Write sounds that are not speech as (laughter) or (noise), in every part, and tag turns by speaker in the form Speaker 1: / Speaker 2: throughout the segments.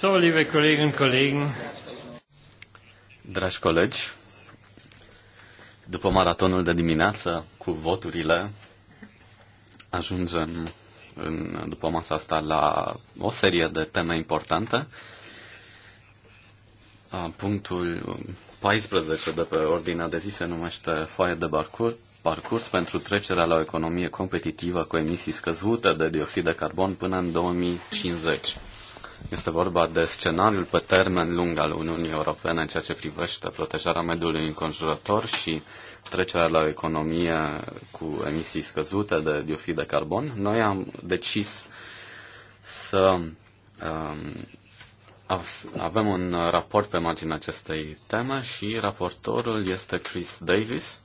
Speaker 1: So,
Speaker 2: liebe Kolleginnen und Kollegen.
Speaker 1: Dragi colegi, după maratonul de dimineață cu voturile, ajungem în, după masa asta la o serie de teme importante. Punctul 14 de pe ordinea de zi se numește foaie de parcurs, parcurs pentru trecerea la o economie competitivă cu emisii scăzute de dioxid de carbon până în 2050. Este vorba de scenariul pe termen lung al Uniunii Europene în ceea ce privește protejarea mediului înconjurător și trecerea la o economie cu emisii scăzute de dioxid de carbon. Noi am decis să um, avem un raport pe marginea acestei teme și raportorul este Chris Davis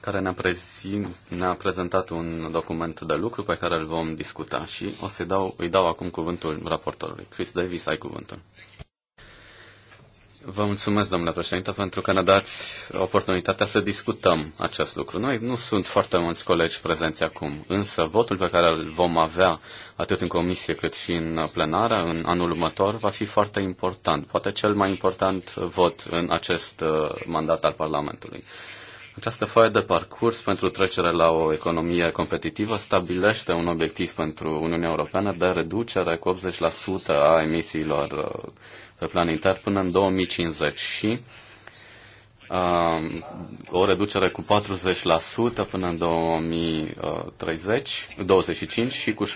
Speaker 1: care ne-a, prezint, ne-a prezentat un document de lucru pe care îl vom discuta și o să dau, îi dau acum cuvântul raportorului. Chris Davis, ai cuvântul. Vă mulțumesc, domnule președinte, pentru că ne dați oportunitatea să discutăm acest lucru. Noi nu sunt foarte mulți colegi prezenți acum, însă votul pe care îl vom avea atât în comisie cât și în plenară în anul următor va fi foarte important, poate cel mai important vot în acest uh, mandat al Parlamentului. Această foaie de parcurs pentru trecerea la o economie competitivă stabilește un obiectiv pentru Uniunea Europeană de reducere cu 80% a emisiilor uh, pe plan intern până în 2050 și uh, o reducere cu 40% până în 2030, 25 și cu 60%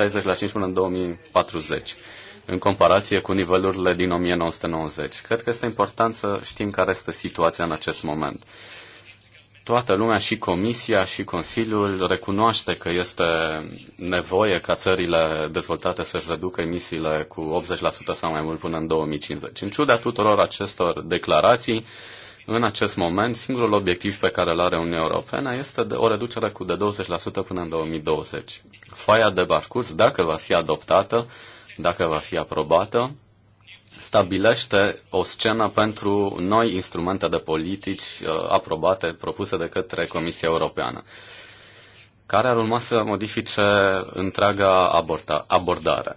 Speaker 1: până în 2040 în comparație cu nivelurile din 1990. Cred că este important să știm care este situația în acest moment toată lumea și Comisia și Consiliul recunoaște că este nevoie ca țările dezvoltate să-și reducă emisiile cu 80% sau mai mult până în 2050. În ciuda tuturor acestor declarații, în acest moment, singurul obiectiv pe care îl are Uniunea Europeană este de o reducere cu de 20% până în 2020. Foaia de parcurs, dacă va fi adoptată, dacă va fi aprobată, stabilește o scenă pentru noi instrumente de politici uh, aprobate, propuse de către Comisia Europeană, care ar urma să modifice întreaga aborda, abordare.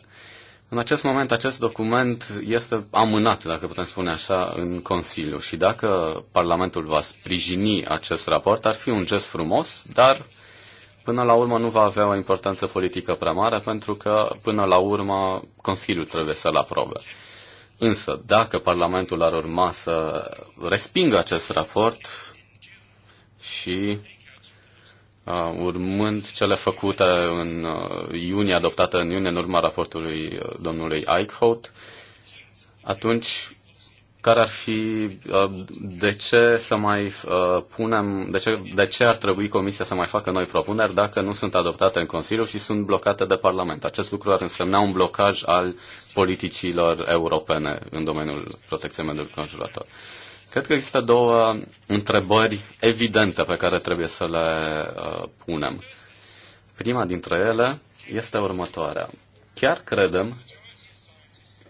Speaker 1: În acest moment, acest document este amânat, dacă putem spune așa, în Consiliu și dacă Parlamentul va sprijini acest raport, ar fi un gest frumos, dar până la urmă nu va avea o importanță politică prea mare, pentru că până la urmă Consiliul trebuie să-l aprobe. Însă, dacă Parlamentul ar urma să respingă acest raport și uh, urmând cele făcute în uh, iunie, adoptate în iunie în urma raportului uh, domnului Eichhout, atunci care ar fi, uh, de ce să mai uh, punem, de ce, de ce ar trebui Comisia să mai facă noi propuneri dacă nu sunt adoptate în Consiliu și sunt blocate de Parlament. Acest lucru ar însemna un blocaj al politicilor europene în domeniul protecției mediului conjurător. Cred că există două întrebări evidente pe care trebuie să le uh, punem. Prima dintre ele este următoarea. Chiar credem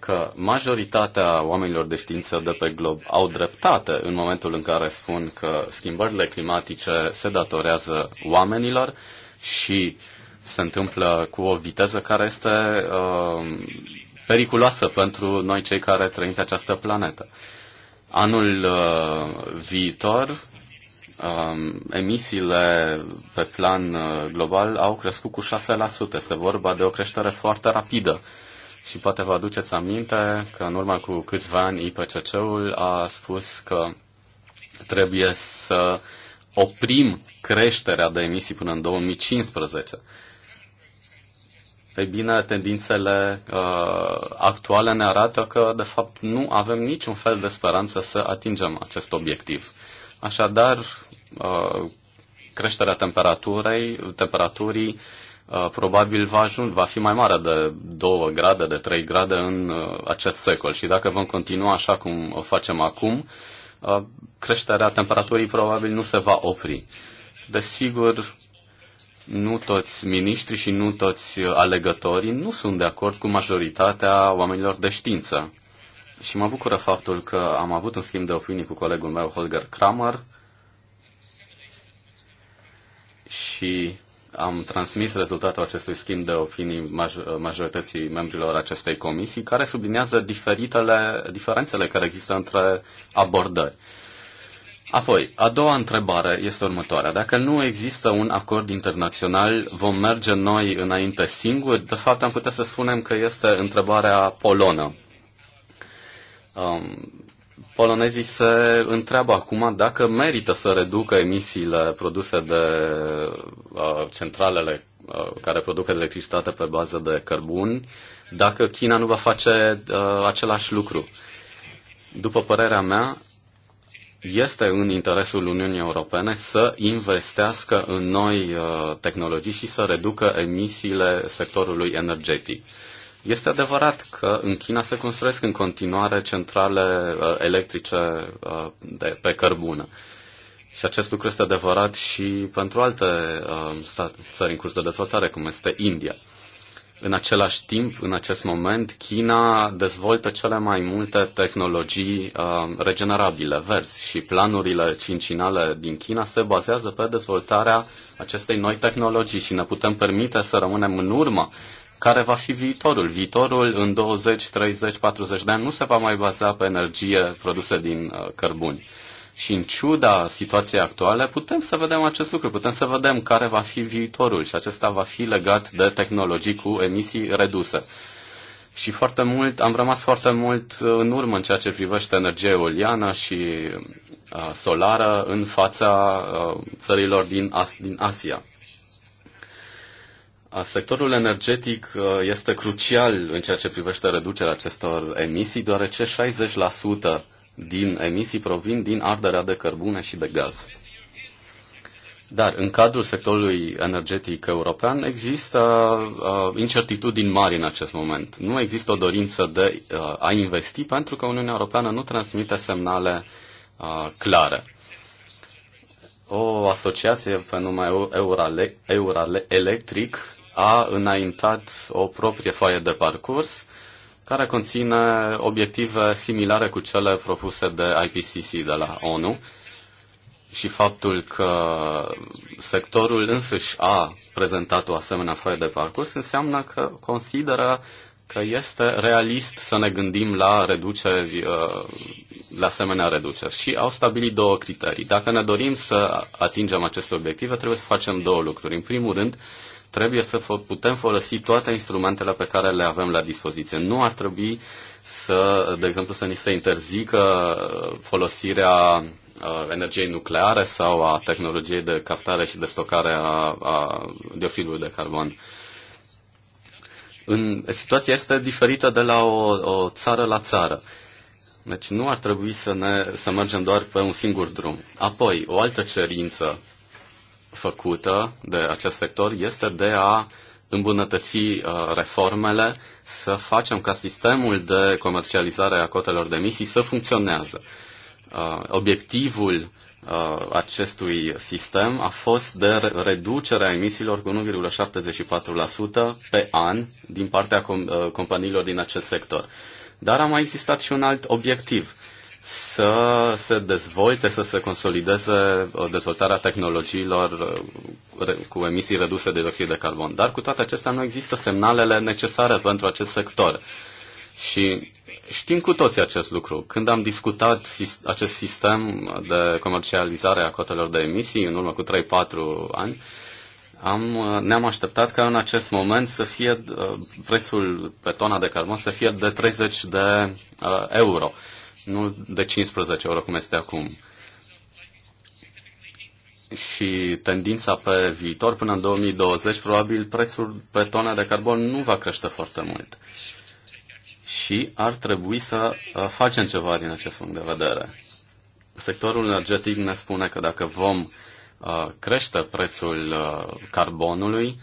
Speaker 1: că majoritatea oamenilor de știință de pe glob au dreptate în momentul în care spun că schimbările climatice se datorează oamenilor și se întâmplă cu o viteză care este uh, periculoasă pentru noi cei care trăim pe această planetă. Anul uh, viitor, uh, emisiile pe plan uh, global au crescut cu 6%. Este vorba de o creștere foarte rapidă. Uh, și poate vă aduceți aminte că în urmă cu câțiva ani IPCC-ul a spus că trebuie să oprim creșterea de emisii până în 2015. Ei bine, tendințele uh, actuale ne arată că, de fapt, nu avem niciun fel de speranță să atingem acest obiectiv. Așadar, uh, creșterea temperaturii, temperaturii Uh, probabil va, ajung, va fi mai mare de 2 grade, de 3 grade în uh, acest secol. Și dacă vom continua așa cum o facem acum, uh, creșterea temperaturii probabil nu se va opri. Desigur, nu toți miniștrii și nu toți alegătorii nu sunt de acord cu majoritatea oamenilor de știință. Și mă bucură faptul că am avut un schimb de opinii cu colegul meu, Holger Kramer, și am transmis rezultatul acestui schimb de opinii maj- majorității membrilor acestei comisii, care sublinează diferitele, diferențele care există între abordări. Apoi, a doua întrebare este următoarea. Dacă nu există un acord internațional, vom merge noi înainte singuri? De fapt, am putea să spunem că este întrebarea polonă. Um, polonezii se întreabă acum dacă merită să reducă emisiile produse de uh, centralele uh, care produc electricitate pe bază de cărbuni, dacă China nu va face uh, același lucru. După părerea mea, este în interesul Uniunii Europene să investească în noi uh, tehnologii și să reducă emisiile sectorului energetic. Este adevărat că în China se construiesc în continuare centrale uh, electrice uh, de, pe cărbună. Și acest lucru este adevărat și pentru alte uh, state, țări în curs de dezvoltare, cum este India. În același timp, în acest moment, China dezvoltă cele mai multe tehnologii uh, regenerabile, verzi, și planurile cincinale din China se bazează pe dezvoltarea acestei noi tehnologii și ne putem permite să rămânem în urmă care va fi viitorul. Viitorul în 20, 30, 40 de ani nu se va mai baza pe energie produsă din uh, cărbuni. Și în ciuda situației actuale, putem să vedem acest lucru, putem să vedem care va fi viitorul și acesta va fi legat de tehnologii cu emisii reduse. Și foarte mult, am rămas foarte mult uh, în urmă în ceea ce privește energia eoliană și uh, solară în fața țărilor din, As- din Asia. Sectorul energetic este crucial în ceea ce privește reducerea acestor emisii, deoarece 60% din emisii provin din arderea de cărbune și de gaz. Dar în cadrul sectorului energetic european există uh, incertitudini mari în acest moment. Nu există o dorință de uh, a investi pentru că Uniunea Europeană nu transmite semnale uh, clare. O asociație pe nume Eurale, Eurale Electric a înaintat o proprie foaie de parcurs care conține obiective similare cu cele propuse de IPCC de la ONU și faptul că sectorul însuși a prezentat o asemenea foaie de parcurs înseamnă că consideră că este realist să ne gândim la reduceri, uh, la asemenea reduceri. Și au stabilit două criterii. Dacă ne dorim să atingem aceste obiective, trebuie să facem două lucruri. În primul rând, Trebuie să putem folosi toate instrumentele pe care le avem la dispoziție. Nu ar trebui să, de exemplu, să ni se interzică uh, folosirea uh, energiei nucleare sau a tehnologiei de captare și de stocare a, a dioxidului de carbon. În, situația este diferită de la o, o țară la țară. Deci nu ar trebui să, ne, să mergem doar pe un singur drum. Apoi, o altă cerință făcută de acest sector este de a îmbunătăți uh, reformele, să facem ca sistemul de comercializare a cotelor de emisii să funcționează. Uh, obiectivul uh, acestui sistem a fost de reducerea emisiilor cu 1,74% pe an din partea companiilor din acest sector. Dar a mai existat și un alt obiectiv să se dezvolte, să se consolideze uh, dezvoltarea tehnologiilor uh, cu emisii reduse de dioxid de carbon. Dar cu toate acestea nu există semnalele necesare pentru acest sector. Și știm cu toții acest lucru. Când am discutat acest sistem de comercializare a cotelor de emisii în urmă cu 3-4 ani, am, uh, ne-am așteptat ca în acest moment să fie prețul pe tona de carbon să fie de 30 de euro nu de 15 ore cum este acum. Și tendința pe viitor, până în 2020, probabil prețul pe tonă de carbon nu va crește foarte mult. Și ar trebui să uh, facem ceva din acest punct de vedere. Sectorul energetic ne spune că dacă vom uh, crește prețul uh, carbonului,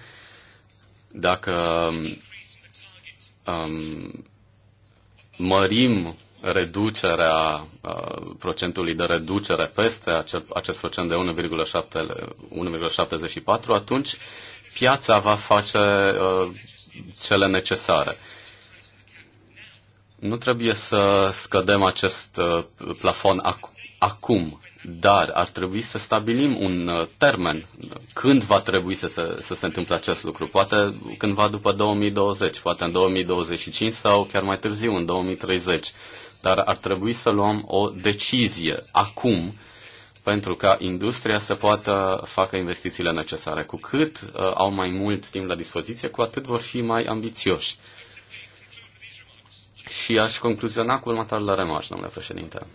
Speaker 1: dacă um, mărim reducerea, uh, procentului de reducere peste acel, acest procent de 1,74, atunci piața va face uh, cele necesare. Nu trebuie să scădem acest uh, plafon ac- acum, dar ar trebui să stabilim un termen când va trebui să se, să se întâmple acest lucru. Poate cândva după 2020, poate în 2025 sau chiar mai târziu, în 2030. Dar ar trebui să luăm o decizie acum pentru ca industria să poată facă investițiile necesare. Cu cât uh, au mai mult timp la dispoziție, cu atât vor fi mai ambițioși. Și aș concluziona cu următoarele remarci, domnule președinte.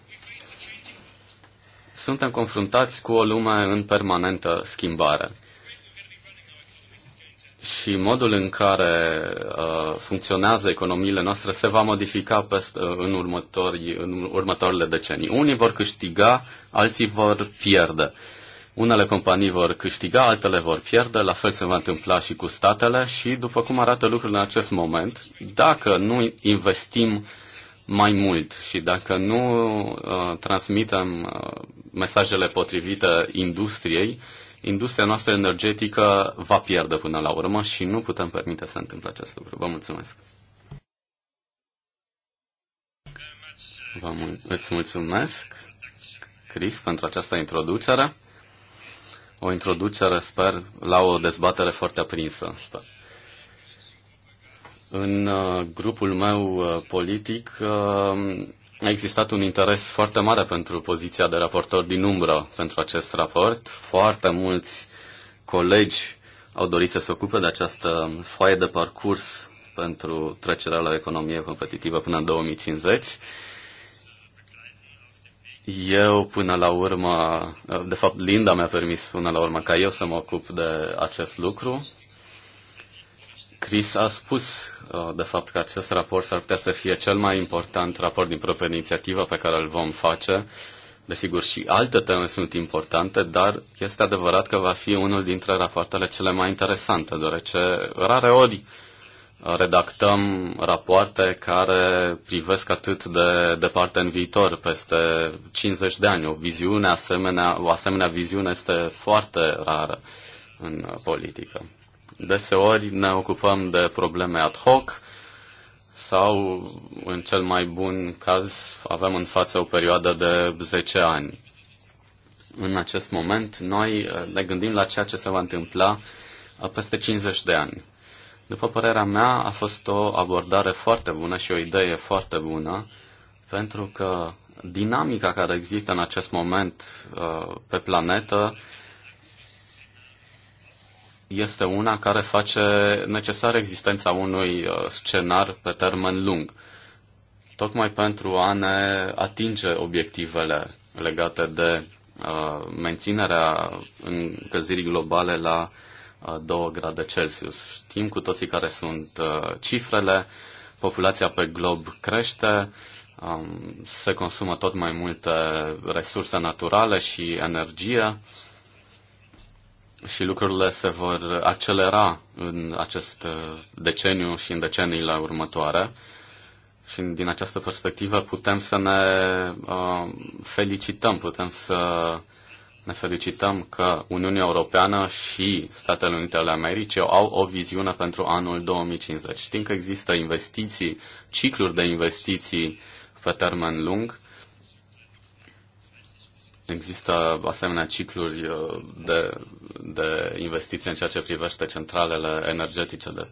Speaker 1: Suntem confruntați cu o lume în permanentă schimbare și modul în care uh, funcționează economiile noastre se va modifica peste, uh, în, următorii, în următoarele decenii. Unii vor câștiga, alții vor pierde. Unele companii vor câștiga, altele vor pierde, la fel se va întâmpla și cu statele și după cum arată lucrurile în acest moment, dacă nu investim mai mult și dacă nu uh, transmitem uh, mesajele potrivite industriei, uh, industria noastră energetică va pierde până la urmă și nu putem permite să întâmple acest lucru. Vă mulțumesc! Vă mul- îți mulțumesc, Chris, pentru această introducere. O introducere, sper, la o dezbatere foarte aprinsă, sper. În uh, grupul meu uh, politic uh, a existat un interes foarte mare pentru poziția de raportor din umbră pentru acest raport. Foarte mulți colegi au dorit să se ocupe de această foaie de parcurs pentru trecerea la economie competitivă până în 2050. Eu, până la urmă, de fapt, Linda mi-a permis până la urmă ca eu să mă ocup de acest lucru Chris a spus, uh, de fapt, că acest raport s-ar putea să fie cel mai important raport din propria inițiativă pe care îl vom face. Desigur, și alte teme sunt importante, dar este adevărat că va fi unul dintre rapoartele cele mai interesante, deoarece rare ori uh, redactăm rapoarte care privesc atât de departe în viitor, peste 50 de ani. O, viziune asemenea, o asemenea viziune este foarte rară în uh, politică. Deseori ne ocupăm de probleme ad hoc sau, în cel mai bun caz, avem în față o perioadă de 10 ani. În acest moment, noi uh, ne gândim la ceea ce se va întâmpla uh, peste 50 de ani. După părerea mea, a fost o abordare foarte bună și o idee foarte bună, pentru că dinamica care există în acest moment uh, pe planetă este una care face necesară existența unui uh, scenar pe termen lung, tocmai pentru a ne atinge obiectivele legate de uh, menținerea încălzirii globale la 2 uh, grade Celsius. Știm cu toții care sunt cifrele, populația pe glob crește, um, se consumă tot mai multe resurse naturale și energie și lucrurile se vor accelera în acest uh, deceniu și în deceniile următoare. Și din această perspectivă putem să ne uh, felicităm, putem să ne felicităm că Uniunea Europeană și Statele Unite ale Americii au o viziune pentru anul 2050. Știm că există investiții, cicluri de investiții pe termen lung Există asemenea cicluri uh, de, de investiție în ceea ce privește centralele energetice de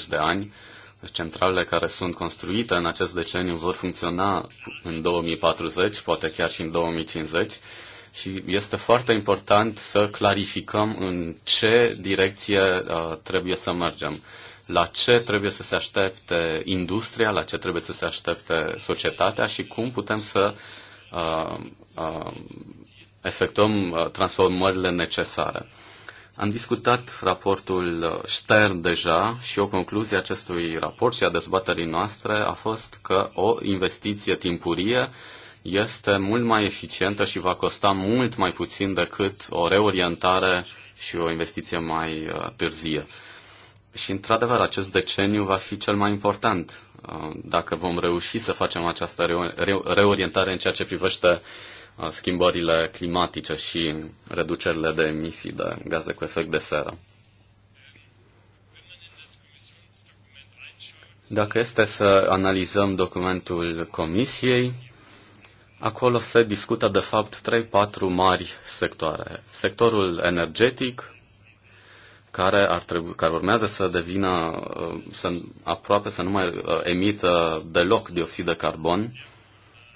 Speaker 1: 30-40 de ani. Deci centralele care sunt construite în acest deceniu vor funcționa în 2040, poate chiar și în 2050. Și este foarte important să clarificăm în ce direcție uh, trebuie să mergem, la ce trebuie să se aștepte industria, la ce trebuie să se aștepte societatea și cum putem să uh, Um, efectuăm uh, transformările necesare. Am discutat raportul Stern deja și o concluzie acestui raport și a dezbaterii noastre a fost că o investiție timpurie este mult mai eficientă și va costa mult mai puțin decât o reorientare și o investiție mai uh, târzie. Și, într-adevăr, acest deceniu va fi cel mai important uh, dacă vom reuși să facem această reorientare în ceea ce privește schimbările climatice și reducerile de emisii de gaze cu efect de seră. Dacă este să analizăm documentul Comisiei, acolo se discută de fapt 3-4 mari sectoare. Sectorul energetic, care, ar trebui, care urmează să devină, să, aproape să nu mai ă, emită deloc dioxid de carbon,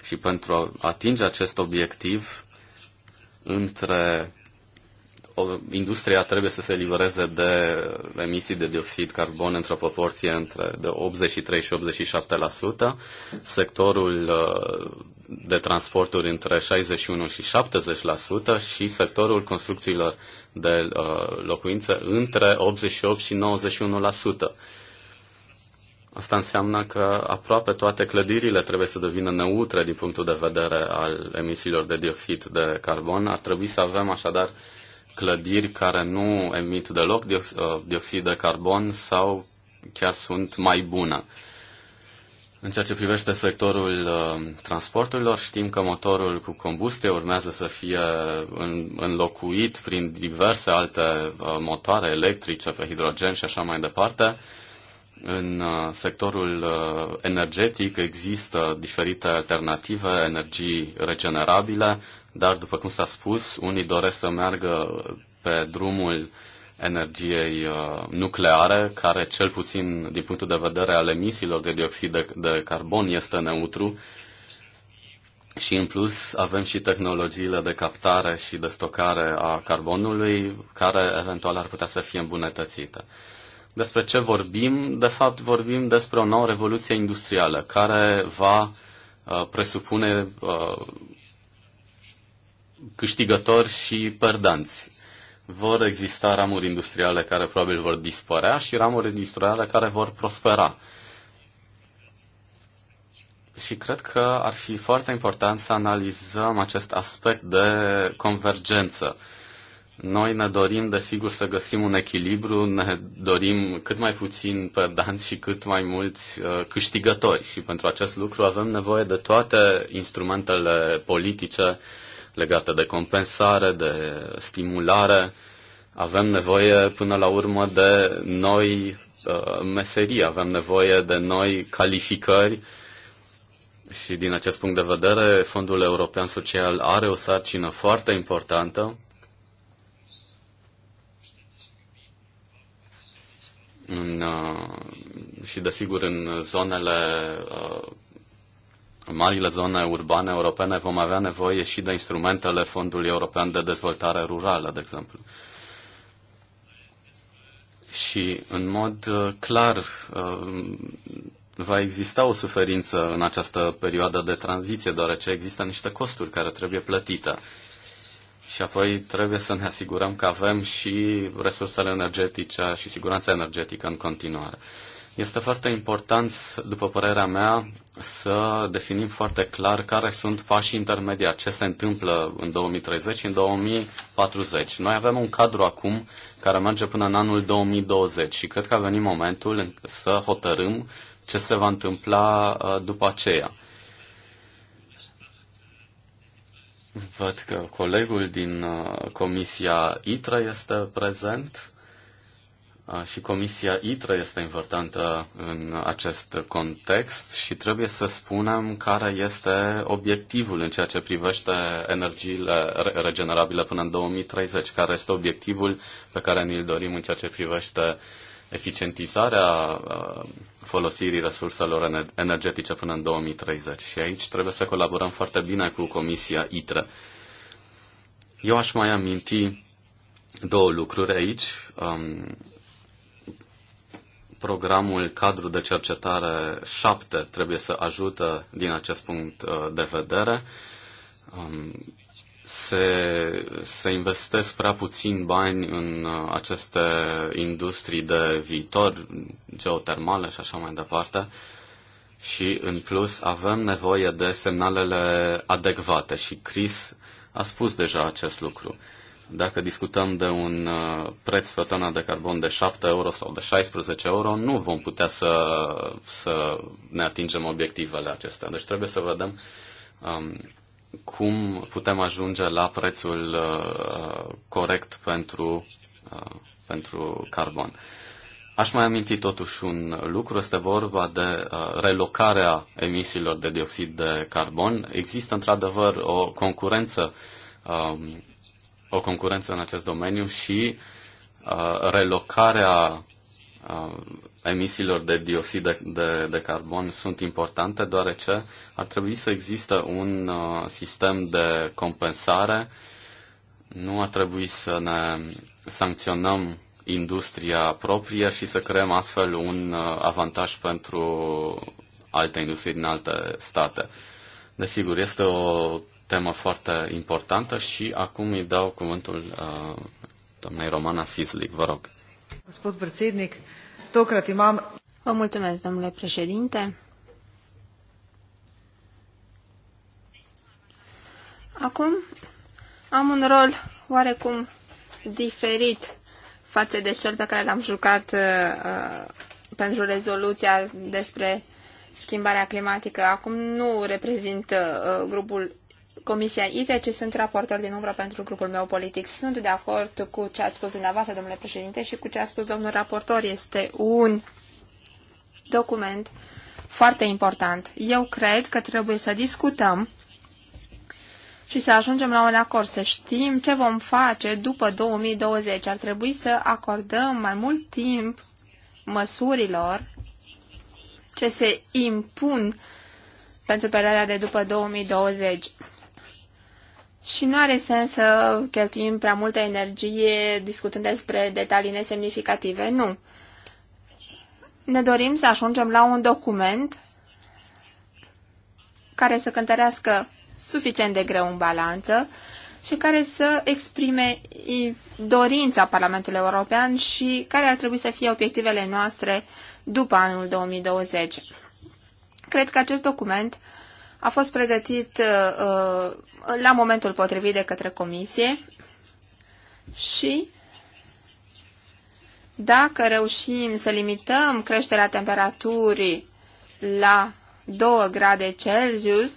Speaker 1: și pentru a atinge acest obiectiv, între o, industria trebuie să se livreze de emisii de dioxid carbon într-o proporție între de 83 și 87%, sectorul uh, de transporturi între 61 și 70% și sectorul construcțiilor de uh, locuințe între 88 și 91%. Asta înseamnă că aproape toate clădirile trebuie să devină neutre din punctul de vedere al emisiilor de dioxid de carbon. Ar trebui să avem așadar clădiri care nu emit deloc uh, dioxid de carbon sau chiar sunt mai bune. În ceea ce privește sectorul uh, transporturilor, știm că motorul cu combustie urmează să fie înlocuit prin diverse alte uh, motoare electrice pe hidrogen și așa mai departe. În uh, sectorul uh, energetic există diferite alternative, energii regenerabile, dar, după cum s-a spus, unii doresc să meargă pe drumul energiei uh, nucleare, care, cel puțin din punctul de vedere al emisiilor de dioxid de, de carbon, este neutru. Și, în plus, avem și tehnologiile de captare și de stocare a carbonului, care eventual ar putea să fie îmbunătățite despre ce vorbim? De fapt, vorbim despre o nouă revoluție industrială care va uh, presupune uh, câștigători și perdanți. Vor exista ramuri industriale care probabil vor dispărea și ramuri industriale care vor prospera. Și cred că ar fi foarte important să analizăm acest aspect de convergență noi ne dorim, desigur, să găsim un echilibru, ne dorim cât mai puțin perdanți și cât mai mulți uh, câștigători și pentru acest lucru avem nevoie de toate instrumentele politice legate de compensare, de stimulare. Avem nevoie, până la urmă, de noi uh, meserii, avem nevoie de noi calificări și din acest punct de vedere, Fondul European Social are o sarcină foarte importantă în, uh, și desigur în zonele uh, în marile zone urbane europene vom avea nevoie și de instrumentele Fondului European de Dezvoltare Rurală, de exemplu. Și în mod uh, clar va exista o suferință în această perioadă de tranziție, deoarece există niște costuri care trebuie plătite. Și apoi trebuie să ne asigurăm că avem și resursele energetice și siguranța energetică în continuare. Este foarte important, după părerea mea, să definim foarte clar care sunt pașii intermediari, ce se întâmplă în 2030 și în 2040. Noi avem un cadru acum care merge până în anul 2020 și cred că a venit momentul să hotărâm ce se va întâmpla uh, după aceea. Văd că colegul din uh, Comisia ITRA este prezent uh, și Comisia ITRA este importantă în acest context și trebuie să spunem care este obiectivul în ceea ce privește energiile regenerabile până în 2030, care este obiectivul pe care ni-l dorim în ceea ce privește eficientizarea uh, folosirii resurselor energetice până în 2030. Și aici trebuie să colaborăm foarte bine cu Comisia ITRE. Eu aș mai aminti două lucruri aici. Um, programul cadru de cercetare 7 trebuie să ajută din acest punct uh, de vedere. Um, se, se investesc prea puțin bani în uh, aceste industrii de viitor, geotermale și așa mai departe. Și, în plus, avem nevoie de semnalele adecvate și Chris a spus deja acest lucru. Dacă discutăm de un uh, preț pe tonă de carbon de 7 euro sau de 16 euro, nu vom putea să, să ne atingem obiectivele acestea. Deci trebuie să vedem um, cum putem ajunge la prețul uh, corect pentru, uh, pentru carbon. Aș mai aminti totuși un lucru, este vorba de uh, relocarea emisiilor de dioxid de carbon. Există într-adevăr o concurență, um, o concurență în acest domeniu și relocarea emisiilor de dioxid de, de, de carbon sunt importante, deoarece ar trebui să există un uh, sistem de compensare. Nu ar trebui să ne sancționăm industria proprie și să creăm astfel un uh, avantaj pentru alte industrie din alte state. Desigur, este o temă foarte importantă și acum îi dau cuvântul uh, doamnei Romana Sislic, vă rog.
Speaker 2: Gospod predsednic,
Speaker 3: tokrat imam... Vă mulțumesc, domnule președinte. Acum am un rol oarecum diferit față de cel pe care l-am jucat uh, uh pentru rezoluția despre schimbarea climatică. Acum nu reprezint uh, uh grupul Comisia ITE, ci sunt raportor din umbră pentru grupul meu politic. Sunt de acord cu ce ați spus dumneavoastră, domnule președinte, și cu ce a spus domnul raportor. Este un document foarte important. Eu cred că trebuie să discutăm și să ajungem la un acord, să știm ce vom face după 2020. Ar trebui să acordăm mai mult timp măsurilor ce se impun pentru perioada de după 2020. Și nu are sens să cheltuim prea multă energie discutând despre detalii nesemnificative, nu. Ne dorim să ajungem la un document care să cântărească suficient de greu în balanță și care să exprime dorința Parlamentului European și care ar trebui să fie obiectivele noastre după anul 2020. Cred că acest document a fost pregătit uh, uh, la momentul potrivit de către comisie și dacă reușim să limităm creșterea temperaturii la 2 grade Celsius,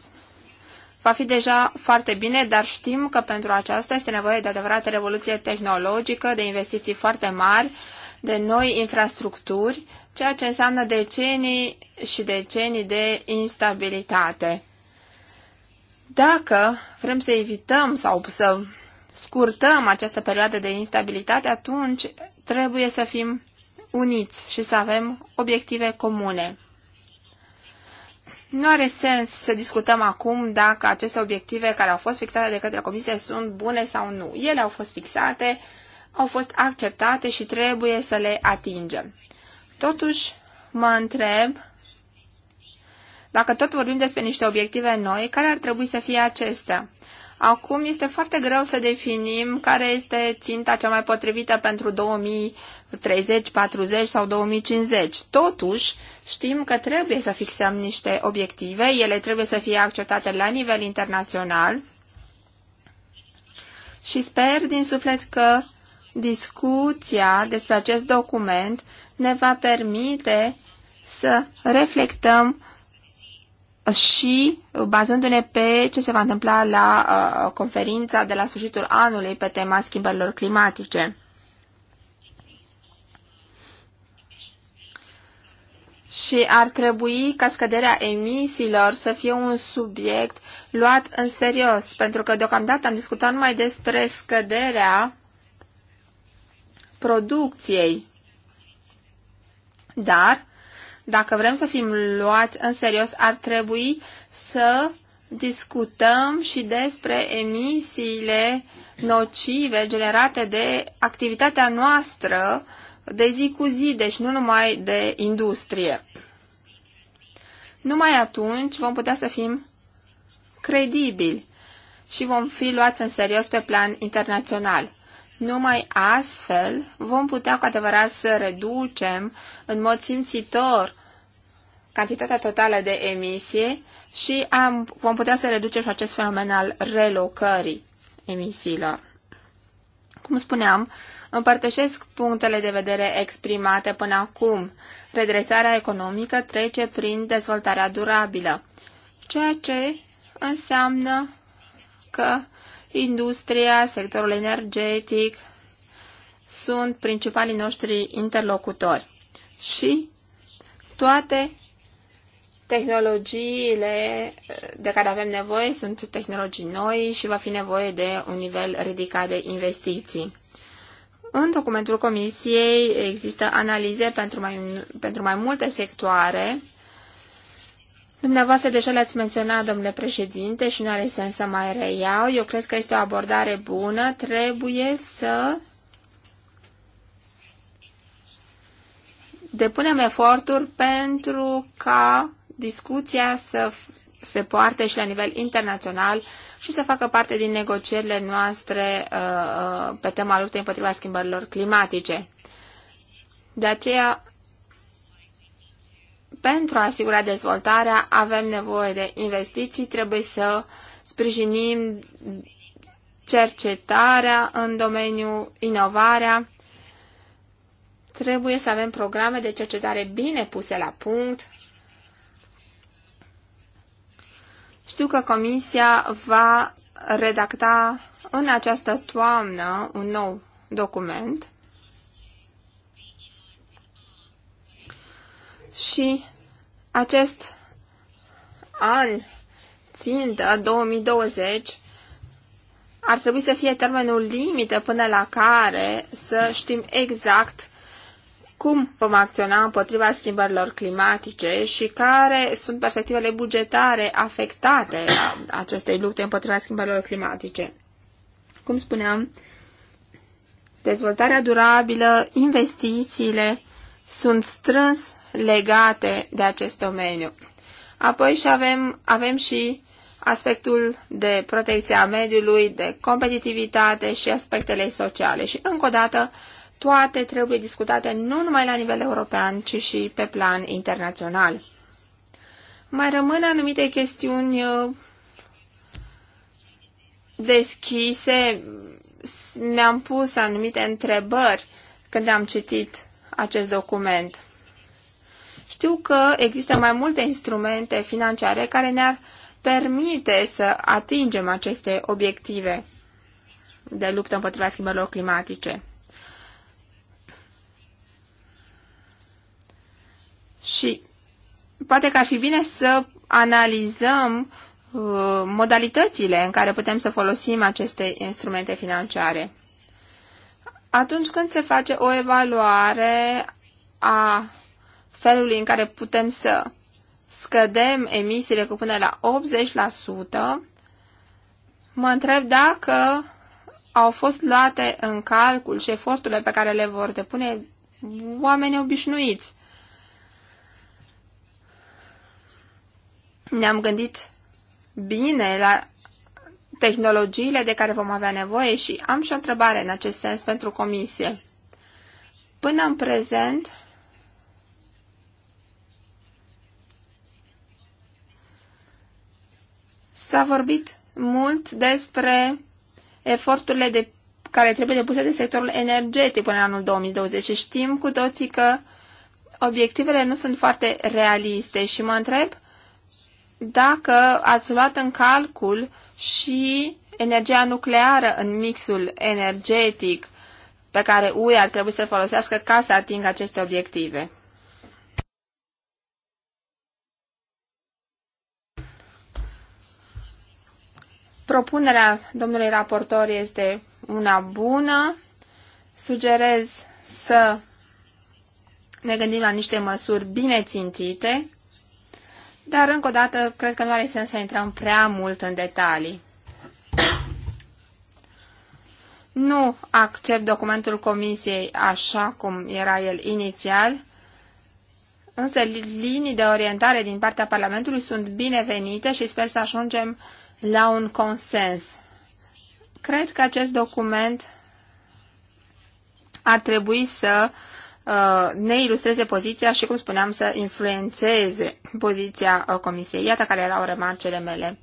Speaker 3: va fi deja foarte bine, dar știm că pentru aceasta este nevoie de adevărată revoluție tehnologică, de investiții foarte mari, de noi infrastructuri, ceea ce înseamnă decenii și decenii de instabilitate. Dacă vrem să evităm sau să scurtăm această perioadă de instabilitate, atunci trebuie să fim uniți și să avem obiective comune. Nu are sens să discutăm acum dacă aceste obiective care au fost fixate de către Comisie sunt bune sau nu. Ele au fost fixate, au fost acceptate și trebuie să le atingem. Totuși, mă întreb dacă tot vorbim despre niște obiective noi, care ar trebui să fie acestea? Acum este foarte greu să definim care este ținta cea mai potrivită pentru 2030, 40 sau 2050. Totuși, știm că trebuie să fixăm niște obiective, ele trebuie să fie acceptate la nivel internațional și sper din suflet că discuția despre acest document ne va permite să reflectăm și uh, bazându-ne pe ce se va întâmpla la uh, conferința de la sfârșitul anului pe tema schimbărilor climatice. Și ar trebui ca scăderea emisiilor să fie un subiect luat în serios, pentru că deocamdată am discutat numai despre scăderea producției. Dar dacă vrem să fim luați în serios, ar trebui să discutăm și despre emisiile nocive generate de activitatea noastră de zi cu zi, deci nu numai de industrie. Numai atunci vom putea să fim credibili și vom fi luați în serios pe plan internațional. Numai astfel vom putea cu adevărat să reducem în mod simțitor cantitatea totală de emisie și am, vom putea să reducem și acest fenomen al relocării emisiilor. Cum spuneam, împărtășesc punctele de vedere exprimate până acum. Redresarea economică trece prin dezvoltarea durabilă, ceea ce înseamnă că industria, sectorul energetic sunt principalii noștri interlocutori și toate Tehnologiile eh, de care avem nevoie sunt tehnologii noi și va fi nevoie de un nivel ridicat de investiții. În documentul Comisiei există analize pentru mai, pentru mai multe sectoare. Dumneavoastră deja le-ați menționat, domnule președinte, și nu are sens să mai reiau. Eu cred că este o abordare bună. Trebuie să depunem eforturi pentru ca discuția să se poarte și la nivel internațional și să facă parte din negocierile noastre uh, uh, pe tema luptei împotriva schimbărilor climatice. De aceea, pentru a asigura dezvoltarea, avem nevoie de investiții, trebuie să sprijinim cercetarea în domeniul inovarea, trebuie să avem programe de cercetare bine puse la punct Știu că Comisia va redacta în această toamnă un nou document și acest an țintă 2020 ar trebui să fie termenul limită până la care să știm exact cum vom acționa împotriva schimbărilor climatice și care sunt perspectivele bugetare afectate a acestei lupte împotriva schimbărilor climatice. Cum spuneam, dezvoltarea durabilă, investițiile sunt strâns legate de acest domeniu. Apoi și avem, avem și aspectul de protecția mediului, de competitivitate și aspectele sociale. Și încă o dată, toate trebuie discutate nu numai la nivel european, ci și pe plan internațional. Mai rămân anumite chestiuni uh, deschise. Mi-am pus anumite întrebări când am citit acest document. Știu că există mai multe instrumente financiare care ne-ar permite să atingem aceste obiective de luptă împotriva schimbărilor climatice. Și poate că ar fi bine să analizăm uh, modalitățile în care putem să folosim aceste instrumente financiare. Atunci când se face o evaluare a felului în care putem să scădem emisiile cu până la 80%, mă întreb dacă au fost luate în calcul și eforturile pe care le vor depune oamenii obișnuiți. ne-am gândit bine la tehnologiile de care vom avea nevoie și am și o întrebare în acest sens pentru comisie. Până în prezent, s-a vorbit mult despre eforturile de, care trebuie depuse de sectorul energetic până în anul 2020 și știm cu toții că obiectivele nu sunt foarte realiste și mă întreb dacă ați luat în calcul și energia nucleară în mixul energetic pe care UE ar trebui să-l folosească ca să atingă aceste obiective. Propunerea domnului raportor este una bună. Sugerez să ne gândim la niște măsuri bine țintite dar, încă o dată, cred că nu are sens să intrăm prea mult în detalii. Nu accept documentul comisiei așa cum era el inițial, însă linii de orientare din partea Parlamentului sunt binevenite și sper să ajungem la un consens. Cred că acest document ar trebui să uh, Uh, ne ilustreze poziția și, cum spuneam, să influențeze poziția uh, comisiei. Iată care erau remarcele mele.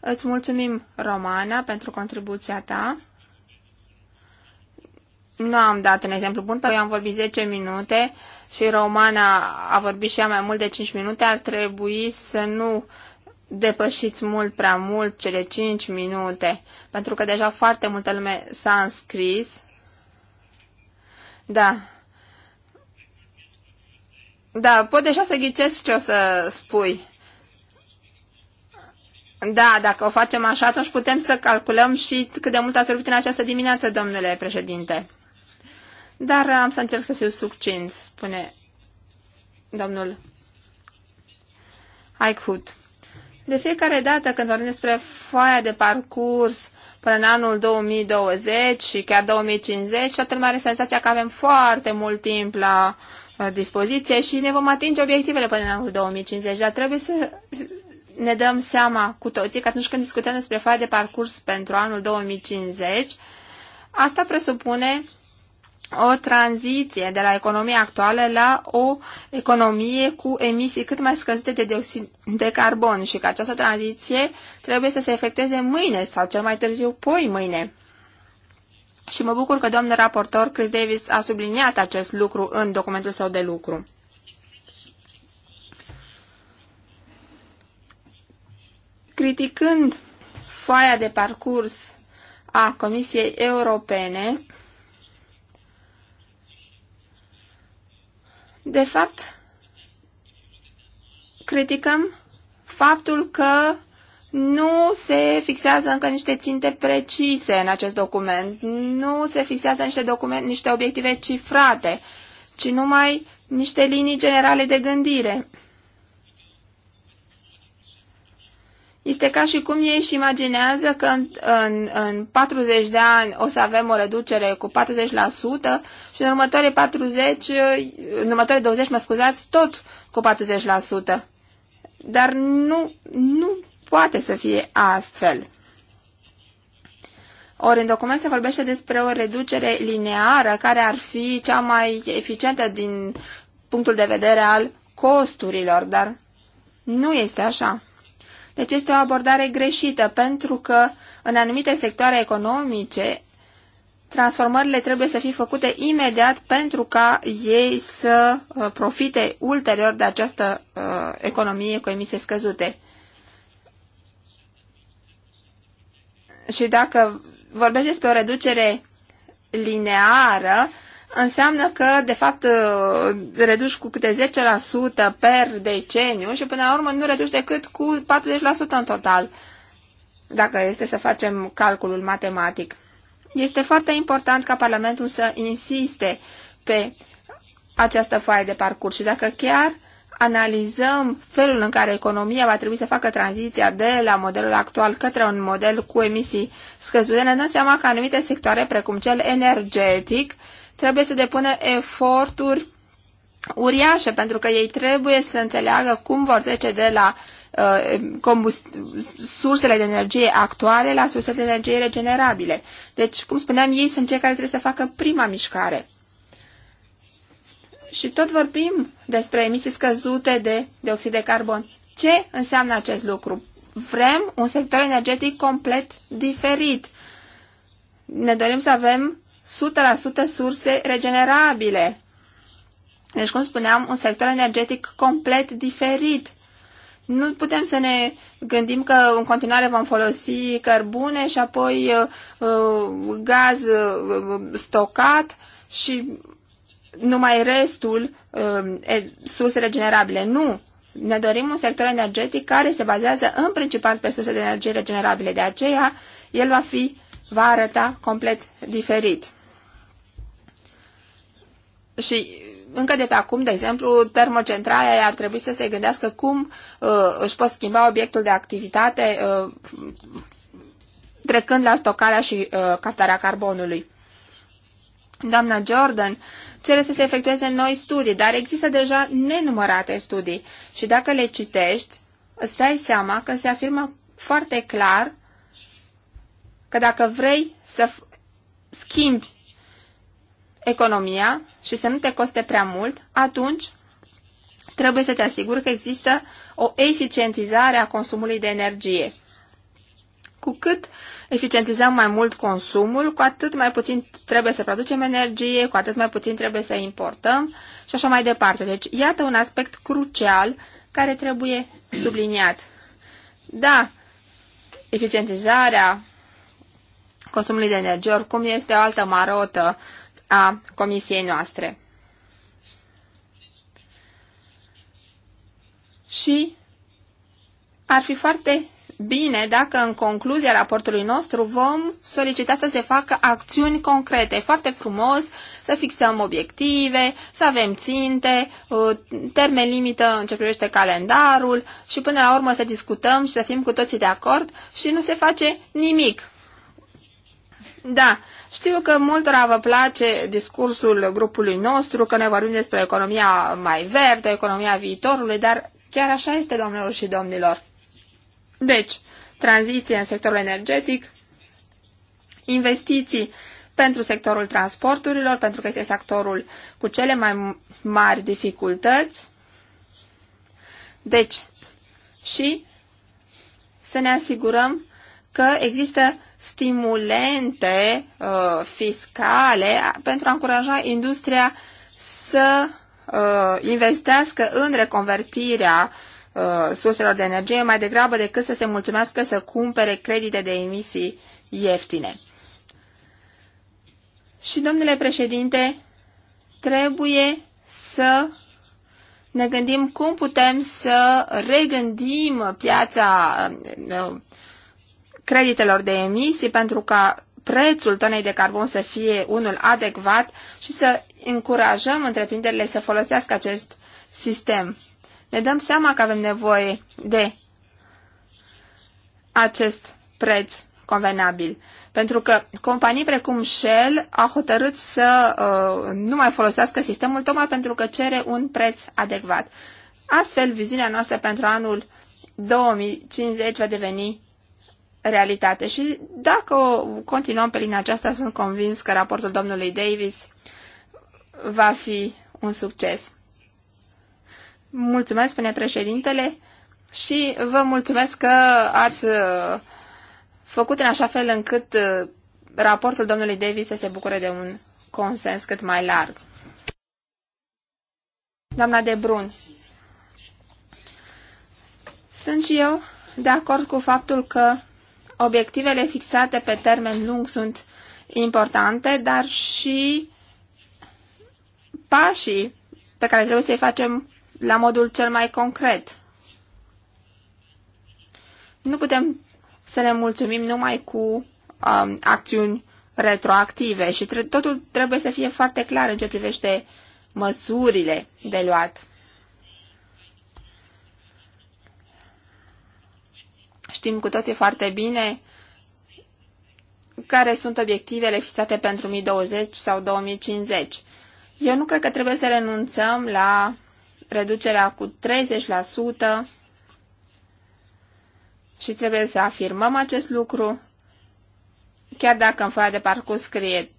Speaker 3: Îți mulțumim, Romana, pentru contribuția ta. Nu am dat un exemplu bun, pentru că eu am vorbit 10 minute și Romana a vorbit și ea mai mult de 5 minute. Ar trebui să nu depășiți mult prea mult cele 5 minute, pentru că deja foarte multă lume s-a înscris. Da, da, pot deja să ghicesc ce o să spui. Da, dacă o facem așa, atunci putem să calculăm și cât de mult a sorbit în această dimineață, domnule președinte. Dar am să încerc să fiu succint, spune domnul Aichhut. De fiecare dată când vorbim despre foaia de parcurs până în anul 2020 și chiar 2050, toată lumea are senzația că avem foarte mult timp la uh, dispoziție și ne vom atinge obiectivele până în anul 2050, dar trebuie să ne dăm seama cu toții că atunci când discutăm despre foaia de parcurs pentru anul 2050, asta presupune o tranziție de la economia actuală la o economie cu emisii cât mai scăzute de dioxid de carbon și că această tranziție trebuie să se efectueze mâine sau cel mai târziu poi mâine și mă bucur că domnul raportor Chris Davis a subliniat acest lucru în documentul său de lucru. Criticând foaia de parcurs a Comisiei Europene, de fapt, criticăm faptul că nu se fixează încă niște ținte precise în acest document, nu se fixează niște, document, niște obiective cifrate, ci numai niște linii generale de gândire. Este ca și cum ei își imaginează că în, în, în 40 de ani o să avem o reducere cu 40% și în următoarele 40, în următoarele 20, mă scuzați, tot cu 40%. Dar nu, nu poate să fie astfel. Ori în document se vorbește despre o reducere lineară care ar fi cea mai eficientă din punctul de vedere al costurilor, dar nu este așa. Deci este o abordare greșită pentru că în anumite sectoare economice transformările trebuie să fie făcute imediat pentru ca ei să uh, profite ulterior de această uh, economie cu emise scăzute. Și dacă vorbești despre o reducere lineară, înseamnă că, de fapt, uh, reduci cu câte 10% per deceniu și, până la urmă, nu reduci decât cu 40% în total, dacă este să facem calculul matematic. Este foarte important ca Parlamentul să insiste pe această foaie de parcurs și dacă chiar uh, analizăm felul în care economia va trebui să facă tranziția de la modelul actual către un model cu emisii scăzute, ne dăm seama că anumite sectoare, precum cel energetic, trebuie să depună eforturi uriașe, pentru că ei trebuie să înțeleagă cum vor trece de la uh, sursele de energie actuale la sursele de energie regenerabile. Deci, cum spuneam, ei sunt cei care trebuie să facă prima mișcare. Și tot vorbim despre emisii scăzute de dioxid de carbon. Ce înseamnă acest lucru? Vrem un sector energetic complet diferit. Ne dorim să avem 100% surse regenerabile. Deci, cum spuneam, un sector energetic complet diferit. Nu putem să ne gândim că în continuare vom folosi cărbune și apoi uh, uh gaz uh, uh, stocat și numai restul um, e sus regenerabile. Nu! Ne dorim un sector energetic care se bazează în principal pe surse de energie regenerabile. De aceea, el va fi va arăta complet diferit. Și încă de pe acum, de exemplu, termocentrale ar trebui să se gândească cum uh, își pot schimba obiectul de activitate uh, trecând la stocarea și uh, captarea carbonului. Doamna Jordan cere să se efectueze noi studii, dar există deja nenumărate studii și dacă le citești, îți dai seama că se afirmă foarte clar că dacă vrei să schimbi economia și să nu te coste prea mult, atunci trebuie să te asiguri că există o eficientizare a consumului de energie. Cu cât eficientizăm mai mult consumul, cu atât mai puțin trebuie să producem energie, cu atât mai puțin trebuie să importăm și așa mai departe. Deci, iată un aspect crucial care trebuie subliniat. Da, eficientizarea consumului de energie oricum este o altă marotă a comisiei noastre. Și ar fi foarte bine dacă în concluzia raportului nostru vom solicita să se facă acțiuni concrete, foarte frumos, să fixăm obiective, să avem ținte, uh, termen limită în ce privește calendarul și până la urmă să discutăm și să fim cu toții de acord și nu se face nimic. Da, știu că multora vă place discursul grupului nostru, că ne vorbim despre economia mai verde, economia viitorului, dar chiar așa este, domnilor și domnilor. Deci, tranziție în sectorul energetic, investiții pentru sectorul transporturilor, pentru că este sectorul cu cele mai mari dificultăți. Deci, și să ne asigurăm că există stimulente uh, fiscale pentru a încuraja industria să uh, investească în reconvertirea Uh, surselor de energie, mai degrabă decât să se mulțumească să cumpere credite de emisii ieftine. Și, domnule președinte, trebuie să ne gândim cum putem să regândim piața uh, creditelor de emisii pentru ca prețul tonei de carbon să fie unul adecvat și să încurajăm întreprinderile să folosească acest sistem ne dăm seama că avem nevoie de acest preț convenabil. Pentru că companii precum Shell a hotărât să uh, nu mai folosească sistemul tocmai pentru că cere un preț adecvat. Astfel, viziunea noastră pentru anul 2050 va deveni realitate. Și dacă continuăm pe linia aceasta, sunt convins că raportul domnului Davis va fi un succes. Mulțumesc, spune președintele, și vă mulțumesc că ați uh, făcut în așa fel încât uh, raportul domnului Davis să se bucure de un consens cât mai larg. Doamna de Brun, sunt și eu de acord cu faptul că obiectivele fixate pe termen lung sunt importante, dar și pașii pe care trebuie să-i facem la modul cel mai concret. Nu putem să ne mulțumim numai cu um, acțiuni retroactive și tre- totul trebuie să fie foarte clar în ce privește măsurile de luat. Știm cu toții foarte bine care sunt obiectivele fixate pentru 2020 sau 2050. Eu nu cred că trebuie să renunțăm la reducerea cu 30% și trebuie să afirmăm acest lucru, chiar dacă în foaia de parcurs scrie 25%.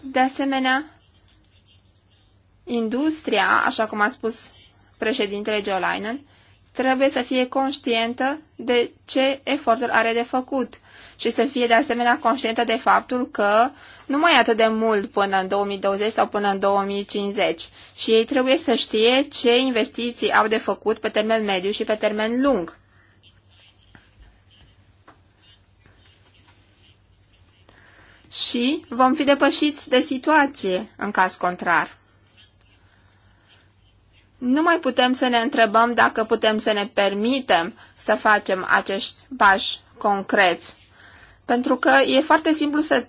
Speaker 3: De asemenea, industria, așa cum a spus președintele Joe Linen, trebuie să fie conștientă de ce efortul are de făcut și să fie de asemenea conștientă de faptul că nu mai e atât de mult până în 2020 sau până în 2050 și ei trebuie să știe ce investiții au de făcut pe termen mediu și pe termen lung. Și vom fi depășiți de situație în caz contrar nu mai putem să ne întrebăm dacă putem să ne permitem să facem acești pași concreți. Pentru că e foarte simplu să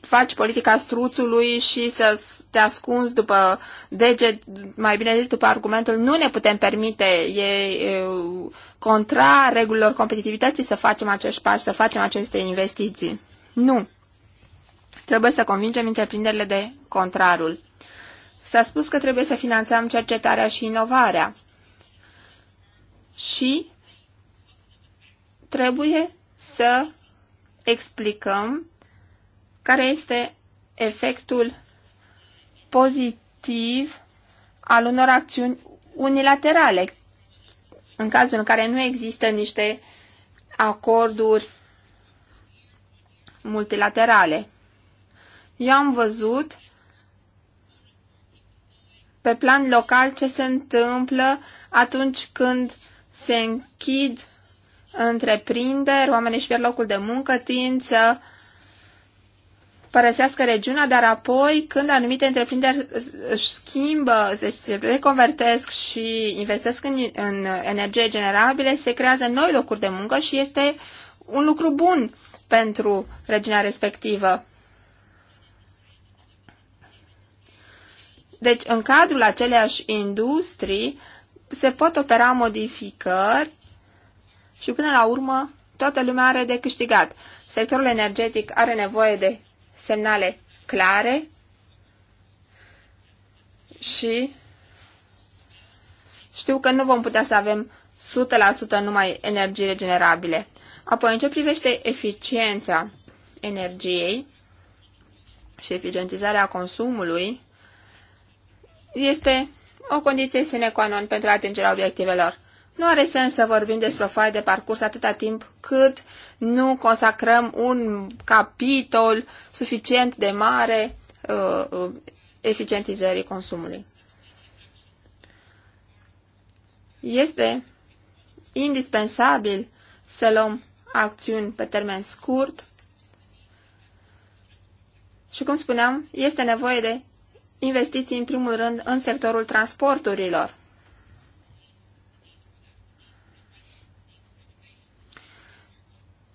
Speaker 3: faci politica struțului și să te ascunzi după deget, mai bine zis, după argumentul nu ne putem permite, e, e contra regulilor competitivității să facem acești pași, să facem aceste investiții. Nu. Trebuie să convingem întreprinderile de contrarul. S-a spus că trebuie să finanțăm cercetarea și inovarea și trebuie să explicăm care este efectul pozitiv al unor acțiuni unilaterale, în cazul în care nu există niște acorduri multilaterale. Eu am văzut pe plan local ce se întâmplă atunci când se închid întreprinderi, oamenii își pierd locul de muncă, tind să părăsească regiunea, dar apoi când anumite întreprinderi își schimbă, deci se reconvertesc și investesc în, în energie generabile, se creează noi locuri de muncă și este un lucru bun pentru regiunea respectivă. Deci, în cadrul aceleași industrii se pot opera modificări și până la urmă toată lumea are de câștigat. Sectorul energetic are nevoie de semnale clare și știu că nu vom putea să avem 100% numai energii regenerabile. Apoi, în ce privește eficiența energiei și eficientizarea consumului, este o condiție sine qua non pentru atingerea obiectivelor. Nu are sens să vorbim despre o foaie de parcurs atâta timp cât nu consacrăm un capitol suficient de mare uh, uh eficientizării consumului. Este indispensabil să luăm acțiuni pe termen scurt și, cum spuneam, este nevoie de investiții în primul rând în sectorul transporturilor.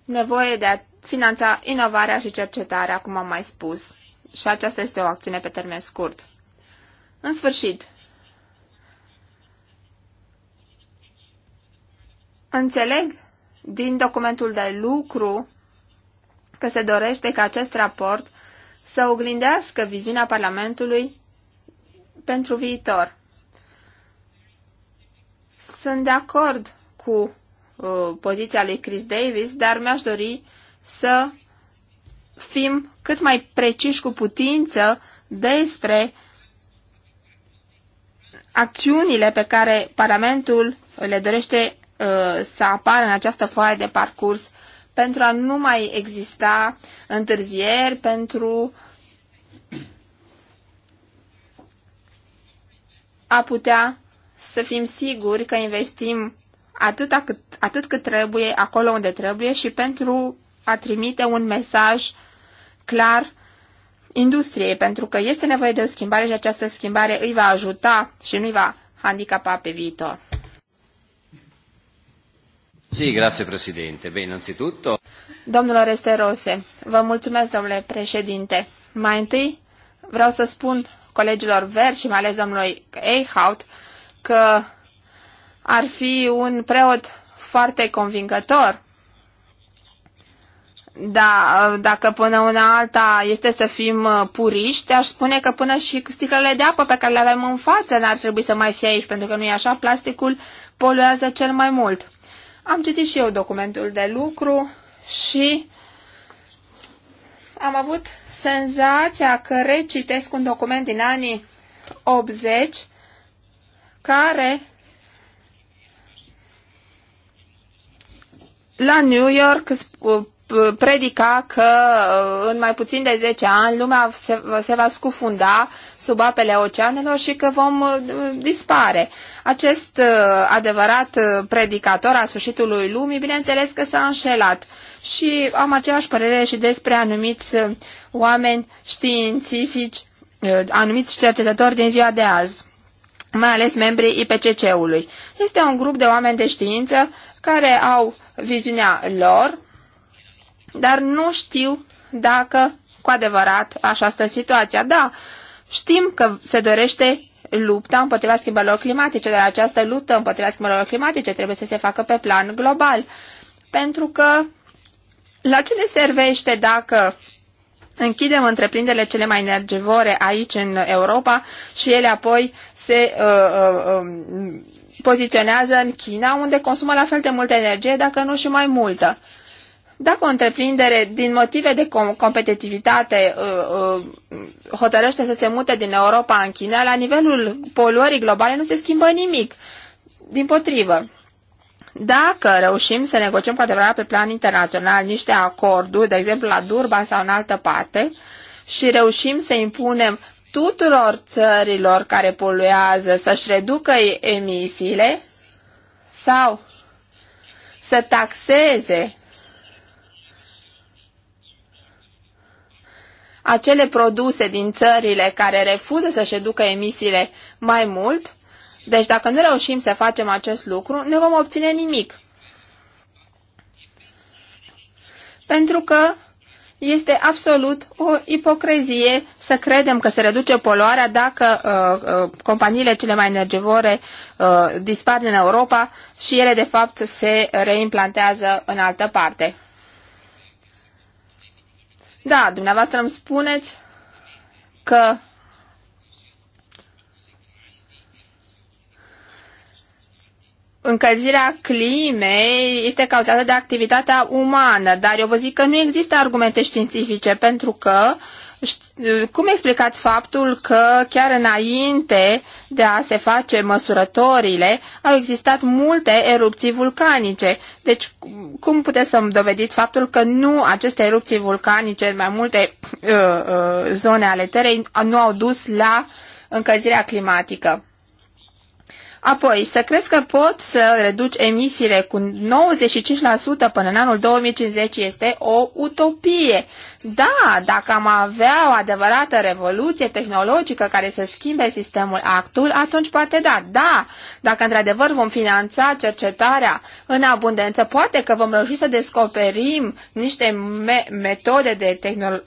Speaker 3: Nevoie de a finanța inovarea și cercetarea, cum am mai spus, și aceasta este o acțiune pe termen scurt. În sfârșit, înțeleg din documentul de lucru că se dorește ca acest raport să oglindească viziunea Parlamentului pentru viitor. Sunt de acord cu uh, poziția lui Chris Davis, dar mi-aș dori să fim cât mai preciși cu putință despre acțiunile pe care Parlamentul le dorește uh, să apară în această foaie de parcurs pentru a nu mai exista întârzieri, pentru a putea să fim siguri că investim atât cât, atât cât trebuie, acolo unde trebuie și pentru a trimite un mesaj clar industriei, pentru că este nevoie de o schimbare și această schimbare îi va ajuta și nu îi va handicapa pe viitor.
Speaker 1: Sì, grazie Presidente. Beh, innanzitutto...
Speaker 3: Domnul Rose, vă mulțumesc, domnule președinte. Mai întâi vreau să spun colegilor verzi și mai ales domnului Eichhout că ar fi un preot foarte convingător da, dacă până una alta este să fim uh, puriști, aș spune că până și sticlele de apă pe care le avem în față n-ar trebui să mai fie aici, pentru că nu e așa, plasticul poluează cel mai mult. Am citit și eu documentul de lucru și am avut senzația că recitesc un document din anii 80 care la New York predica că uh, în mai puțin de 10 ani lumea se, se va scufunda sub apele oceanelor și că vom uh, dispare. Acest uh, adevărat predicator a sfârșitului lumii, bineînțeles că s-a înșelat și am aceeași părere și despre anumiți oameni științifici, anumiți cercetători din ziua de azi mai ales membrii IPCC-ului. Este un grup de oameni de știință care au viziunea lor, dar nu știu dacă cu adevărat așa stă situația. Da, știm că se dorește lupta împotriva schimbărilor climatice, dar această luptă împotriva schimbărilor climatice trebuie să se facă pe plan global. Pentru că la ce ne servește dacă închidem întreprinderile cele mai energivore aici în Europa și ele apoi se uh, uh, uh, poziționează în China, unde consumă la fel de multă energie, dacă nu și mai multă. Uh, dacă o întreprindere, din motive de competitivitate, uh, uh, hotărăște să se mute din Europa în China, la nivelul poluării globale nu se schimbă nimic. Din potrivă, dacă reușim să negociem cu adevărat pe plan internațional niște acorduri, de exemplu la Durban sau în altă parte, și reușim să impunem tuturor țărilor care poluează să-și reducă emisiile sau să taxeze acele produse din țările care refuză să-și reducă emisiile mai mult, deci dacă nu reușim să facem acest lucru, ne vom obține nimic. Pentru că este absolut o ipocrezie să credem că se reduce poluarea dacă uh, uh, companiile cele mai energivore uh, dispar în Europa și ele de fapt se reimplantează în altă parte. Da, dumneavoastră îmi spuneți că încălzirea climei este cauzată de activitatea umană, dar eu vă zic că nu există argumente științifice pentru că cum explicați faptul că chiar înainte de a se face măsurătorile au existat multe erupții vulcanice? Deci cum puteți să-mi dovediți faptul că nu aceste erupții vulcanice în mai multe (clears throat) uh, uh, zone ale terei nu au dus la încălzirea climatică? Apoi, să crezi că poți să reduci emisiile cu 95% până în anul 2050 este o utopie. Da, dacă am avea o adevărată revoluție tehnologică care să schimbe sistemul actual, atunci poate da. Da, dacă într-adevăr vom finanța cercetarea în abundență, poate că vom reuși să descoperim niște me metode de tehnologie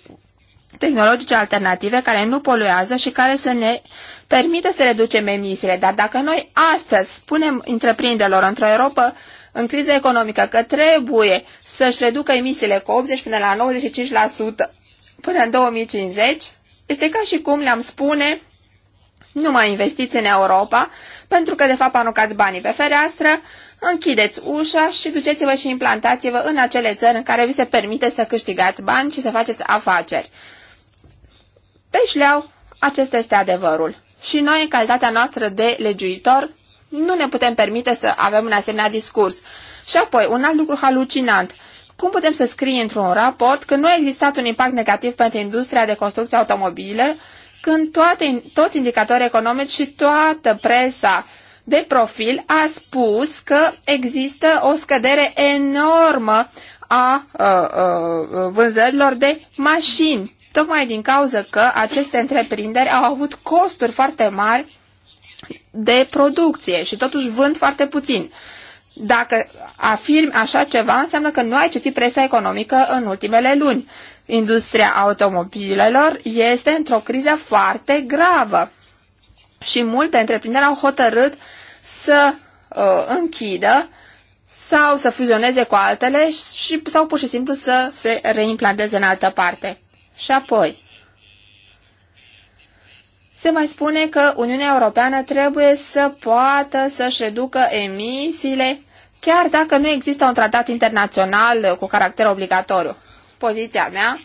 Speaker 3: tehnologice alternative care nu poluează și care să ne permită să reducem emisiile. Dar dacă noi astăzi spunem întreprinderilor într-o Europa în criză economică că trebuie să-și reducă emisiile cu 80 până la 95% până în 2050, este ca și cum le-am spune nu mai investiți în Europa, pentru că de fapt aruncați banii pe fereastră, închideți ușa și duceți-vă și implantați-vă în acele țări în care vi se permite să câștigați bani și să faceți afaceri. Pe deci, șleau, acesta este adevărul. Și noi, în calitatea noastră de legiuitor, nu ne putem permite să avem un asemenea discurs. Și apoi, un alt lucru halucinant. Cum putem să scrie într-un raport că nu a existat un impact negativ pentru industria de construcție automobile, când toate, toți indicatorii economici și toată presa de profil a spus că există o scădere enormă a, a, uh, a uh, vânzărilor de mașini tocmai din cauza că aceste întreprinderi au avut costuri foarte mari de producție și totuși vând foarte puțin. Dacă afirm așa ceva, înseamnă că nu ai citit presa economică în ultimele luni. Industria automobilelor este într-o criză foarte gravă și multe întreprinderi au hotărât să uh, închidă sau să fuzioneze cu altele și, sau pur și simplu să se reimplanteze în altă parte. Și apoi, se mai spune că Uniunea Europeană trebuie să poată să-și reducă emisiile, chiar dacă nu există un tratat internațional cu caracter obligatoriu. Poziția mea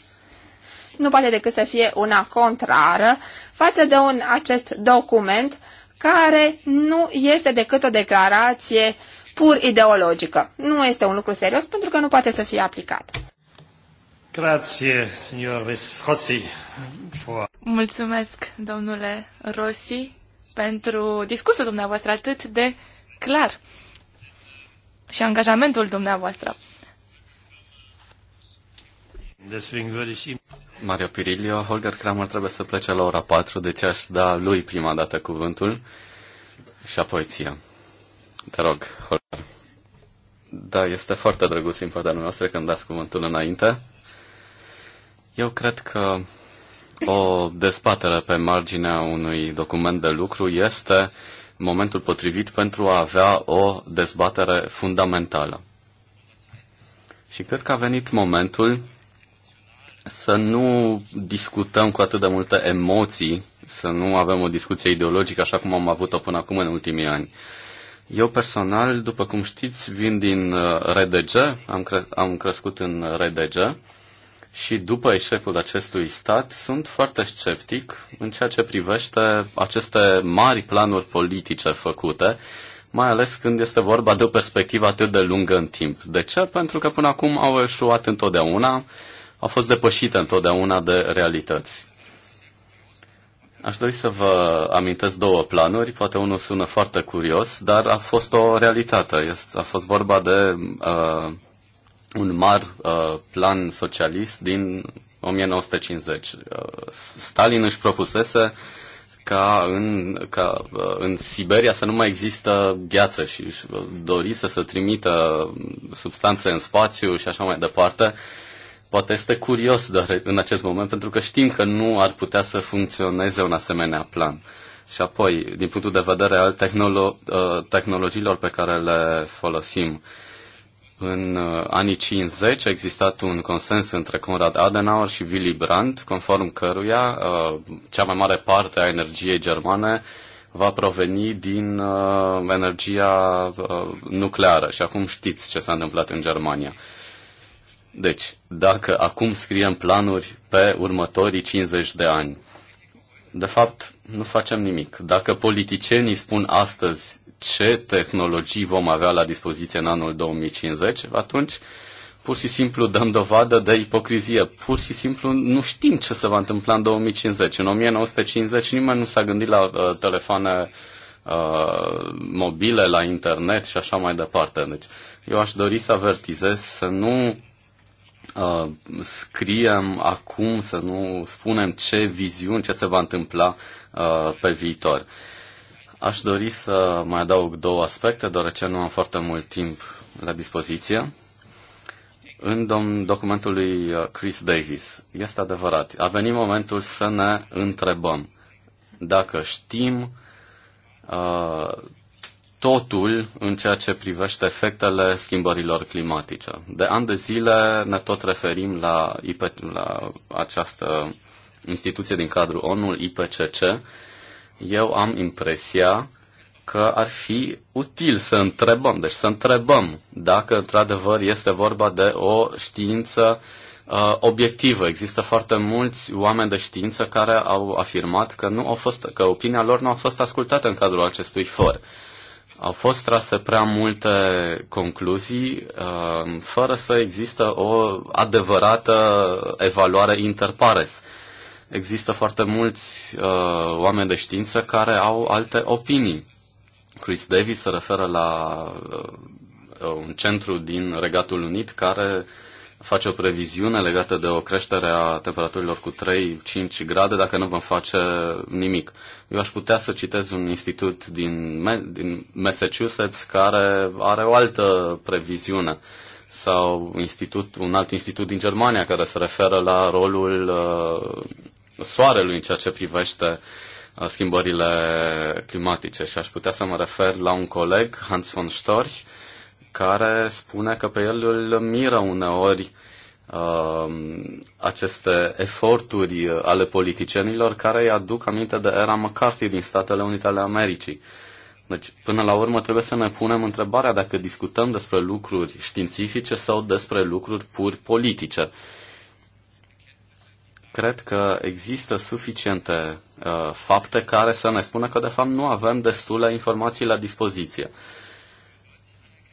Speaker 3: nu poate decât să fie una contrară față de un, acest document care nu este decât o declarație pur ideologică. Nu este un lucru serios pentru că nu poate să fie aplicat.
Speaker 2: Grazie, Rossi.
Speaker 3: Mulțumesc,
Speaker 4: domnule Rossi, pentru discursul dumneavoastră atât de clar și angajamentul dumneavoastră.
Speaker 1: Mario Pirilio, Holger Kramer trebuie să plece la ora 4, deci aș da lui prima dată cuvântul și apoi ție. Te rog, Holger. Da, este foarte drăguț din partea noastră când dați cuvântul înainte. Eu cred că o dezbatere pe marginea unui document de lucru este momentul potrivit pentru a avea o dezbatere fundamentală. Și cred că a venit momentul să nu discutăm cu atât de multe emoții, să nu avem o discuție ideologică așa cum am avut-o până acum în ultimii ani. Eu personal, după cum știți, vin din uh, RDG, am, cre- am crescut în RDG și după eșecul acestui stat sunt foarte sceptic în ceea ce privește aceste mari planuri politice făcute, mai ales când este vorba de o perspectivă atât de lungă în timp. De ce? Pentru că până acum au eșuat întotdeauna, au fost depășite întotdeauna de realități. Aș dori să vă amintesc două planuri, poate unul sună foarte curios, dar a fost o realitate. a fost vorba de uh, un mar uh, plan socialist din 1950. Uh, Stalin își propusese ca în, ca uh, în Siberia să nu mai există gheață și își uh, dori să se trimită substanțe în spațiu și așa mai departe. Poate este curios dar în acest moment pentru că știm că nu ar putea să funcționeze un asemenea plan. Și apoi, din punctul de vedere al tehnolo- uh, tehnologiilor pe care le folosim, uh, în uh, anii 50 a existat un consens între Konrad Adenauer și Willy Brandt, conform căruia uh, cea mai mare parte a energiei germane va proveni din uh, energia uh, nucleară. Și acum știți ce s-a întâmplat în Germania. Deci, dacă acum scriem planuri pe următorii 50 de ani, de fapt, nu facem nimic. Dacă politicienii spun astăzi ce tehnologii vom avea la dispoziție în anul 2050, atunci pur și simplu dăm dovadă de ipocrizie. Pur și simplu nu știm ce se va întâmpla în 2050. În 1950 nimeni nu s-a gândit la uh, telefoane uh, mobile, la internet și așa mai departe. Deci eu aș dori să avertizez să nu uh, scriem acum, să nu spunem ce viziuni, ce se va întâmpla uh, pe viitor. Uh, Aș dori să mai adaug două aspecte, deoarece nu am foarte mult timp la dispoziție. În documentul lui uh, Chris Davis, este adevărat, a venit momentul să ne întrebăm dacă știm uh, totul în ceea ce privește efectele schimbărilor climatice. De ani de zile ne tot referim la, IP, la această instituție din cadrul ONU, IPCC, eu am impresia că ar fi util să întrebăm, deci să întrebăm dacă într-adevăr este vorba de o știință uh, obiectivă. Există foarte mulți oameni de știință care au afirmat că, nu au fost, că opinia lor nu a fost ascultată în cadrul acestui for. Au fost trase prea multe concluzii uh, fără să există o adevărată evaluare interpares există foarte mulți uh, oameni de știință care au alte opinii. Chris Davis se referă la uh, uh un centru din Regatul Unit care face o previziune legată de o creștere a temperaturilor cu 3-5 grade dacă nu vom face nimic. Eu aș putea să citez un institut din, din Massachusetts care are o altă previziune sau institut, un alt institut din Germania care se referă la rolul uh, soarelui în ceea ce privește uh, schimbările climatice și aș putea să mă refer la un coleg, Hans von Storch, care spune că pe el îl miră uneori uh, aceste eforturi uh, ale politicienilor care îi aduc aminte de era McCarthy din Statele Unite ale Americii. Deci, până la urmă, trebuie să ne punem întrebarea dacă discutăm despre lucruri științifice sau despre lucruri pur politice. Uh, cred că există suficiente uh, fapte care să ne spună că, de fapt, nu avem destule informații la dispoziție.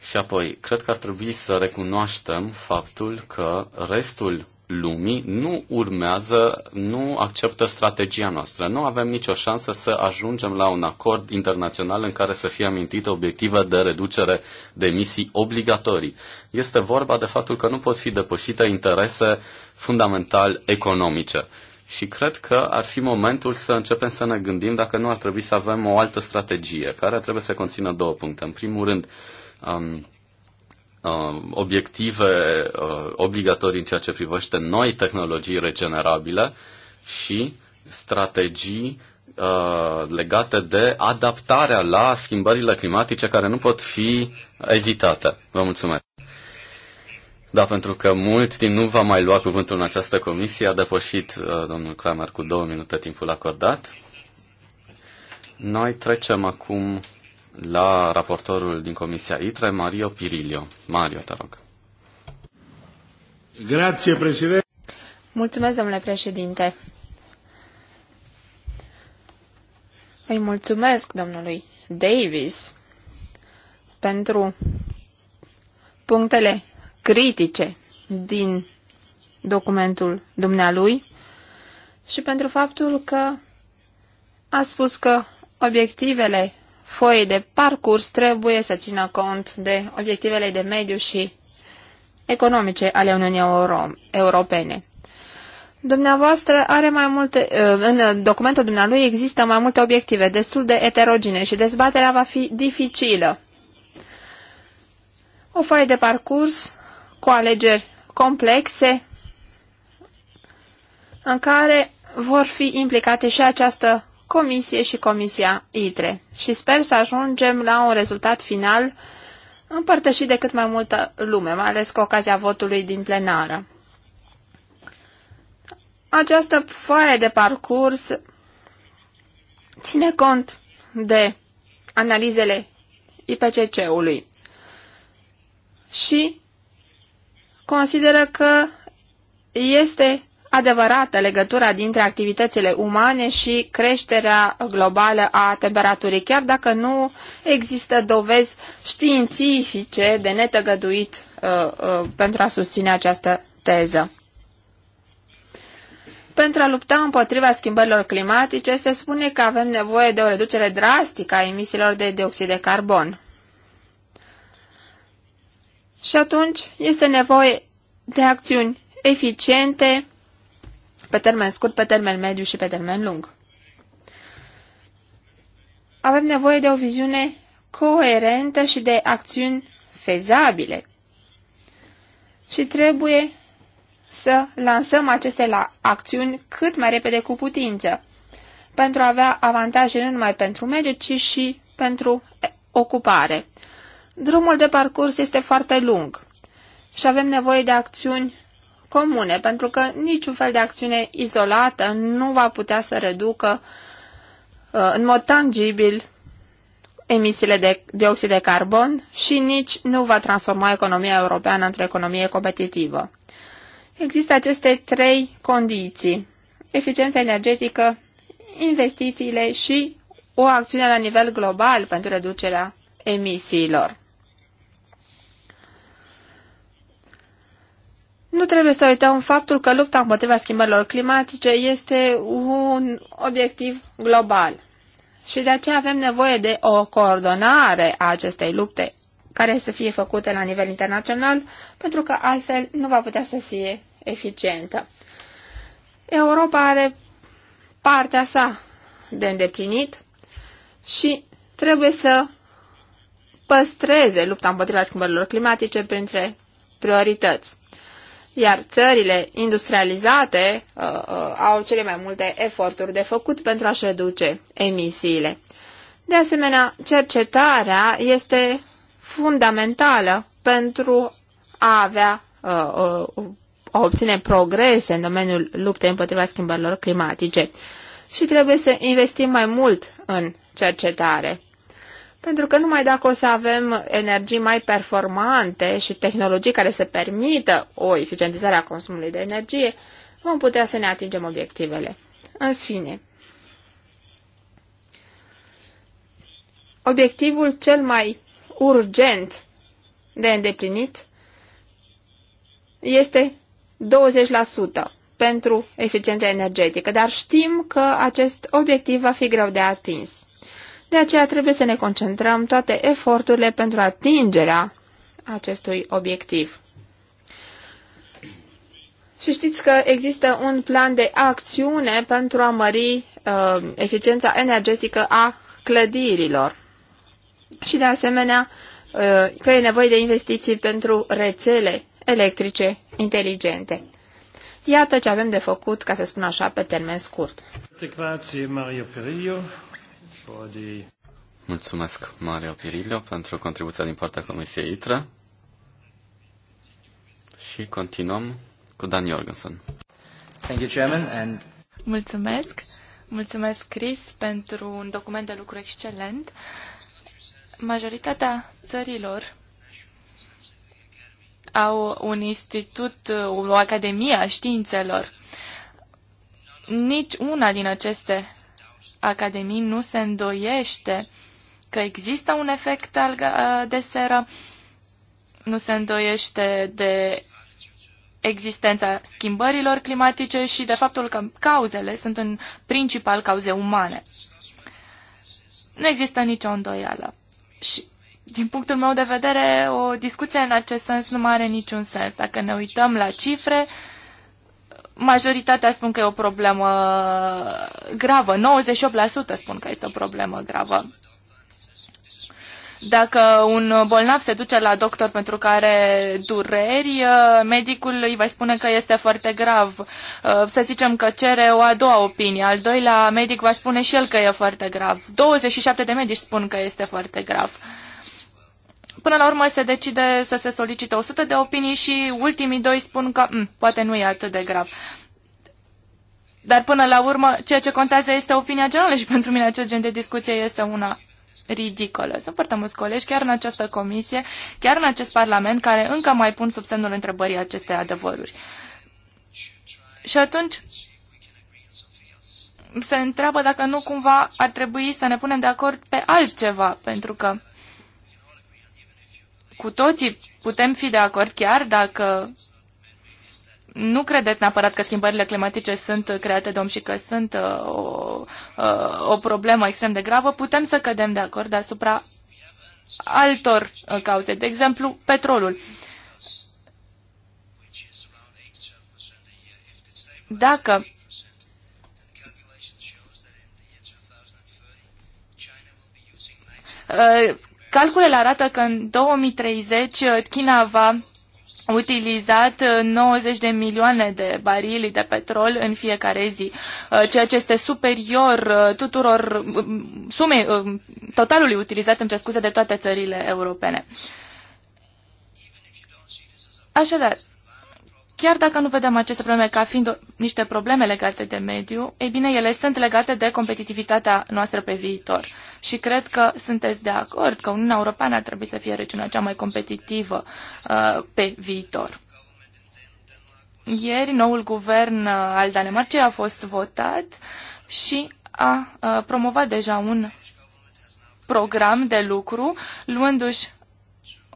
Speaker 1: Și apoi, cred că ar trebui să recunoaștem faptul că restul lumii nu urmează, nu acceptă strategia noastră. Nu avem nicio șansă să ajungem la un acord internațional în care să fie amintită obiectivă de reducere de emisii obligatorii. Este vorba de faptul că nu pot fi depășite interese fundamental economice. Și cred că ar fi momentul să începem să ne gândim dacă nu ar trebui să avem o altă strategie, care trebuie să conțină două puncte. În primul rând, um, Um, obiective uh, obligatorii în ceea ce privește noi tehnologii regenerabile și strategii uh, legate de adaptarea la schimbările climatice care nu pot fi evitate. Vă mulțumesc! Da, pentru că mult timp nu va mai lua cuvântul în această comisie, a depășit uh, domnul Kramer cu două minute timpul acordat. Noi trecem acum la raportorul din Comisia ITRE, Mario Pirilio. Mario, te rog. Grație, președinte.
Speaker 3: Mulțumesc, domnule președinte. Îi mulțumesc domnului Davis pentru punctele critice din documentul dumnealui și pentru faptul că a spus că obiectivele foii de parcurs trebuie să țină cont de obiectivele de mediu și economice ale Uniunii Euro Europene. Dumneavoastră are mai multe, uh, în documentul dumnealui există mai multe obiective destul de eterogene și dezbaterea va fi dificilă. O foaie de parcurs cu alegeri complexe în care vor fi implicate și această Comisie și Comisia ITRE și sper să ajungem la un rezultat final împărtășit de cât mai multă lume, mai ales cu ocazia votului din plenară. Această foaie de parcurs ține cont de analizele IPCC-ului și consideră că este adevărată legătura dintre activitățile umane și creșterea globală a temperaturii, chiar dacă nu există dovezi științifice de netăgăduit uh, uh, pentru a susține această teză. Pentru a lupta împotriva schimbărilor climatice, se spune că avem nevoie de o reducere drastică a emisiilor de dioxid de carbon. Și atunci este nevoie de acțiuni eficiente pe termen scurt, pe termen mediu și pe termen lung. Avem nevoie de o viziune coerentă și de acțiuni fezabile. Și trebuie să lansăm aceste la acțiuni cât mai repede cu putință, pentru a avea avantaje nu numai pentru mediu, ci și pentru ocupare. Drumul de parcurs este foarte lung și avem nevoie de acțiuni comune, pentru că niciun fel de acțiune izolată nu va putea să reducă uh, în mod tangibil emisiile de dioxid de carbon și nici nu va transforma economia europeană într-o economie competitivă. Există aceste trei condiții. Eficiența energetică, investițiile și o acțiune la nivel global pentru reducerea emisiilor. Nu trebuie să uităm faptul că lupta împotriva schimbărilor climatice este un obiectiv global. Și de aceea avem nevoie de o coordonare a acestei lupte care să fie făcute la nivel internațional, pentru că altfel nu va putea să fie eficientă. Europa are partea sa de îndeplinit și trebuie să păstreze lupta împotriva schimbărilor climatice printre priorități iar țările industrializate uh, uh, au cele mai multe eforturi de făcut pentru a-și reduce emisiile. De asemenea, cercetarea este fundamentală pentru a avea uh, uh, a obține progrese în domeniul luptei împotriva schimbărilor climatice și trebuie să investim mai mult în cercetare. Pentru că numai dacă o să avem energii mai performante și tehnologii care să permită o eficientizare a consumului de energie, vom putea să ne atingem obiectivele. În sfine, obiectivul cel mai urgent de îndeplinit este 20% pentru eficiența energetică, dar știm că acest obiectiv va fi greu de atins. De aceea trebuie să ne concentrăm toate eforturile pentru atingerea acestui obiectiv. Și știți că există un plan de acțiune pentru a mări uh, eficiența energetică a clădirilor. Și de asemenea uh, că e nevoie de investiții pentru rețele electrice inteligente. Iată ce avem de făcut, ca să spun așa, pe termen scurt.
Speaker 2: Grazie, Mario Perillo.
Speaker 1: Mulțumesc, Mario Pirillo, pentru contribuția din partea Comisiei ITRA. Și continuăm cu Dan Jorgensen. Thank you, Chairman, and...
Speaker 4: Mulțumesc. Mulțumesc, Chris, pentru un document de lucru excelent. Majoritatea țărilor au un institut, o academie a științelor. Nici una din aceste Academii nu se îndoiește că există un efect al, uh, de seră, nu se îndoiește de existența schimbărilor climatice și de faptul că cauzele sunt în principal cauze umane. Nu există nicio îndoială. Și din punctul meu de vedere, o discuție în acest sens nu mai are niciun sens. Dacă ne uităm la cifre, uh, Majoritatea spun că e o problemă gravă, 98% spun că este o problemă gravă. Dacă un bolnav se duce la doctor pentru că are dureri, medicul îi va spune că este foarte grav. Să zicem că cere o a doua opinie. Al doilea medic va spune și el că e foarte grav. 27 de medici spun că este foarte grav. Până la urmă se decide să se solicite 100 de opinii și ultimii doi spun că mm, poate nu e atât de grav. Dar până la urmă, ceea ce contează este opinia generală și (laughs) pentru mine acest gen de discuție este una ridicolă. Sunt foarte mulți colegi, chiar în această comisie, chiar în acest parlament, care încă mai pun sub semnul întrebării aceste adevăruri. Și atunci se întreabă dacă nu cumva ar trebui să ne punem de acord pe altceva, pentru că cu toții putem fi de acord chiar dacă nu credeți neapărat că schimbările climatice sunt create de om și că sunt uh, o, uh, o problemă extrem de gravă, putem să cădem de acord asupra altor uh, cauze, de exemplu petrolul. Dacă Calculele arată că în 2030 uh, China va utilizat 90 uh, de milioane de barili de petrol în fiecare zi, uh, ceea ce este superior tuturor um, sume, um, totalului utilizat, îmi cer scuze, de toate țările europene. Așadar, Chiar dacă nu vedem aceste probleme ca fiind niște probleme legate de mediu, ei bine, ele sunt legate de competitivitatea noastră pe viitor. Și cred că sunteți de acord că Uniunea Europeană ar trebui să fie regiunea cea mai competitivă uh, pe viitor. Ieri, noul guvern uh, al Danemarcei a fost votat și a uh, promovat deja un program de lucru, luându-și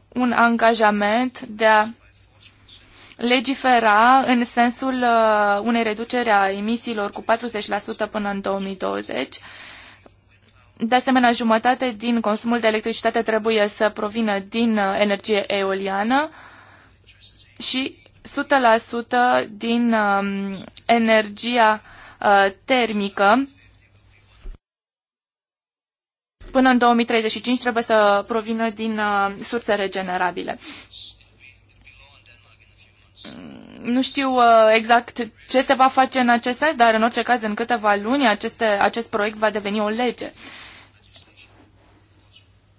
Speaker 4: un angajament de a legifera în sensul uh, unei reduceri a emisiilor cu 40% până în 2020. De asemenea, jumătate din consumul de electricitate trebuie să provină din uh, energie eoliană și 100% din um, energia uh, termică până în 2035 trebuie să provină din surse regenerabile nu știu uh, exact ce se va face în acest sens, dar în orice caz, în câteva luni, aceste, acest proiect va deveni o lege.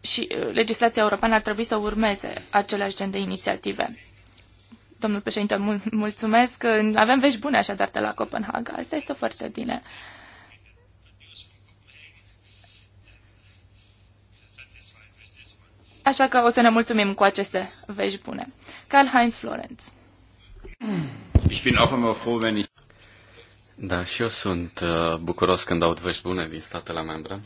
Speaker 4: Și uh, legislația europeană ar trebui să urmeze aceleași gen de inițiative. Domnul președinte, mul- mulțumesc. Avem vești bune așadar de la Copenhaga. Asta este foarte bine. Așa că o să ne mulțumim cu aceste vești bune. Karl-Heinz Florenz.
Speaker 1: Ich bin auch immer froh, wenn ich... Da, și eu sunt uh, bucuros când aud vești bune din statele membre,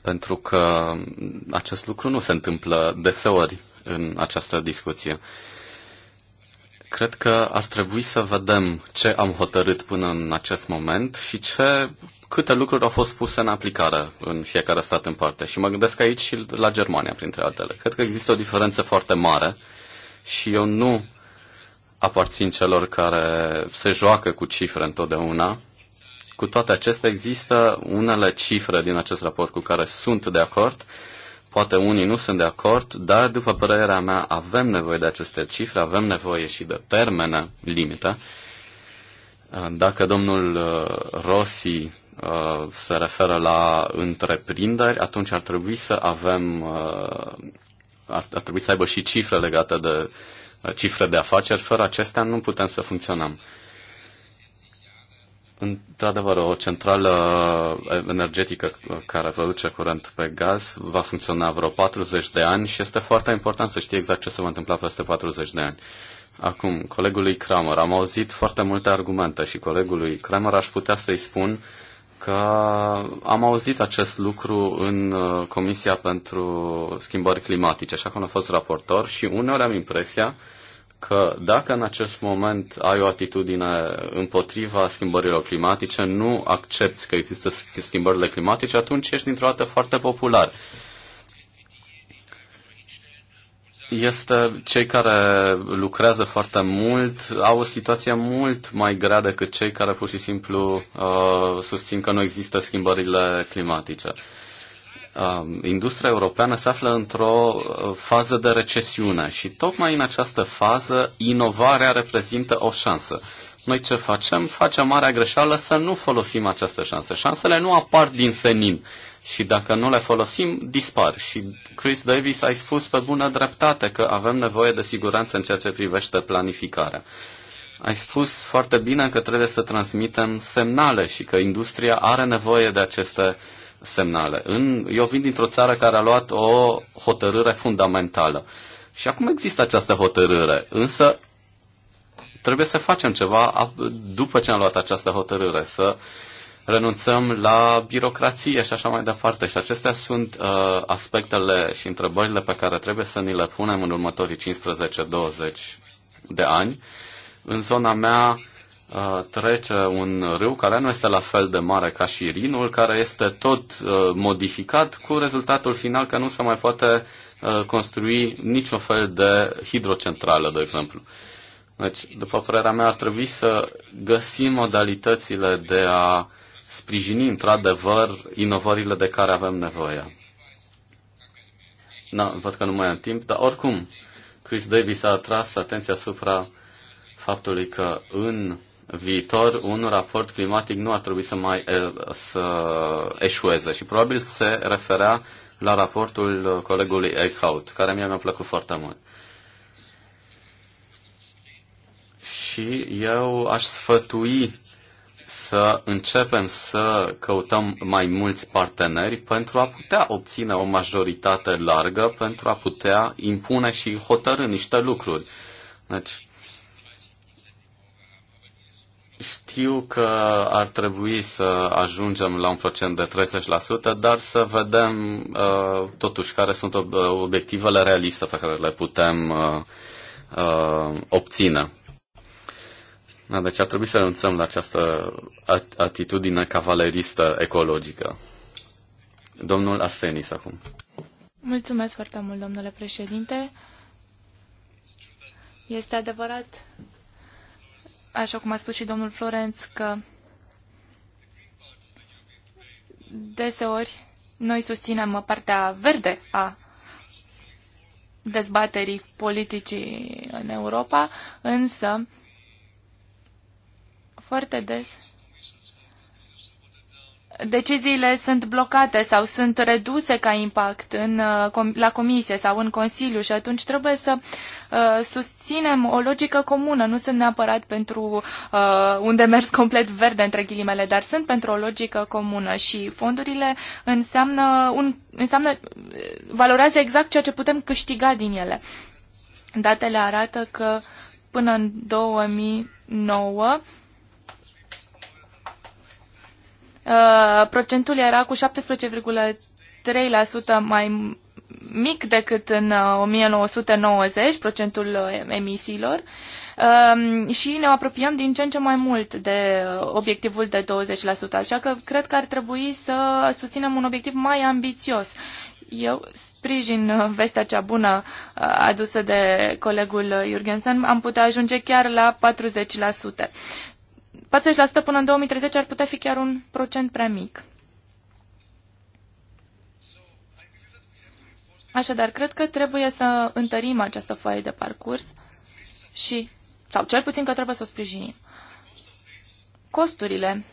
Speaker 1: pentru că um, acest lucru nu se întâmplă deseori în această discuție. Cred că ar trebui să vedem ce am hotărât până în acest moment și ce, câte lucruri au fost puse în aplicare în fiecare stat în parte. Și mă gândesc aici și la Germania, printre altele. Cred că există o diferență foarte mare și eu nu aparțin celor care se joacă cu cifre întotdeauna. Cu toate acestea, există unele cifre din acest raport cu care sunt de acord, poate unii nu sunt de acord, dar, după părerea mea, avem nevoie de aceste cifre, avem nevoie și de termene limită. Dacă domnul uh, Rossi uh, se referă la întreprinderi, atunci ar trebui să avem, uh, ar, trebui să aibă și cifre legate de uh, cifre de afaceri. Fără acestea nu putem să funcționăm. Într-adevăr, o centrală energetică care produce curent pe gaz va funcționa vreo 40 de ani și este foarte important să știi exact ce se va întâmpla peste 40 de ani. Acum, colegului Kramer, am auzit foarte multe argumente și colegului Kramer aș putea să-i spun că am auzit acest lucru în uh, Comisia pentru Schimbări Climatice, așa că am fost raportor și uneori am impresia că dacă în acest moment ai o atitudine împotriva schimbărilor climatice, nu accepti că există schimbările climatice, atunci ești dintr-o dată foarte popular. Este cei care lucrează foarte mult au o situație mult mai grea decât cei care pur și simplu uh, susțin că nu există schimbările climatice. Uh, Um, industria europeană se află într-o uh, fază de recesiune și tocmai în această fază inovarea reprezintă o șansă. Noi ce facem? Facem marea greșeală să nu folosim această șansă. Șansele nu apar din senin și dacă nu le folosim, dispar. Și Chris Davis a spus pe bună dreptate că avem nevoie de siguranță în ceea ce privește planificarea. Ai spus foarte bine că trebuie să transmitem semnale și că industria are nevoie de aceste uh, semnale. În, eu vin dintr-o țară care a luat o hotărâre fundamentală. Și acum există această hotărâre, însă trebuie să facem ceva după ce am luat această hotărâre, să renunțăm la birocrație și așa mai departe. Și acestea sunt uh, aspectele și întrebările pe care trebuie să ni le punem în următorii 15-20 de ani. În zona mea Uh, trece un râu care nu este la fel de mare ca și Rinul, care este tot uh, modificat cu rezultatul final că nu se mai poate uh, construi niciun fel de hidrocentrală, de exemplu. Deci, după părerea mea, ar trebui să găsim modalitățile de a sprijini, într-adevăr, inovările de care avem nevoie. Na, da, văd că nu mai am timp, dar oricum, Chris Davis a atras atenția asupra faptului că în viitor un raport climatic nu ar trebui să mai să eșueze și probabil se referea la raportul colegului Eichhout, care mie mi-a plăcut foarte mult. Și eu aș sfătui să începem să căutăm mai mulți parteneri pentru a putea obține o majoritate largă, pentru a putea impune și hotărâ niște lucruri. Deci, Știu că ar trebui să ajungem la un procent de 30%, dar să vedem uh, totuși care sunt obiectivele realiste pe care le putem uh, uh, obține. Da, deci ar trebui să renunțăm la această atitudine cavaleristă ecologică. Domnul Asenis acum.
Speaker 4: Mulțumesc foarte mult, domnule președinte. Este adevărat așa cum a spus și domnul Florenț, că deseori noi susținem partea verde a dezbaterii politicii în Europa, însă foarte des deciziile sunt blocate sau sunt reduse ca impact în, uh, la comisie sau în Consiliu și atunci trebuie să Uh, susținem o logică comună. Nu sunt neapărat pentru uh, un demers complet verde, între ghilimele, dar sunt pentru o logică comună și fondurile înseamnă, un, înseamnă uh, valorează exact ceea ce putem câștiga din ele. Datele arată că până în 2009 Uh, procentul era cu 17,3% mai mic decât în 1990, uh, procentul uh, emisiilor, um, și ne apropiem din ce în ce mai mult de uh, obiectivul de 20%, așa că cred că ar trebui să susținem un obiectiv mai ambițios. Eu sprijin vestea cea bună adusă de colegul Jurgensen, am putea ajunge chiar la 40%. 40% până în 2030 ar putea fi chiar un procent prea mic. Așadar, cred că trebuie să întărim această foaie de parcurs și, sau cel puțin că trebuie să o sprijinim. Costurile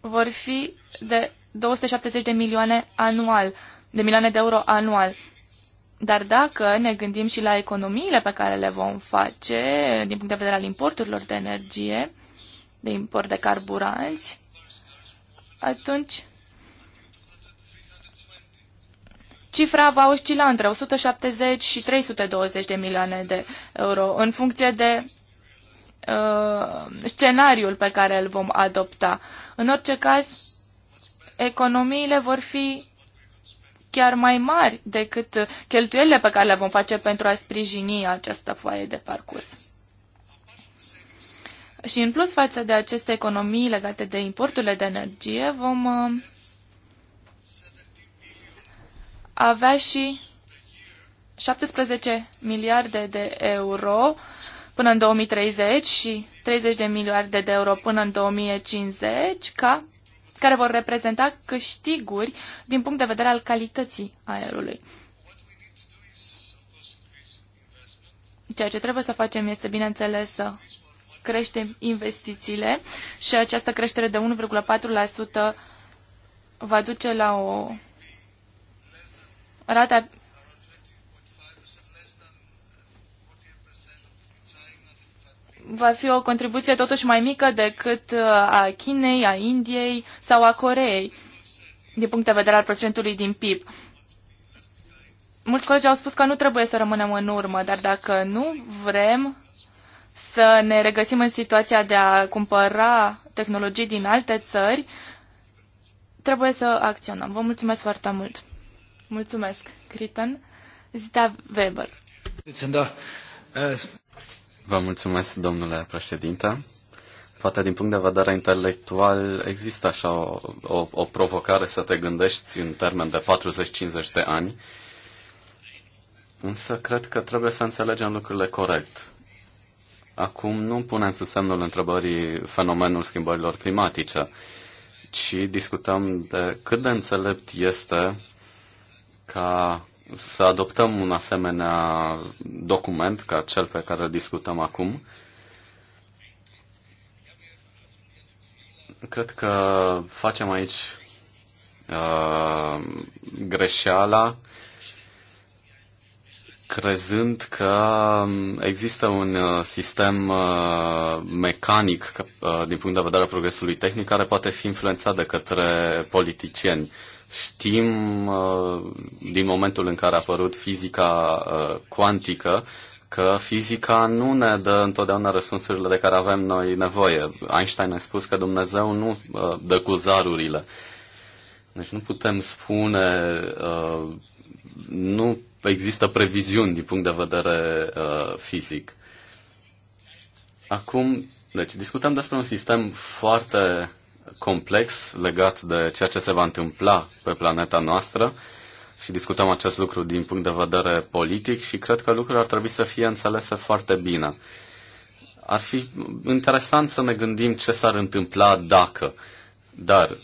Speaker 4: vor fi de 270 de milioane anual, de milioane de euro anual. Dar dacă ne gândim și la economiile pe care le vom face din punct de vedere al importurilor de energie, de import de carburanți, atunci Cifra va oscila între 170 și 320 de milioane de euro în funcție de uh, scenariul pe care îl vom adopta. În orice caz, economiile vor fi chiar mai mari decât cheltuielile pe care le vom face pentru a sprijini această foaie de parcurs. Și în plus față de aceste economii legate de importurile de energie, vom uh, avea și 17 miliarde de euro până în 2030 și 30 de miliarde de euro până în 2050, ca, care vor reprezenta câștiguri din punct de vedere al calității aerului. Ceea ce trebuie să facem este, bineînțeles, să creștem investițiile și această creștere de 1,4% va duce la o rata va fi o contribuție totuși mai mică decât uh, a Chinei, a Indiei sau a Coreei, din punct de vedere al procentului din PIB. Mulți colegi au spus că nu trebuie să rămânem în urmă, dar dacă nu vrem să ne regăsim în situația de a cumpăra tehnologii din alte țări, trebuie să acționăm. Vă mulțumesc foarte mult! Mulțumesc, Criton. Zita Weber.
Speaker 1: Eh, Vă mulțumesc, domnule președinte. Poate din punct de vedere intelectual există așa o, o, o provocare să te gândești în termen de 40-50 de ani, însă cred că trebuie să înțelegem lucrurile corect. Acum nu punem sub semnul întrebării fenomenul schimbărilor climatice, ci discutăm de cât de înțelept este ca să adoptăm un asemenea document ca cel pe care îl discutăm acum. Cred că facem aici uh, greșeala crezând că există un uh, sistem uh, mecanic uh, din punct de vedere al progresului tehnic care poate fi influențat de către politicieni. Știm uh, din momentul în care a apărut fizica uh, cuantică că fizica nu ne dă întotdeauna răspunsurile de care avem noi nevoie. Einstein a spus că Dumnezeu nu uh, dă cu zarurile. Deci nu putem spune, nu există previziuni din punct de vedere fizic. Acum, deci discutăm despre un sistem foarte complex legat de ceea ce se va întâmpla pe planeta noastră și discutăm acest lucru din punct de vedere politic și cred că lucrurile ar trebui să fie înțelese foarte bine. Ar fi interesant să ne gândim ce s-ar întâmpla dacă, dar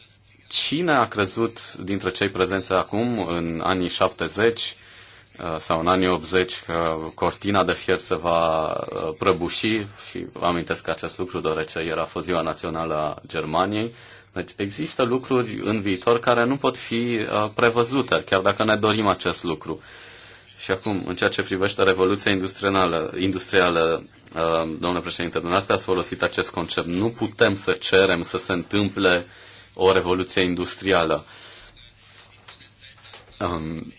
Speaker 1: cine a crezut dintre cei prezenți acum în anii 70 Uh, sau în anii 80 că uh, cortina de fier se va uh, prăbuși și amintesc acest lucru deoarece era fost ziua națională a Germaniei. Deci există lucruri în viitor care nu pot fi prevăzute, chiar dacă ne dorim acest lucru. Și acum, în ceea ce privește revoluția industrială, industrială domnule președinte, dumneavoastră ați folosit acest concept. Nu putem să cerem să se întâmple o revoluție industrială. Um,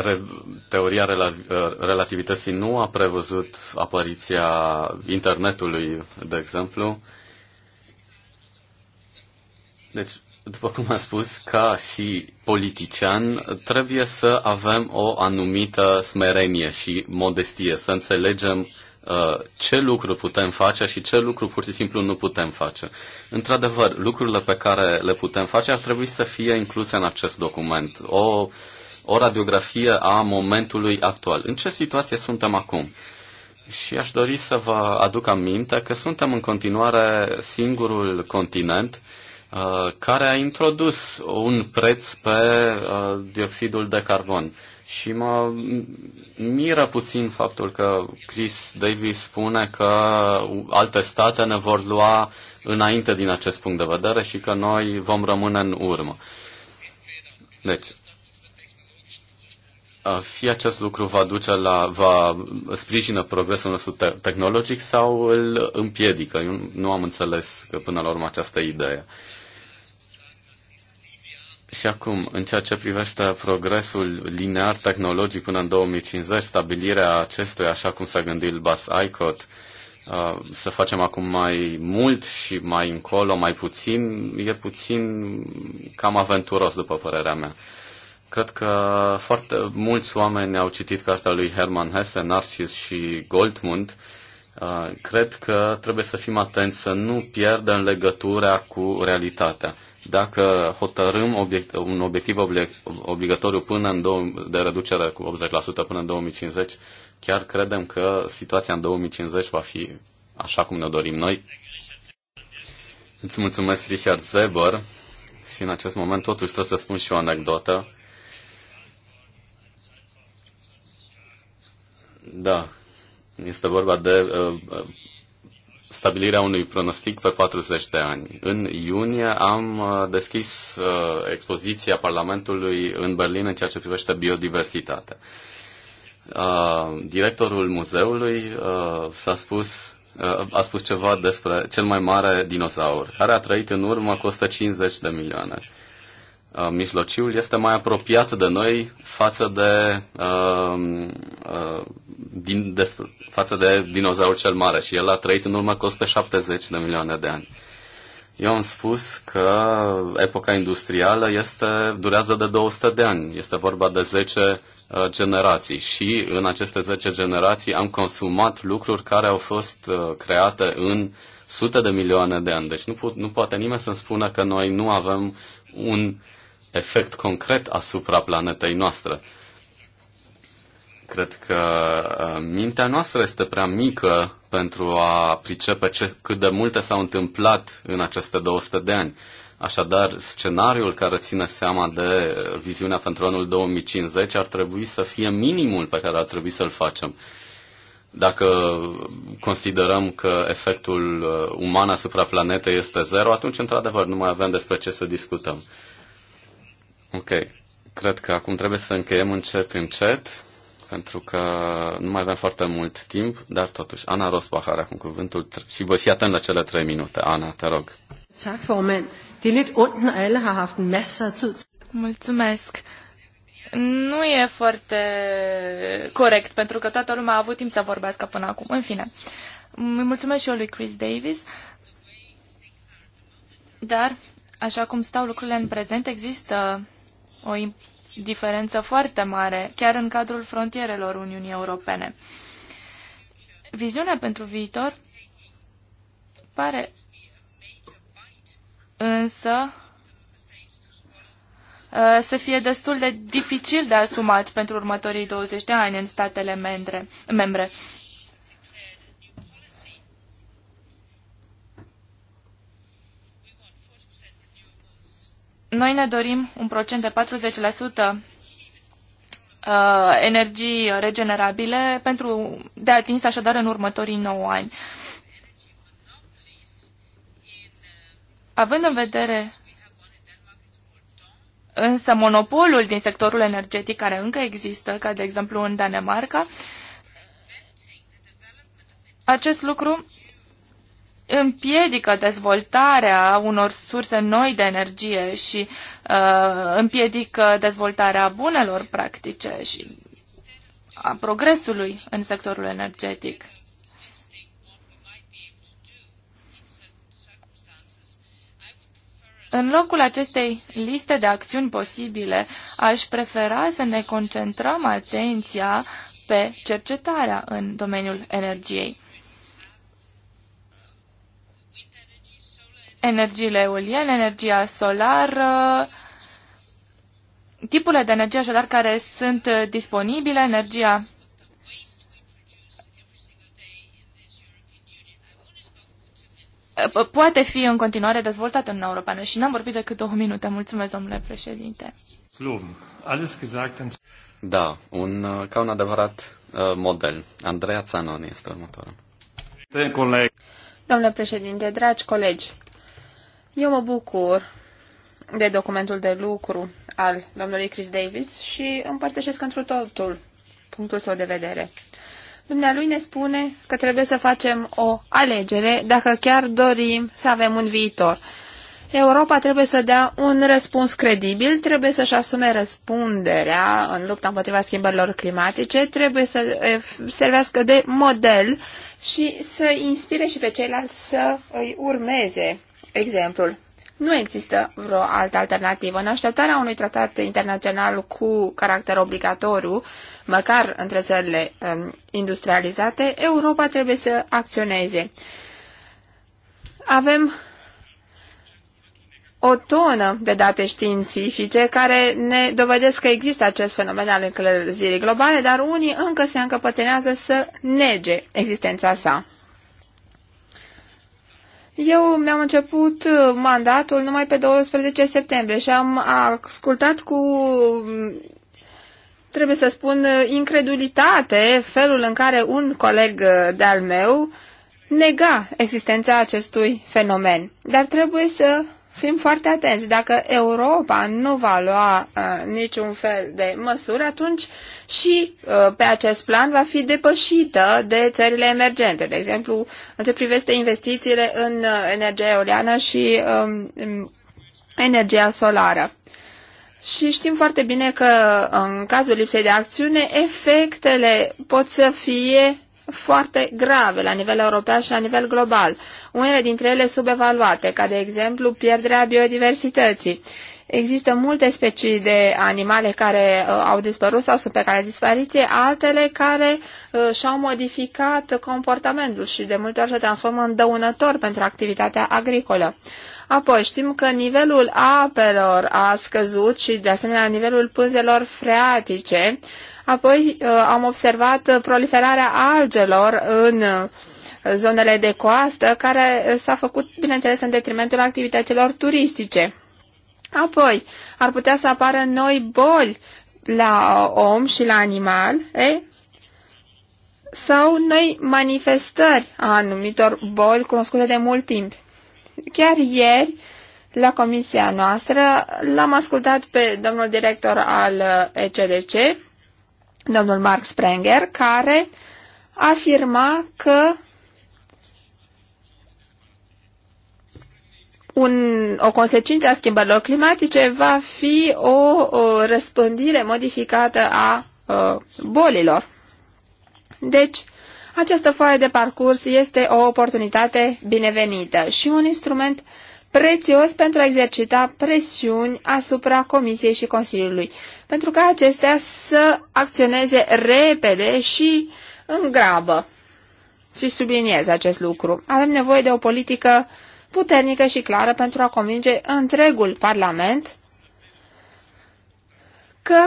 Speaker 1: re, teoria rela, relativității nu a prevăzut apariția internetului, de exemplu. Deci, după cum am spus, ca și politician, trebuie să avem o anumită smerenie și modestie, să înțelegem uh, ce lucru putem face și ce lucru pur și simplu nu putem face. Într-adevăr, lucrurile pe care le putem face ar trebui să fie incluse în acest document. O uh, o radiografie a momentului actual. În ce situație suntem acum? Și aș dori să vă aduc aminte că suntem în continuare singurul continent uh, care a introdus un preț pe uh, dioxidul de carbon. Și mă miră puțin faptul că Chris Davis spune că alte state ne vor lua înainte din acest punct de vedere și că noi vom rămâne în urmă. Deci, fie acest lucru va duce la, va sprijină progresul nostru te- tehnologic sau îl împiedică. Eu nu am înțeles că până la urmă această idee. Și acum, în ceea ce privește progresul linear tehnologic până în 2050, stabilirea acestuia, așa cum s-a gândit Bas Icot, să facem acum mai mult și mai încolo, mai puțin, e puțin cam aventuros, după părerea mea. Cred că foarte mulți oameni au citit cartea lui Herman Hesse, Narcis și Goldmund. Uh, cred că trebuie să fim atenți să nu pierdem legătura cu realitatea. Dacă hotărâm obiect, un obiectiv obligatoriu până în două, de reducere cu 80% până în 2050, chiar credem că situația în 2050 va fi așa cum ne dorim noi. Îți mulțumesc, Richard Zeber. Și în acest moment, totuși, trebuie să spun și o anecdotă Da, este vorba de uh, uh stabilirea unui pronostic pe 40 de ani. În iunie am uh, deschis uh, expoziția Parlamentului în Berlin în ceea ce privește biodiversitatea. Uh, directorul muzeului uh, s-a spus uh, a spus ceva despre cel mai mare dinozaur, care a trăit în urmă cu 150 de milioane. Mijlociul este mai apropiat de noi față de uh, uh, din, des, față de dinozaurul cel mare și el a trăit în urmă cu 170 de milioane de ani. Eu am spus că epoca industrială este, durează de 200 de ani. Este vorba de 10 uh, generații și în aceste 10 generații am consumat lucruri care au fost uh, create în sute de milioane de ani. Deci nu, put, nu poate nimeni să-mi spună că noi nu avem un efect concret asupra planetei noastre. Cred că uh, mintea noastră este prea mică pentru a pricepe ce, cât de multe s-au întâmplat în aceste 200 de ani. Așadar, scenariul care ține seama de uh, viziunea pentru anul 2050 ar trebui să fie minimul pe care ar trebui să-l facem. Dacă considerăm că efectul uh, uman asupra planetei este zero, atunci, într-adevăr, nu mai avem despre ce să discutăm. Ok. Cred că acum trebuie să încheiem încet, încet pentru că nu mai avem foarte mult timp, dar totuși, Ana Rosbach are acum cuvântul și voi fi atent la cele trei minute. Ana, te rog.
Speaker 3: Er
Speaker 4: mulțumesc. Nu e foarte corect, pentru că toată lumea a avut timp să vorbească până acum. În fine, îi mulțumesc și eu lui Chris Davis, dar, așa cum stau lucrurile în prezent, există o diferență foarte mare, chiar în cadrul frontierelor Uniunii Europene. Viziunea pentru viitor pare însă uh, să fie destul de dificil de asumat pentru următorii 20 de ani în statele membre. membre. Noi ne dorim un procent de 40% uh, energii regenerabile pentru de atins așadar în următorii 9 ani. Având în vedere însă monopolul din sectorul energetic care încă există, ca de exemplu în Danemarca, acest lucru împiedică dezvoltarea unor surse noi de energie și uh, împiedică dezvoltarea bunelor practice și a progresului în sectorul energetic. În locul acestei liste de acțiuni posibile, aș prefera să ne concentrăm atenția pe cercetarea în domeniul energiei. energiile eoliene, energia solară, tipurile de energie așadar care sunt disponibile, energia poate fi în continuare dezvoltată în Europeană și n-am vorbit decât două minute. Mulțumesc, domnule președinte.
Speaker 1: Da, un, uh, ca un adevărat uh, model. Andreea Țanon este următorul.
Speaker 3: Domnule președinte, dragi colegi, eu mă bucur de documentul de lucru al domnului Chris Davis și împărtășesc într totul punctul său de vedere. Dumnealui ne spune că trebuie să facem o alegere dacă chiar dorim să avem un viitor. Europa trebuie să dea un răspuns credibil, trebuie să-și asume răspunderea în lupta împotriva schimbărilor climatice, trebuie să servească de model și să inspire și pe ceilalți să îi urmeze exemplul. Nu există vreo altă alternativă. În așteptarea unui tratat internațional cu caracter obligatoriu, măcar între țările um, industrializate, Europa trebuie să acționeze. Avem o tonă de date științifice care ne dovedesc că există acest fenomen al încălzirii globale, dar unii încă se încăpățenează să nege existența sa. Eu mi-am început uh, mandatul numai pe 12 septembrie și am ascultat cu, mm, trebuie să spun, uh, incredulitate felul în care un coleg uh, de-al meu nega existența acestui fenomen. Dar trebuie să fim foarte atenți. Dacă Europa nu va lua uh, niciun fel de măsuri, atunci și uh, pe acest plan va fi depășită de țările emergente. De exemplu, în ce privește investițiile în uh, energia eoliană și um, energia solară. Și știm foarte bine că uh, în cazul lipsei de acțiune, efectele pot să fie foarte grave la nivel european și la nivel global, unele dintre ele subevaluate, ca de exemplu pierderea biodiversității. Există multe specii de animale care uh, au dispărut sau sunt pe care dispariție, altele care uh, și-au modificat comportamentul și de multe ori se transformă în dăunător pentru activitatea agricolă. Apoi știm că nivelul apelor a scăzut și de asemenea nivelul pânzelor freatice, uh, Apoi uh, am observat proliferarea algelor în uh, zonele de coastă, care s-a făcut, bineînțeles, în detrimentul activităților turistice. Apoi, ar putea să apară noi boli la om și la animal, e? sau noi manifestări a anumitor boli cunoscute de mult timp. Chiar ieri, la comisia noastră, l-am ascultat pe domnul director al uh, ECDC, domnul Mark Sprenger, care afirma că un, o consecință a schimbărilor climatice va fi o, o răspândire modificată a, a bolilor. Deci, această foaie de parcurs este o oportunitate binevenită și un instrument uh, prețios pentru a exercita presiuni asupra Comisiei și Consiliului, pentru ca acestea să acționeze repede și în grabă. Și subliniez acest lucru. Avem nevoie de o politică puternică și clară pentru a convinge întregul Parlament că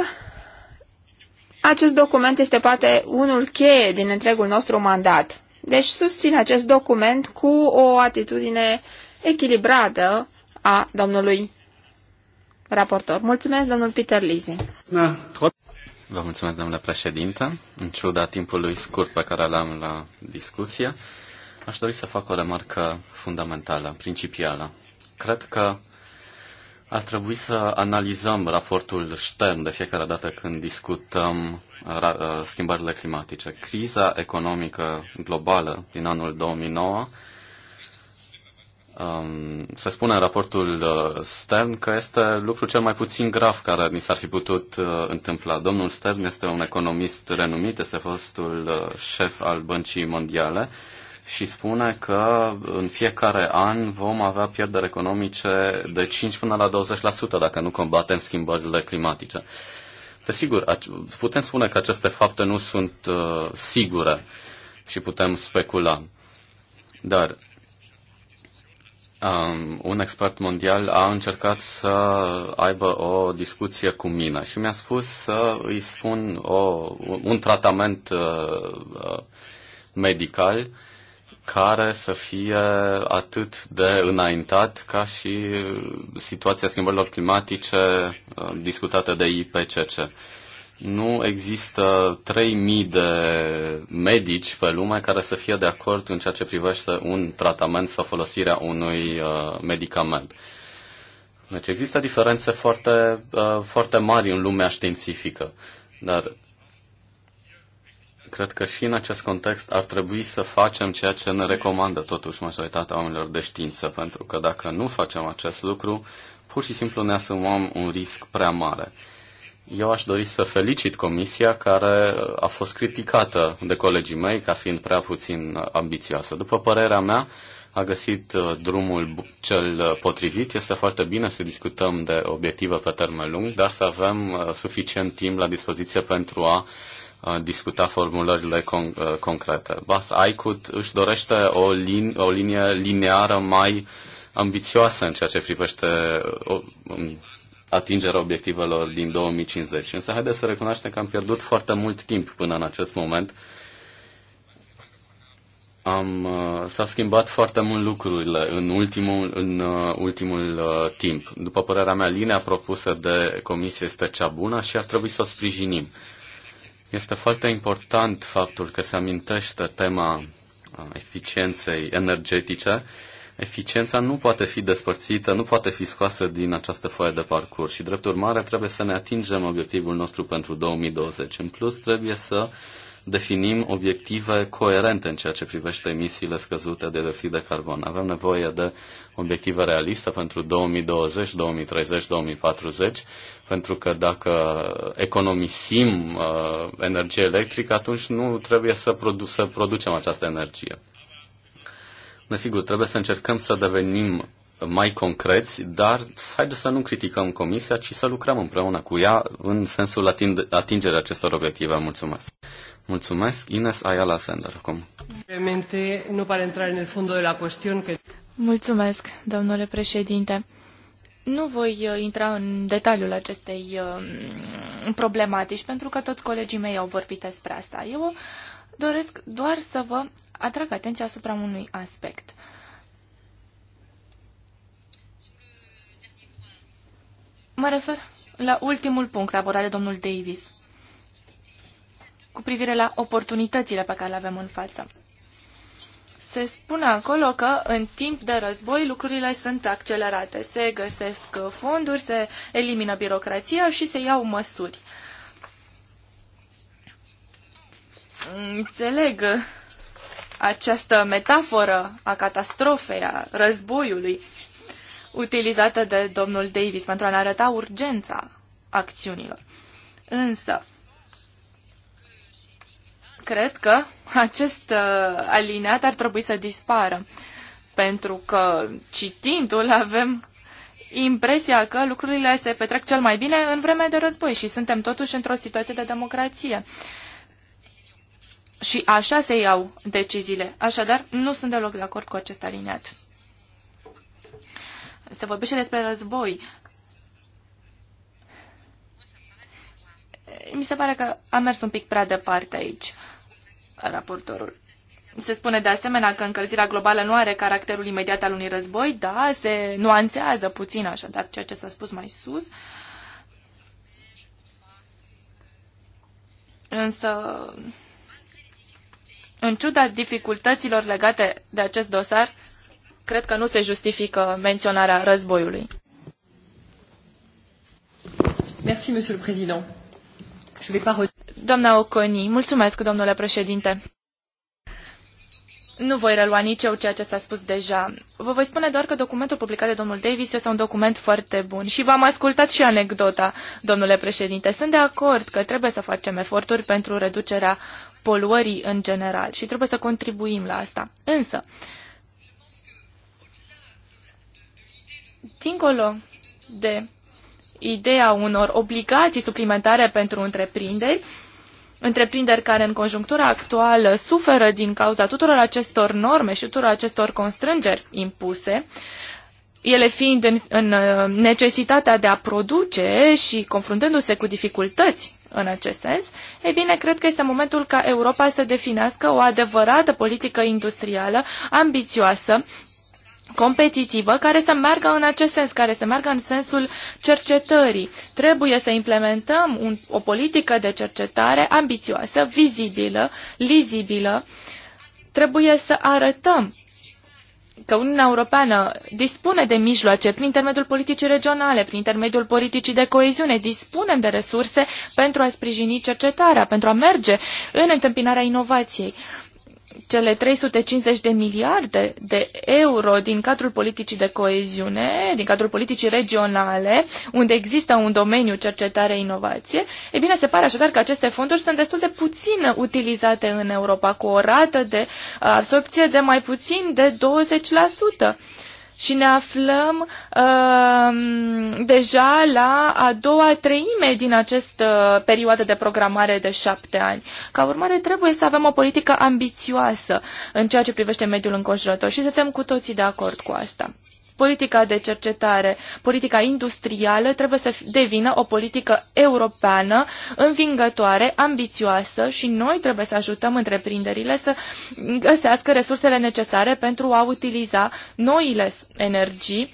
Speaker 3: acest document este poate unul cheie din întregul nostru mandat. Deci susțin acest document cu o atitudine echilibrată a domnului raportor. Mulțumesc, domnul Peter Lizzi.
Speaker 1: Vă mulțumesc, domnule președinte. În ciuda timpului scurt pe care l-am la discuție, aș dori să fac o remarcă fundamentală, principială. Cred că ar trebui să analizăm raportul Stern de fiecare dată când discutăm uh, schimbările climatice. Criza economică globală din anul 2009 um, se spune în raportul uh, Stern că este lucrul cel mai puțin grav care ni s-ar fi putut uh, întâmpla. Domnul Stern este un economist renumit, este fostul uh, șef al Băncii Mondiale și spune că în fiecare an vom avea pierderi economice de 5 până la 20% dacă nu combatem schimbările climatice. Desigur, putem spune că aceste fapte nu sunt uh, sigure și putem specula. Dar um, un expert mondial a încercat să aibă o discuție cu mine și mi-a spus să îi spun o, un tratament uh, uh medical care să fie atât de înaintat ca și situația schimbărilor climatice uh, discutată de IPCC nu există 3.000 de medici pe lume care să fie de acord în ceea ce privește un tratament sau folosirea unui uh, medicament. Deci există diferențe foarte, uh, foarte mari în lumea științifică, dar cred că și în acest context ar trebui să facem ceea ce ne recomandă totuși majoritatea oamenilor de știință, pentru că dacă nu facem acest lucru, pur și simplu ne asumăm un risc prea mare. Eu aș dori să felicit comisia care a fost criticată de colegii mei ca fiind prea puțin ambițioasă. După părerea mea, a găsit uh, drumul cel uh, potrivit. Este foarte bine să discutăm de obiective pe termen lung, dar să avem uh, suficient timp la dispoziție pentru a discuta formulările con- concrete. Bas Aicut își dorește o, lin- o linie lineară mai ambițioasă în ceea ce privește atingerea obiectivelor din 2050. Însă haideți să recunoaștem că am pierdut foarte mult timp până în acest moment. Am, uh, s-a schimbat foarte mult lucrurile în ultimul, în uh, ultimul uh, timp. După părerea mea, linia propusă de comisie este cea bună și ar trebui să o sprijinim. Este foarte important faptul că se amintește tema uh, eficienței energetice eficiența nu poate fi despărțită, nu poate fi scoasă din această foaie de parcurs și, drept urmare, trebuie să ne atingem obiectivul nostru pentru 2020. În plus, trebuie să definim obiective coerente în ceea ce privește emisiile scăzute de dioxid de carbon. Avem nevoie de obiective realiste pentru 2020, 2030, 2040, pentru că dacă economisim uh, energie electrică, atunci nu trebuie să, produ- să producem această energie. Desigur, deci, trebuie să încercăm să devenim mai concreți, dar haideți să nu criticăm Comisia, ci să lucrăm împreună cu ea în sensul ating- atingerii acestor obiective. Mulțumesc! Mulțumesc, Ines Ayala Sender. Acum.
Speaker 2: nu pare intra în fundul de la cuestion. que...
Speaker 4: Mulțumesc, domnule președinte. Nu voi uh, intra în detaliul acestei um, problematici, pentru că toți colegii mei au vorbit despre asta. Eu doresc doar să vă atrag atenția asupra unui aspect. Mă refer la ultimul punct abordat de domnul Davis, cu privire la oportunitățile pe care le avem în față. Se spune acolo că în timp de război lucrurile sunt accelerate, se găsesc fonduri, se elimină birocrația și se iau măsuri. Înțeleg această metaforă a catastrofei, a războiului, utilizată de domnul Davis pentru a ne arăta urgența acțiunilor. Însă, cred că acest uh, alineat ar trebui să dispară, pentru că citindu-l avem impresia că lucrurile se petrec cel mai bine în vreme de război și suntem totuși într-o situație de democrație. Uh, și așa se iau deciziile. Așadar, nu sunt deloc de acord cu acest aliniat. Se vorbește despre război. Mi se pare că a mers un pic prea departe aici, raportorul. Se spune de asemenea că încălzirea globală nu are caracterul imediat al unui război, da, se nuanțează puțin așadar ceea ce s-a spus mai sus. Însă, în ciuda dificultăților legate de acest dosar, cred că nu se justifică menționarea războiului. Merci, monsieur le président. Je vais pas... Doamna Oconi, mulțumesc, domnule președinte. Nu voi relua nici eu ceea ce s-a spus deja. Vă voi spune doar că documentul publicat de domnul Davis este un document foarte bun și v-am ascultat și anecdota, domnule președinte. Sunt de acord că trebuie să facem eforturi pentru reducerea poluării în general și trebuie să contribuim la asta. Însă, dincolo de ideea unor obligații suplimentare pentru întreprinderi, întreprinderi care în conjunctura actuală suferă din cauza tuturor acestor norme și tuturor acestor constrângeri impuse, ele fiind în, în uh, necesitatea de a produce și confruntându-se cu dificultăți în acest sens, uh, E bine, cred că este momentul ca Europa să definească o adevărată politică industrială ambițioasă, competitivă, care să meargă în acest sens, care să meargă în sensul cercetării. Trebuie să implementăm un, o politică de cercetare ambițioasă, vizibilă, lizibilă. Trebuie să arătăm că Uniunea Europeană dispune de mijloace prin intermediul politicii regionale, prin intermediul politicii de coeziune, dispunem de resurse pentru a sprijini cercetarea, pentru a merge în întâmpinarea inovației cele 350 de miliarde de euro din cadrul politicii de coeziune, din cadrul politicii regionale, unde există un domeniu cercetare-inovație, e bine, se pare așadar că aceste fonduri sunt destul de puțin utilizate în Europa, cu o rată de uh, absorpție de mai puțin de 20% și ne aflăm uh, deja la a doua treime din această uh, perioadă de programare de șapte ani. Ca urmare, trebuie să avem o politică ambițioasă în ceea ce privește mediul înconjurător și suntem cu toții de acord cu asta politica de cercetare, politica industrială trebuie să devină o politică europeană, învingătoare, ambițioasă și noi trebuie să ajutăm întreprinderile să găsească resursele necesare pentru a utiliza noile energii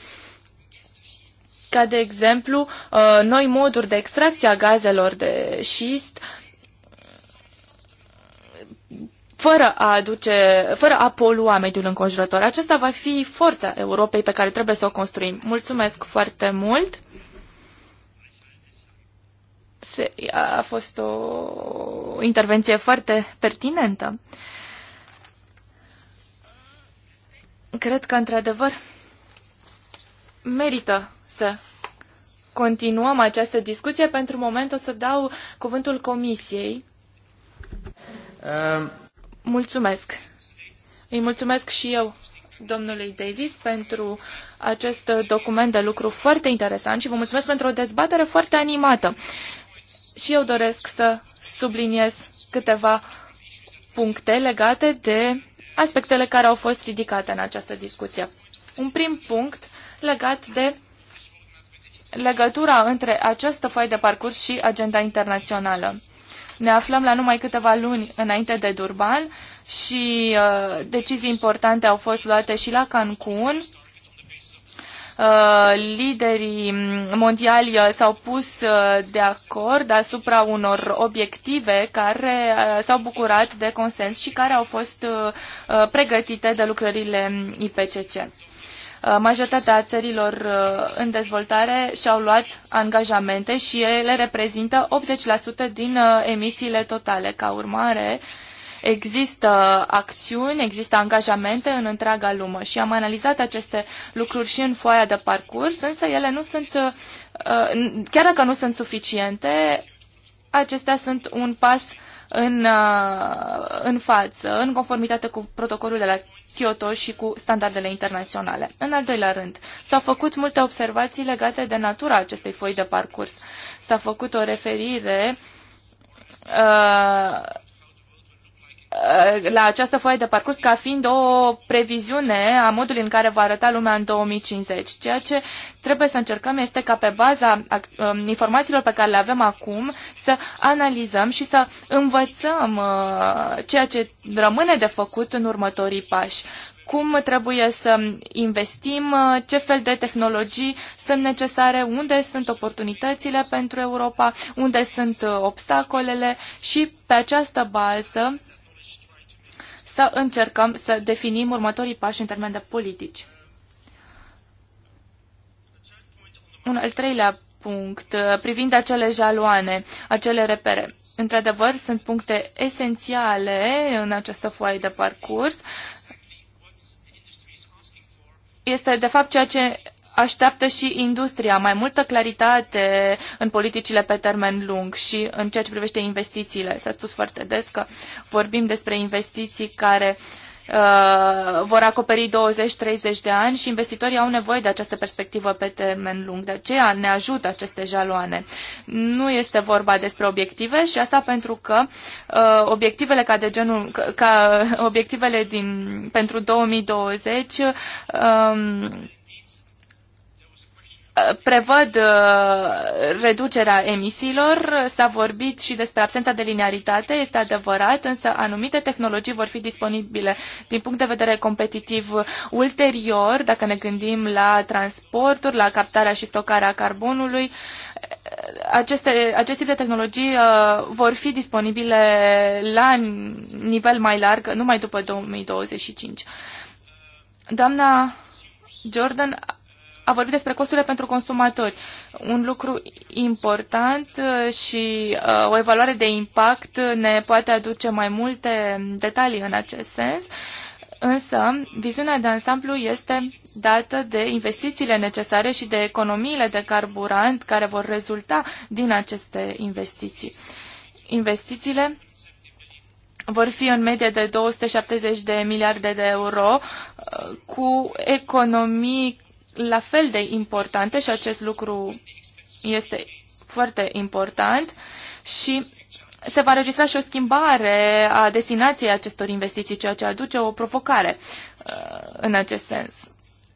Speaker 4: ca de exemplu uh, noi moduri de extracție a gazelor de șist, fără a, aduce, fără a polua mediul înconjurător. Acesta va fi forța Europei pe care trebuie să o construim. Mulțumesc foarte mult! Se, a fost o intervenție foarte pertinentă. Cred că, într-adevăr, merită să continuăm această discuție. Pentru moment o să dau cuvântul Comisiei. Um, Mulțumesc! Îi mulțumesc și eu domnului Davis pentru acest document de lucru foarte interesant și vă mulțumesc pentru o dezbatere foarte animată. Și eu doresc să subliniez câteva puncte legate de aspectele care au fost ridicate în această discuție. Un prim punct legat de legătura între această foaie de parcurs și agenda internațională. Ne aflăm la numai câteva luni înainte de Durban și uh, decizii importante au fost luate și la Cancun. Uh, liderii mondiali uh, s-au pus uh, de acord asupra unor obiective care s-au bucurat de consens și care au fost uh, pregătite de lucrările IPCC. Uh, majoritatea țărilor uh, în dezvoltare și-au luat angajamente și ele reprezintă 80% din uh, emisiile totale. Ca urmare, există acțiuni, există angajamente în întreaga lume și am analizat aceste lucruri și în foaia de parcurs, însă ele nu sunt, chiar dacă nu sunt suficiente, acestea sunt un pas în, în față, în conformitate cu protocolul de la Kyoto și cu standardele internaționale. În al doilea rând, s-au făcut multe observații legate de natura acestei foi de parcurs. S-a făcut o referire uh, Uh, la această foaie de parcurs ca fiind o previziune a modului în care va arăta lumea în 2050. Ceea ce trebuie să încercăm este ca pe baza um, informațiilor pe care le avem acum să analizăm și să învățăm uh, ceea ce rămâne de făcut în următorii pași cum trebuie să investim, uh, ce fel de tehnologii sunt necesare, unde sunt oportunitățile pentru Europa, unde sunt obstacolele și pe această bază să încercăm să definim următorii pași în termen de politici. Un al treilea punct, uh, privind acele jaloane, acele repere. Într-adevăr, sunt puncte esențiale în această foaie de parcurs. Este, de fapt, ceea ce așteaptă și industria mai multă claritate în politicile pe termen lung și în ceea ce privește investițiile. S-a spus foarte des că vorbim despre investiții care uh, vor acoperi 20-30 de ani și investitorii au nevoie de această perspectivă pe termen lung. De aceea ne ajută aceste jaloane. Nu este vorba despre obiective și asta pentru că uh, obiectivele ca de genul, ca, ca obiectivele din, pentru 2020 uh, um, prevăd uh, reducerea emisiilor, s-a vorbit și despre absența de linearitate, este adevărat, însă anumite tehnologii vor fi disponibile din punct de vedere competitiv ulterior, dacă ne gândim la transporturi, la captarea și stocarea carbonului. Aceste, acest tip de tehnologii uh, vor fi disponibile la nivel mai larg numai după 2025. Doamna Jordan a vorbit despre costurile pentru consumatori. Un lucru important uh, și uh, o evaluare de impact ne poate aduce mai multe detalii în acest sens. Însă, viziunea de ansamblu este dată de investițiile necesare și de economiile de carburant care vor rezulta din aceste investiții. Investițiile vor fi în medie de 270 de miliarde de euro uh, cu economii la fel de importante și acest lucru este foarte important și se va registra și o schimbare a destinației acestor investiții, ceea ce aduce o provocare uh, în acest sens.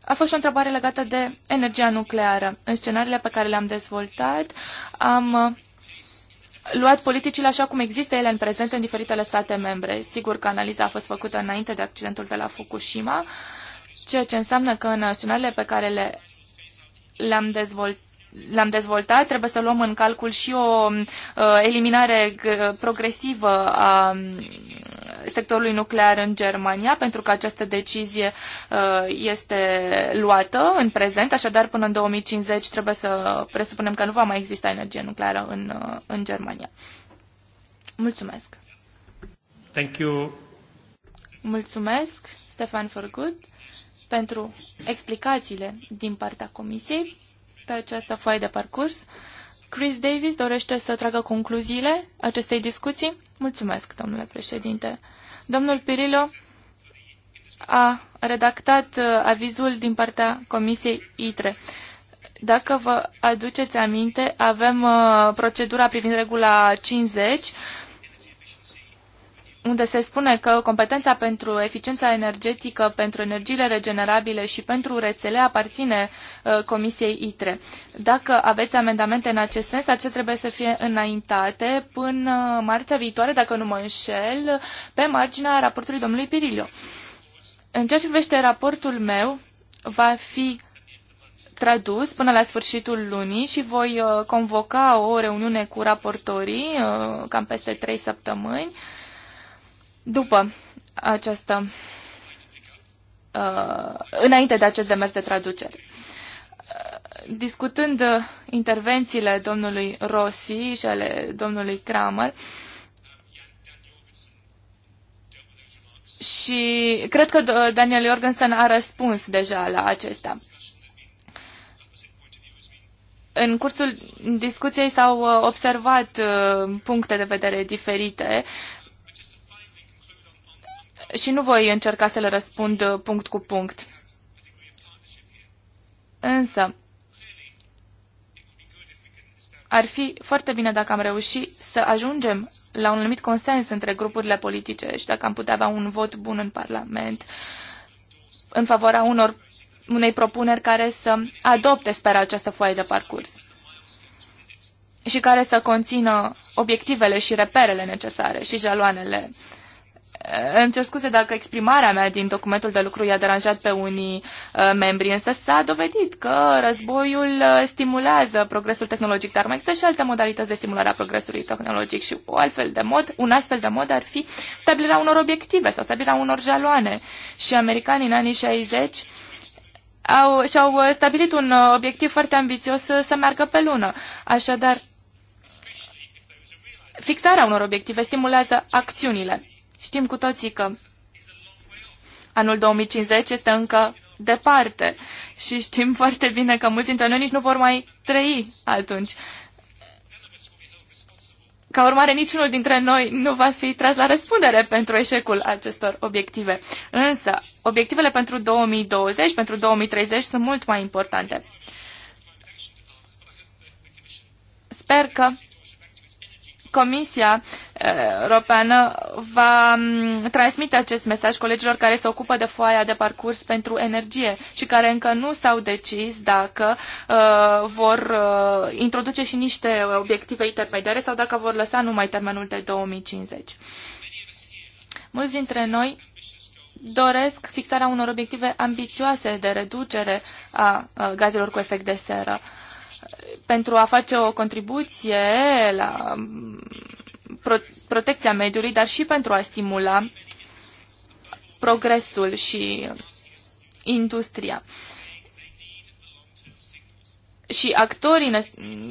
Speaker 4: A fost și o întrebare legată de energia nucleară. În scenariile pe care le-am dezvoltat, am uh, luat politicile așa cum există ele în prezent în diferitele state membre. Sigur că analiza a fost făcută înainte de accidentul de la Fukushima ceea ce înseamnă că în scenariile pe care le, le-am dezvoltat, le-am dezvoltat, trebuie să luăm în calcul și o uh, eliminare uh, progresivă a um, sectorului nuclear în Germania, pentru că această decizie uh, este luată în prezent, așadar până în 2050 trebuie să presupunem că nu va mai exista energie nucleară în, uh, în Germania. Mulțumesc!
Speaker 2: Thank you.
Speaker 4: Mulțumesc, Stefan Forgut pentru explicațiile din partea comisiei pe această foaie de parcurs. Chris Davis dorește să tragă concluziile acestei discuții. Mulțumesc, domnule președinte. Domnul Pirilo a redactat uh, avizul din partea Comisiei ITRE. Dacă vă aduceți aminte, avem uh, procedura privind regula 50 unde se spune că competența pentru eficiența energetică, pentru energiile regenerabile și pentru rețele aparține uh, Comisiei ITRE. Dacă aveți amendamente în acest sens, acestea trebuie să fie înaintate până marțea viitoare, dacă nu mă înșel, pe marginea raportului domnului Pirilio. În ceea ce privește raportul meu, va fi tradus până la sfârșitul lunii și voi uh, convoca o reuniune cu raportorii, uh, cam peste trei săptămâni, după această, uh, înainte de acest demers de traducere. Uh, discutând uh, intervențiile domnului Rossi și ale domnului Kramer, și cred că Daniel Jorgensen a răspuns deja la acesta. În cursul discuției s-au observat puncte de vedere diferite și nu voi încerca să le răspund uh, punct cu punct. Însă, ar fi foarte bine dacă am reușit să ajungem la un anumit consens între grupurile politice și dacă am putea avea un vot bun în Parlament în favoarea unor, unei propuneri care să adopte, sper, această foaie de parcurs și care să conțină obiectivele și reperele necesare și jaloanele uh, îmi cer scuze dacă exprimarea mea din documentul de lucru i-a deranjat pe unii uh, membri, însă s-a dovedit că războiul uh, stimulează progresul tehnologic, dar mai există și alte modalități de stimulare a progresului tehnologic și o altfel de mod, un astfel de mod ar fi stabilirea unor obiective sau stabilirea unor jaloane. Și americanii în anii 60 au, și-au uh, stabilit un obiectiv foarte ambițios să meargă pe lună. Așadar, fixarea unor obiective stimulează acțiunile. Știm cu toții că anul 2050 este încă departe și știm (laughs) foarte bine că mulți dintre noi nici nu vor mai trăi atunci. Ca urmare, niciunul dintre noi nu va fi tras la răspundere pentru eșecul acestor obiective. Însă, obiectivele pentru 2020, pentru 2030 sunt mult mai importante. Sper că Comisia eh, Europeană va mm, transmite acest mesaj colegilor care se ocupă de foaia de parcurs pentru energie și care încă nu s-au decis dacă eh, vor eh, introduce și niște obiective intermediare sau dacă vor lăsa numai termenul de 2050. Mulți dintre noi doresc fixarea unor obiective ambițioase de reducere a gazelor cu efect de seră pentru a face o contribuție la mm, pro protecția mediului, dar și pentru a stimula progresul și industria. Și actorii ne,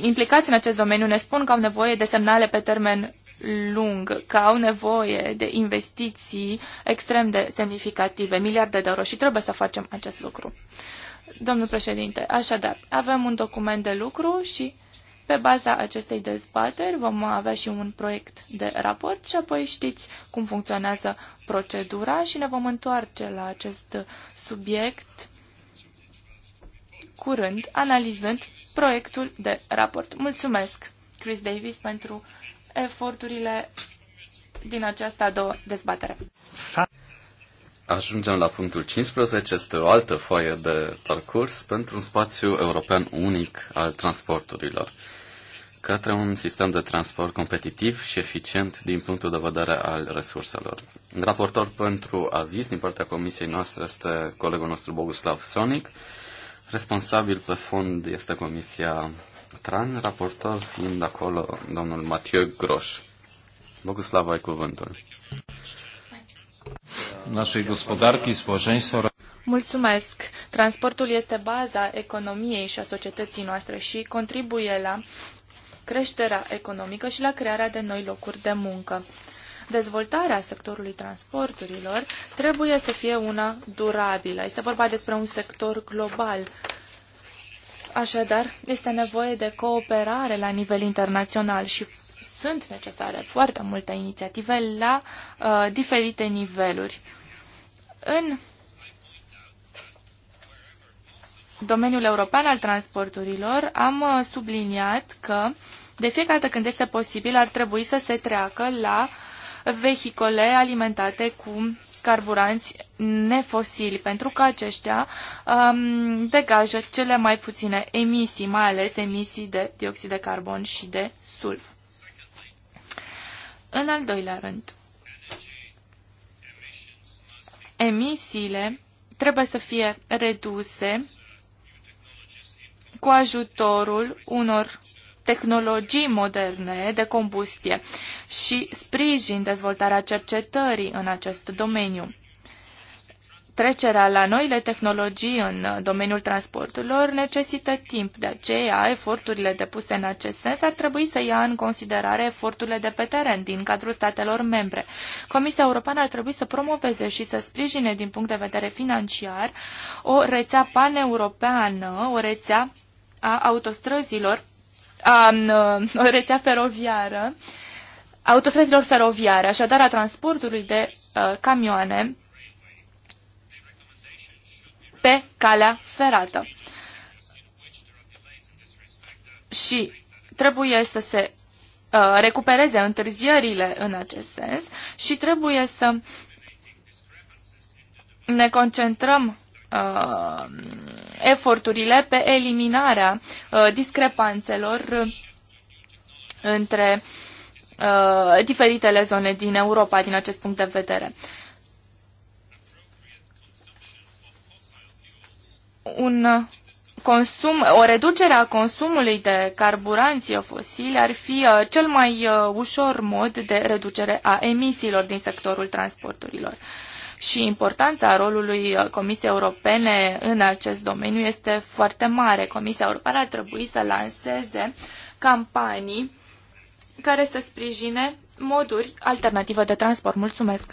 Speaker 4: implicați în acest domeniu ne spun că au nevoie de semnale pe termen lung, că au nevoie de investiții extrem de semnificative, miliarde de euro și trebuie să facem acest lucru. Domnul președinte, așadar, avem un document de lucru și pe baza acestei dezbateri vom avea și un proiect de raport și apoi știți cum funcționează procedura și ne vom întoarce la acest subiect curând, analizând proiectul de raport. Mulțumesc, Chris Davis, pentru eforturile din această a doua dezbatere.
Speaker 1: Ajungem la punctul 15, este o altă foaie de parcurs pentru un spațiu european unic al transporturilor, către un sistem de transport competitiv și eficient din punctul de vedere al resurselor. Raportor pentru aviz din partea comisiei noastre este colegul nostru Boguslav Sonic, responsabil pe fond este comisia Tran, raportor fiind acolo domnul Mathieu Groș. Boguslav, ai cuvântul naszej gospodarki, społeczeństwa.
Speaker 4: Mulțumesc! Transportul este baza economiei și a societății noastre și contribuie la creșterea economică și la crearea de noi locuri de muncă. Dezvoltarea sectorului transporturilor trebuie să fie una durabilă. Este vorba despre un sector global. Așadar, este nevoie de cooperare la nivel internațional și sunt necesare foarte multe inițiative la uh, diferite niveluri. În domeniul european al transporturilor am uh, subliniat că de fiecare dată când este posibil ar trebui să se treacă la vehicole alimentate cu carburanți nefosili, pentru că aceștia um, degajă cele mai puține emisii, mai ales emisii de dioxid de carbon și de sulf. În al doilea rând, emisiile trebuie să fie reduse cu ajutorul unor tehnologii moderne de combustie și sprijin dezvoltarea cercetării în acest domeniu trecerea la noile tehnologii în uh, domeniul transporturilor necesită timp. De aceea, eforturile depuse în acest sens ar trebui să ia în considerare eforturile de pe teren din cadrul statelor membre. Comisia Europeană ar trebui să promoveze și să sprijine din punct de vedere financiar o rețea paneuropeană, o rețea a autostrăzilor, a, um, uh, o rețea feroviară, autostrăzilor feroviare, așadar a transportului de uh, camioane pe calea ferată. Și trebuie să se uh, recupereze întârzierile în acest sens și trebuie să ne concentrăm
Speaker 1: uh,
Speaker 4: eforturile pe eliminarea uh, discrepanțelor între uh, diferitele zone din Europa din acest punct de vedere. un uh, consum, o reducere a consumului de carburanți fosili ar fi uh, cel mai uh, ușor mod de reducere a emisiilor din sectorul transporturilor. Și importanța rolului Comisiei Europene în acest domeniu este foarte mare. Comisia Europeană ar trebui să lanseze campanii care să sprijine moduri alternative de transport. Mulțumesc!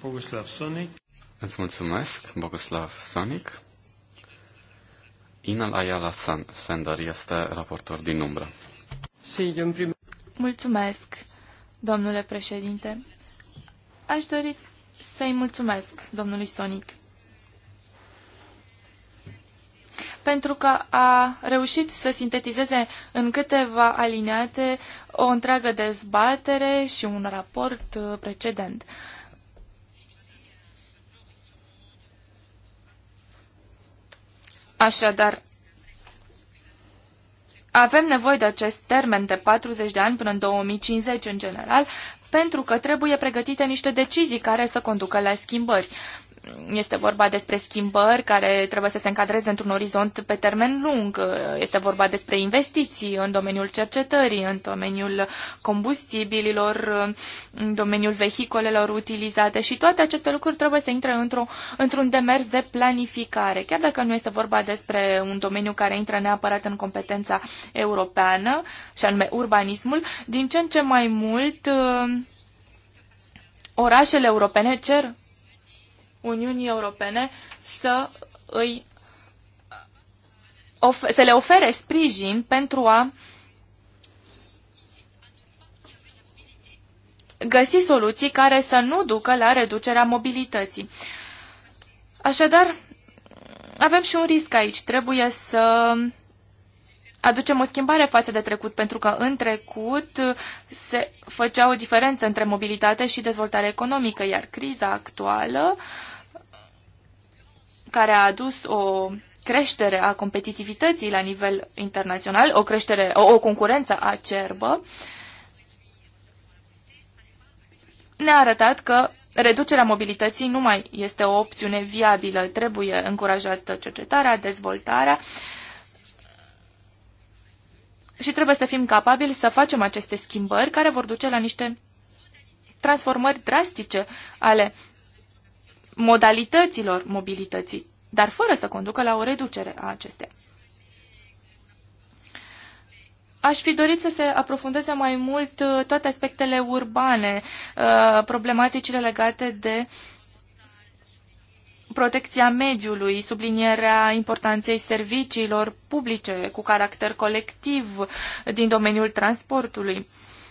Speaker 2: Boguslav Sonic.
Speaker 1: Îți mulțumesc, Boguslav Sonic. Inal Ayala Sender este raportor din umbră.
Speaker 4: Mulțumesc, domnule președinte. Aș dori să-i mulțumesc domnului Sonic pentru că a reușit să sintetizeze în câteva alineate o întreagă dezbatere și un raport uh, precedent. Așadar, avem nevoie de acest termen de 40 de ani până în 2050 în general, pentru că trebuie pregătite niște decizii care să conducă la schimbări. Este vorba despre schimbări care trebuie să se încadreze într-un orizont pe termen lung. Este vorba despre investiții în domeniul cercetării, în domeniul combustibililor, în domeniul vehicolelor utilizate și toate aceste lucruri trebuie să intre într-un într demers de planificare. Chiar dacă nu este vorba despre un domeniu care intră neapărat în competența europeană, și anume urbanismul, din ce în ce mai mult uh, orașele europene cer Uniunii Europene să, îi, of, să le ofere sprijin pentru a găsi soluții care să nu ducă la reducerea mobilității. Așadar, avem și un risc aici. Trebuie să aducem o schimbare față de trecut, pentru că în trecut se făcea o diferență între mobilitate și dezvoltare economică, iar criza actuală uh, care a adus o creștere a competitivității la nivel internațional, o creștere, o, o concurență acerbă, ne-a arătat că reducerea mobilității nu mai este o opțiune viabilă. Trebuie încurajată cercetarea, dezvoltarea și trebuie să fim capabili să facem aceste schimbări care vor duce la niște transformări drastice ale modalităților mobilității, dar fără să conducă la o reducere a acestea. Aș fi dorit să se aprofundeze mai mult uh, toate aspectele urbane, uh, problematicile legate de protecția mediului, sublinierea importanței serviciilor publice cu caracter colectiv din domeniul transportului,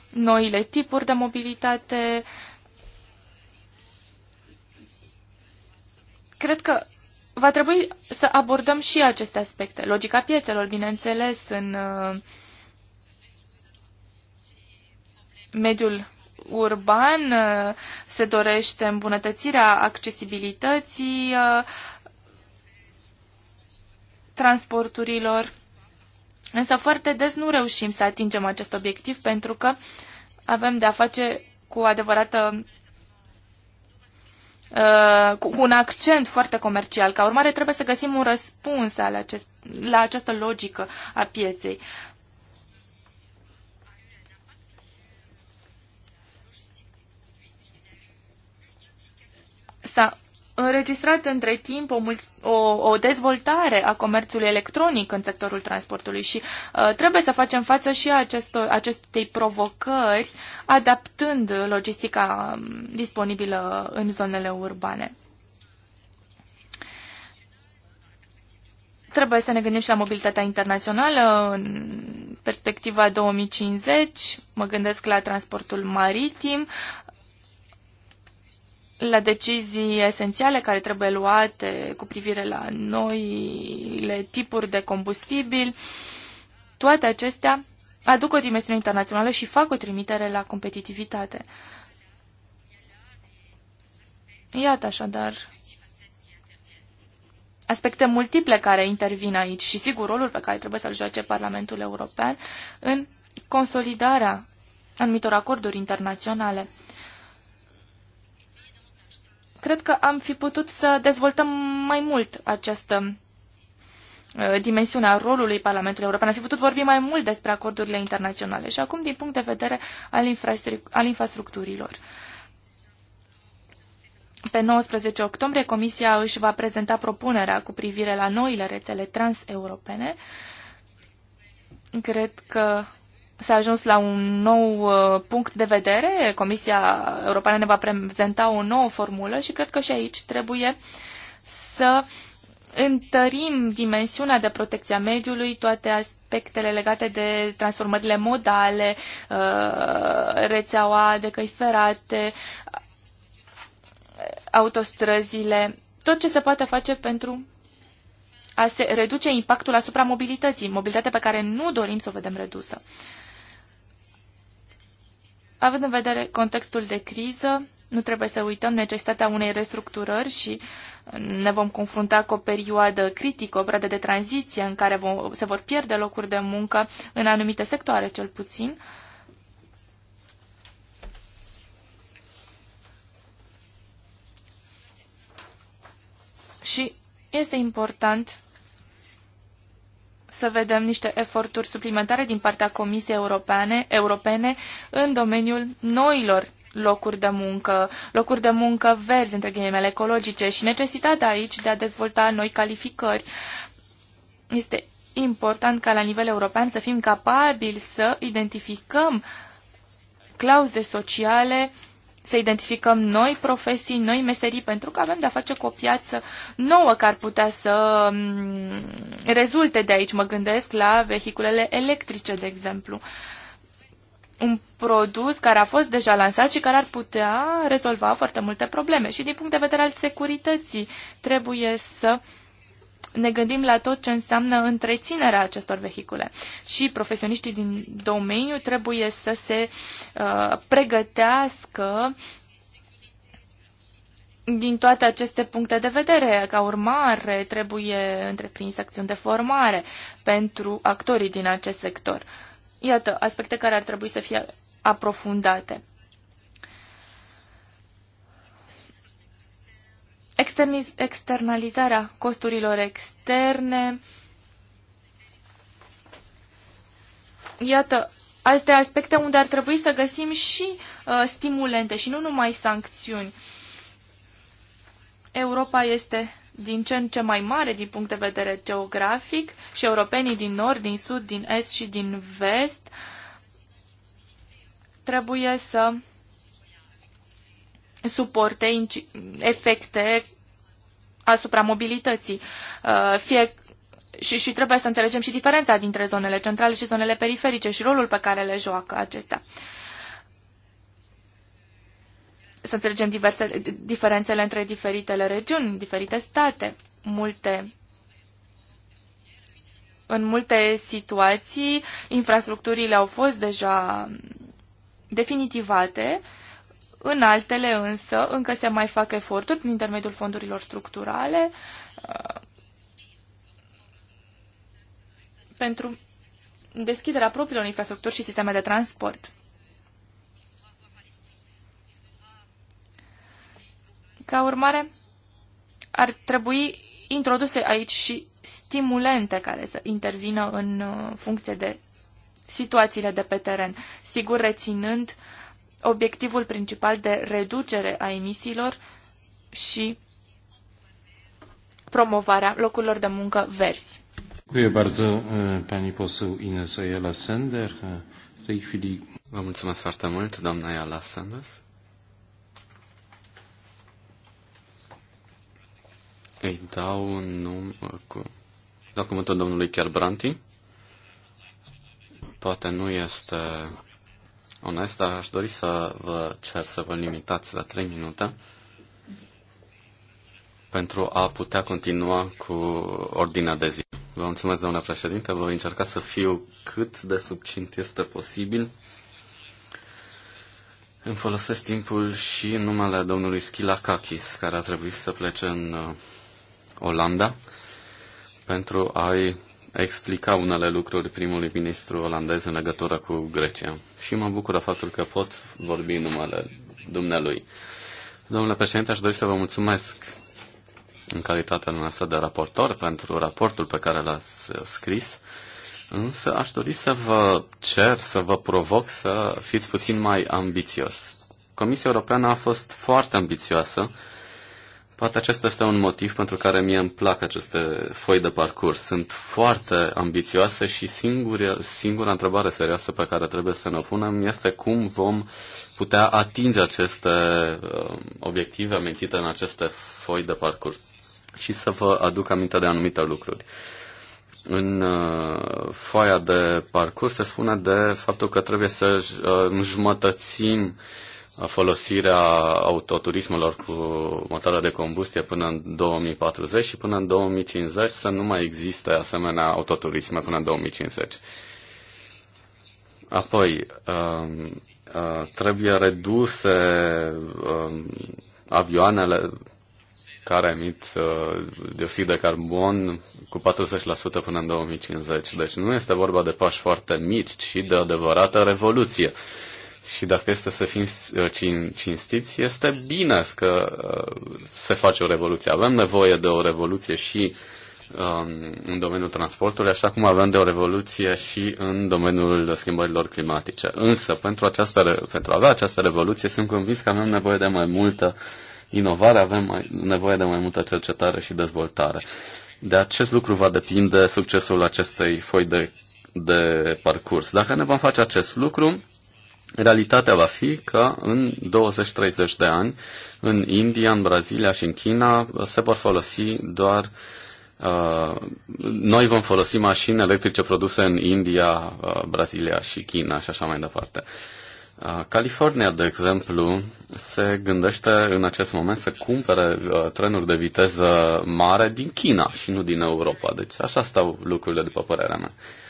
Speaker 4: noile tipuri de mobilitate, uh, cred că va trebui să abordăm și aceste aspecte. Logica piețelor, bineînțeles, în uh, mediul urban uh, se dorește îmbunătățirea accesibilității uh, transporturilor, însă foarte des nu reușim să atingem acest obiectiv pentru că avem de a face cu o adevărată Uh, cu un accent foarte comercial. Ca urmare, trebuie să găsim un răspuns al acest, la această logică a pieței. S-a înregistrat între timp o, o, o dezvoltare a comerțului electronic în sectorul transportului și uh, trebuie să facem față și acestor, acestei provocări, adaptând logistica um, disponibilă în zonele urbane. Trebuie să ne gândim și la mobilitatea internațională în perspectiva 2050, mă gândesc la transportul maritim, la decizii esențiale care trebuie luate cu privire la noile tipuri de combustibil, toate acestea aduc o dimensiune internațională și fac o trimitere la competitivitate. Iată așadar aspecte multiple care intervin aici și sigur rolul pe care trebuie să-l joace Parlamentul European în consolidarea anumitor acorduri internaționale cred că am fi putut să dezvoltăm mai mult această uh, dimensiunea rolului Parlamentului European. Am fi putut vorbi mai mult despre acordurile internaționale și acum din punct de vedere al, infrastruct al infrastructurilor. Pe 19 octombrie, Comisia își va prezenta propunerea cu privire la noile rețele transeuropene. Cred că s-a ajuns la un nou uh, punct de vedere. Comisia Europeană ne va prezenta o nouă formulă și cred că și aici trebuie să întărim dimensiunea de protecția mediului, toate aspectele legate de transformările modale, uh, rețeaua de căi ferate, autostrăzile, tot ce se poate face pentru a se reduce impactul asupra mobilității, mobilitatea pe care nu dorim să o vedem redusă. Având în vedere contextul de criză, nu trebuie să uităm necesitatea unei restructurări și ne vom confrunta cu o perioadă critică, o perioadă de tranziție în care vom, se vor pierde locuri de muncă în anumite sectoare, cel puțin. Și este important să vedem niște eforturi suplimentare din partea Comisiei Europene, Europene în domeniul noilor locuri de muncă, locuri de muncă verzi, între ghilimele ecologice și necesitatea aici de a dezvolta noi calificări. Este important ca la nivel european să fim capabili să identificăm clauze sociale uh, să identificăm noi profesii, noi meserii, pentru că avem de-a face cu o piață nouă care ar putea să mm, rezulte de aici. Mă gândesc la vehiculele electrice, de exemplu. Un produs care a fost deja lansat și care ar putea rezolva foarte multe probleme. Și din punct de vedere al securității, trebuie să uh, ne gândim la tot ce înseamnă întreținerea acestor vehicule. Și profesioniștii din domeniu trebuie să se uh, pregătească din toate aceste puncte de vedere, ca urmare, trebuie întreprins acțiuni de formare pentru actorii din acest sector. Iată, aspecte care ar trebui să fie aprofundate. externalizarea costurilor externe. Iată, alte aspecte unde ar trebui să găsim și uh, stimulente și nu numai sancțiuni. Europa este din ce în ce mai mare din punct de vedere geografic și europenii din nord, din sud, din est și din vest trebuie să suporte efecte asupra mobilității. Uh, fie și, și trebuie să înțelegem și diferența dintre zonele centrale și zonele periferice și rolul pe care le joacă acestea. Să înțelegem diverse, diferențele între diferitele regiuni, diferite state. Multe, în multe situații, infrastructurile au fost deja definitivate uh, în altele însă încă se mai fac eforturi prin intermediul fondurilor structurale uh, pentru deschiderea propriilor infrastructuri și sisteme de transport. Ca urmare, ar trebui introduse aici și stimulente care să intervină în uh, funcție de situațiile de pe teren, sigur reținând uh, obiectivul principal de reducere a emisiilor și promovarea locurilor de muncă verzi.
Speaker 2: Dziękuję bardzo pani poseł Ines Ayala Sender.
Speaker 1: W tej chwili Vă mulțumesc foarte mult, doamna Ayala Sanders. Îi dau num cu documentul domnului Chiar Branti. Poate nu este onest, aș dori să vă cer să vă limitați la 3 minute pentru a putea continua cu ordinea de zi. Vă mulțumesc, doamna președinte, voi încerca să fiu cât de subcint este posibil. Îmi folosesc timpul și în numele domnului Kakis, care a trebuit să plece în uh, Olanda, pentru a-i explica unele lucruri primului ministru olandez în legătură cu Grecia. Și mă bucură faptul că pot vorbi numele dumnealui. Domnule președinte, aș dori să vă mulțumesc în calitatea noastră de raportor pentru raportul pe care l-ați scris, însă aș dori să vă cer, să vă provoc să fiți puțin mai ambițios. Comisia Europeană a fost foarte ambițioasă Poate acesta este un motiv pentru care mie îmi plac aceste foi de parcurs. Sunt foarte ambițioase și singura, singura întrebare serioasă pe care trebuie să ne punem este cum vom putea atinge aceste uh, obiective amintite în aceste foi de parcurs. Și să vă aduc aminte de anumite lucruri. În uh, foaia de parcurs se spune de faptul că trebuie să uh, înjumătățim uh, folosirea autoturismelor cu motoare de combustie până în 2040 și până în 2050 să nu mai existe asemenea autoturisme până în 2050. Apoi, um, uh, trebuie reduse um, avioanele care emit uh, dioxid de carbon cu 40% până în 2050. Deci nu este vorba de pași foarte mici, ci de adevărată revoluție. Și dacă este să fim uh, cinstiți, este bine că uh, se face o revoluție. Avem nevoie de o revoluție și um, în domeniul transportului, așa cum avem de o revoluție și în domeniul schimbărilor climatice. Însă, pentru, această, pentru a avea această revoluție, sunt convins că avem nevoie de mai multă inovare, avem mai, nevoie de mai multă cercetare și dezvoltare. De acest lucru va depinde succesul acestei foi de, de parcurs. Dacă ne vom face acest lucru, Realitatea va fi că în 20-30 de ani, în India, în Brazilia și în China, se vor folosi doar uh, noi vom folosi mașini electrice produse în India, uh, Brazilia și China și așa mai departe. Uh, California, de exemplu, se gândește în acest moment să cumpere uh, trenuri de viteză mare din China și nu din Europa. Deci așa stau lucrurile, după părerea mea. Uh,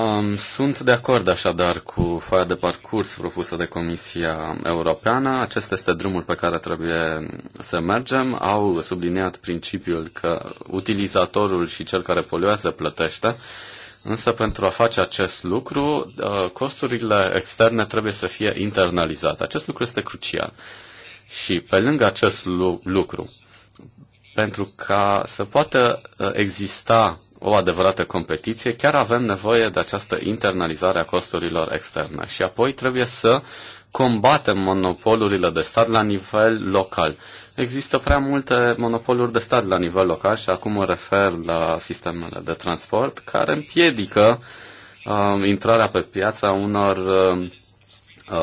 Speaker 1: Um, sunt de acord așadar cu foaia de parcurs propusă de Comisia Europeană. Acesta este drumul pe care trebuie să mergem. Au subliniat principiul că utilizatorul și cel care poluează plătește. Însă pentru a face acest lucru, uh, costurile externe trebuie să fie internalizate. Acest lucru este crucial. Și pe lângă acest lucru, pentru ca să poată uh, exista o adevărată competiție, chiar avem nevoie de această internalizare a costurilor externe. Și apoi trebuie să combatem monopolurile de stat la nivel local. Există prea multe monopoluri de stat la nivel local și acum mă refer la sistemele de transport care împiedică uh, intrarea pe piața unor um,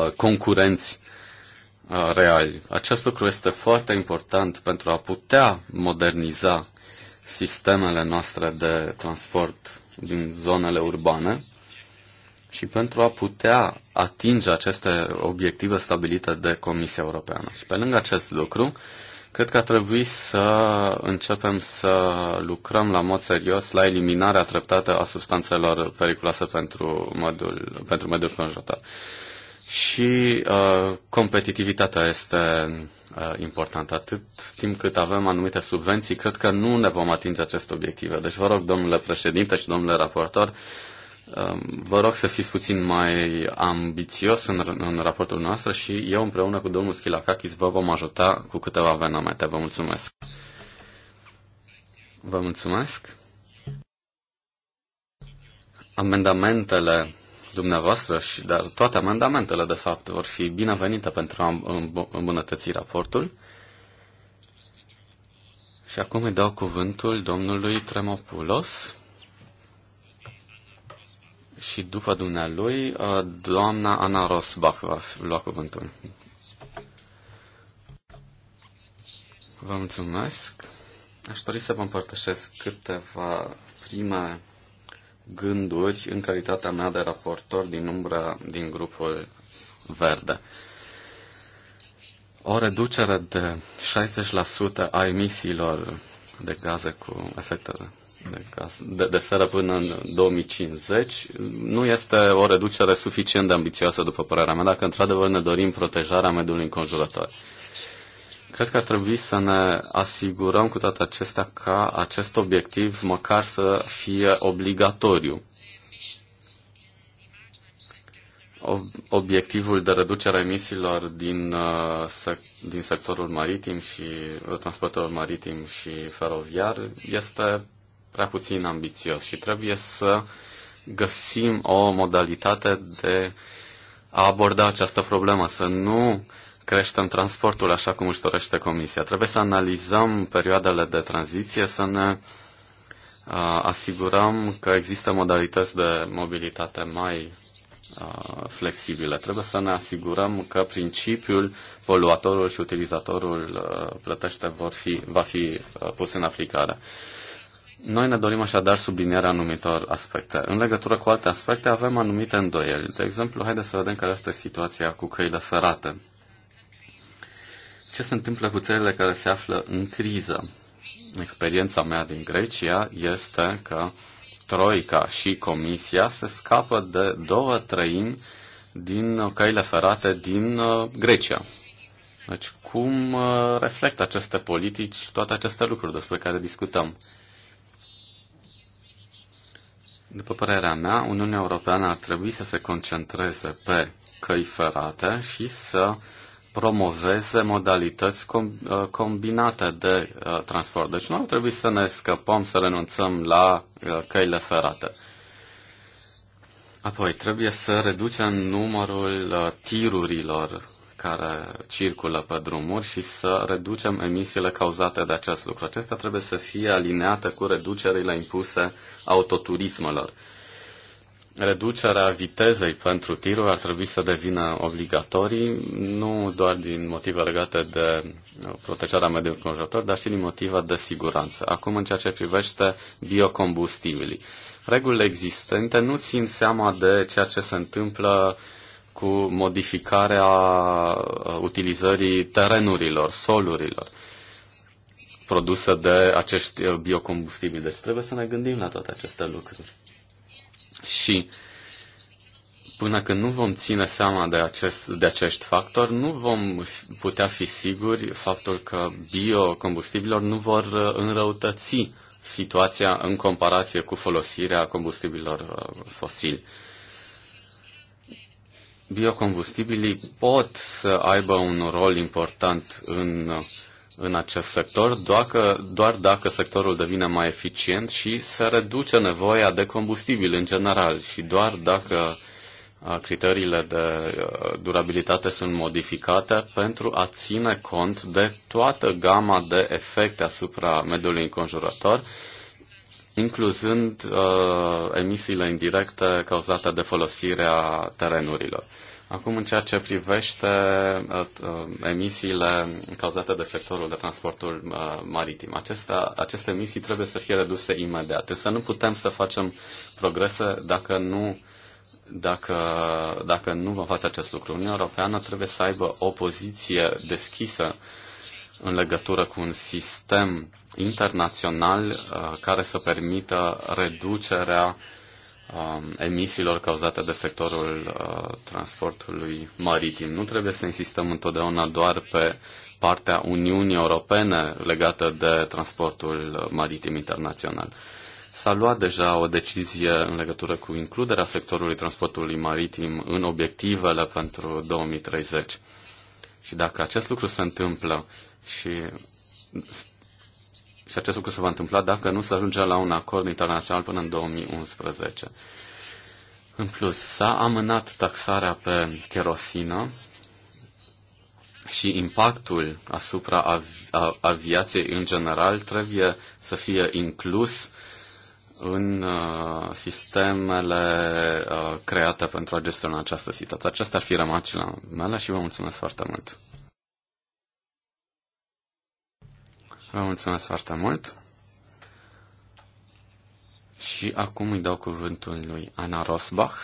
Speaker 1: uh, concurenți uh, reali. Acest lucru este foarte important pentru a putea moderniza sistemele noastre de transport din zonele urbane și pentru a putea atinge aceste obiective stabilite de Comisia Europeană. Și pe lângă acest lucru, cred că ar trebui să începem să lucrăm la mod serios la eliminarea treptată a substanțelor periculoase pentru mediul, pentru mediul conjurător. Și uh, competitivitatea este Uh, important. Atât timp cât avem anumite subvenții, cred că nu ne vom atinge acest obiectiv. Deci vă rog, domnule președinte și domnule raportor, um, vă rog să fiți puțin mai ambițios în, în raportul nostru și eu împreună cu domnul Schilacakis vă vom ajuta cu câteva venamente. Vă mulțumesc! Vă mulțumesc! Amendamentele dumneavoastră, și dar toate amendamentele, de fapt, vor fi binevenite pentru a îmbunătăți raportul. Și acum îi dau cuvântul domnului Tremopulos și după dumnealui, uh, doamna Ana Rosbach va lua cuvântul. Vă mulțumesc. Aș dori să vă împărtășesc câteva prime gânduri în calitatea mea de raportor din umbra din grupul verde. O reducere de 60% a emisiilor de gaze cu efecte de, gaz, de, de seră până în 2050 nu este o reducere suficient de ambițioasă, după părerea mea, dacă într-adevăr ne dorim protejarea mediului înconjurător. Cred că ar trebui să ne asigurăm cu toate acestea ca acest obiectiv măcar să fie obligatoriu. Obiectivul de reducere a emisiilor din, uh, din sectorul maritim și uh, transportul maritim și feroviar este prea puțin ambițios și trebuie să găsim o modalitate de a aborda această problemă, să nu creștem transportul așa cum își dorește Comisia. Trebuie să analizăm perioadele de tranziție, să ne uh, asigurăm că există modalități de mobilitate mai uh, flexibile. Trebuie să ne asigurăm că principiul poluatorul și utilizatorul uh, plătește vor fi, va fi pus în aplicare. Noi ne dorim așadar sublinierea anumitor aspecte. În legătură cu alte aspecte avem anumite îndoieli. De exemplu, haideți să vedem care este situația cu căile ferate. Ce se întâmplă cu țările care se află în criză? Experiența mea din Grecia este că Troica și Comisia se scapă de două trăimi din căile ferate din uh, Grecia. Deci cum uh, reflectă aceste politici toate aceste lucruri despre care discutăm? După părerea mea, Uniunea Europeană ar trebui să se concentreze pe căi ferate și să uh, promoveze modalități com- uh, combinate de uh, transport. Deci nu ar trebui să ne scăpăm, să renunțăm la uh, căile ferate. Apoi, trebuie să reducem numărul uh, tirurilor care circulă pe drumuri și să reducem emisiile cauzate de acest lucru. Acesta trebuie să fie alineată cu reducerile impuse autoturismelor. Uh, reducerea vitezei pentru tiruri ar trebui să devină obligatorii, nu doar din motive legate de protejarea mediului conjurător, dar și din motive de siguranță. Acum, în ceea ce privește biocombustibilii. Regulile existente nu țin seama de ceea ce se întâmplă cu modificarea uh, utilizării terenurilor, solurilor produse de acești uh, biocombustibili. Deci trebuie să ne gândim la toate aceste lucruri. Și până când nu vom ține seama de, acest, de acești factori, nu vom putea fi siguri faptul că biocombustibilor nu vor uh, înrăutăți situația în comparație cu folosirea combustibilor uh, fosili. Biocombustibilii pot să aibă un rol important în uh, în acest sector doar, că, doar dacă sectorul devine mai eficient și se reduce nevoia de combustibil în general și doar dacă criteriile de durabilitate sunt modificate pentru a ține cont de toată gama de efecte asupra mediului înconjurător, incluzând uh, emisiile indirecte cauzate de folosirea terenurilor. Acum, în ceea ce privește uh, uh, emisiile cauzate de sectorul de transportul uh, maritim, acestea, aceste emisii trebuie să fie reduse imediat. Însă nu putem să facem progrese dacă nu, dacă, dacă nu vom face acest lucru. Uniunea Europeană trebuie să aibă o poziție deschisă în legătură cu un sistem internațional care să permită reducerea Um, emisiilor cauzate de sectorul uh, transportului maritim. Nu trebuie să insistăm întotdeauna doar pe partea Uniunii Europene legată de transportul maritim internațional. S-a luat deja o decizie în legătură cu includerea sectorului transportului maritim în obiectivele pentru 2030. Și dacă acest lucru se întâmplă și și acest lucru se va întâmpla dacă nu se ajunge la un acord internațional până în 2011. În plus, s-a amânat taxarea pe kerosină și impactul asupra avi- aviației în general trebuie să fie inclus în uh, sistemele uh, create pentru a gestiona această situație. Acestea ar fi la mele și vă mulțumesc foarte mult. Vă mulțumesc foarte mult. Și acum îi dau cuvântul lui Ana Rosbach.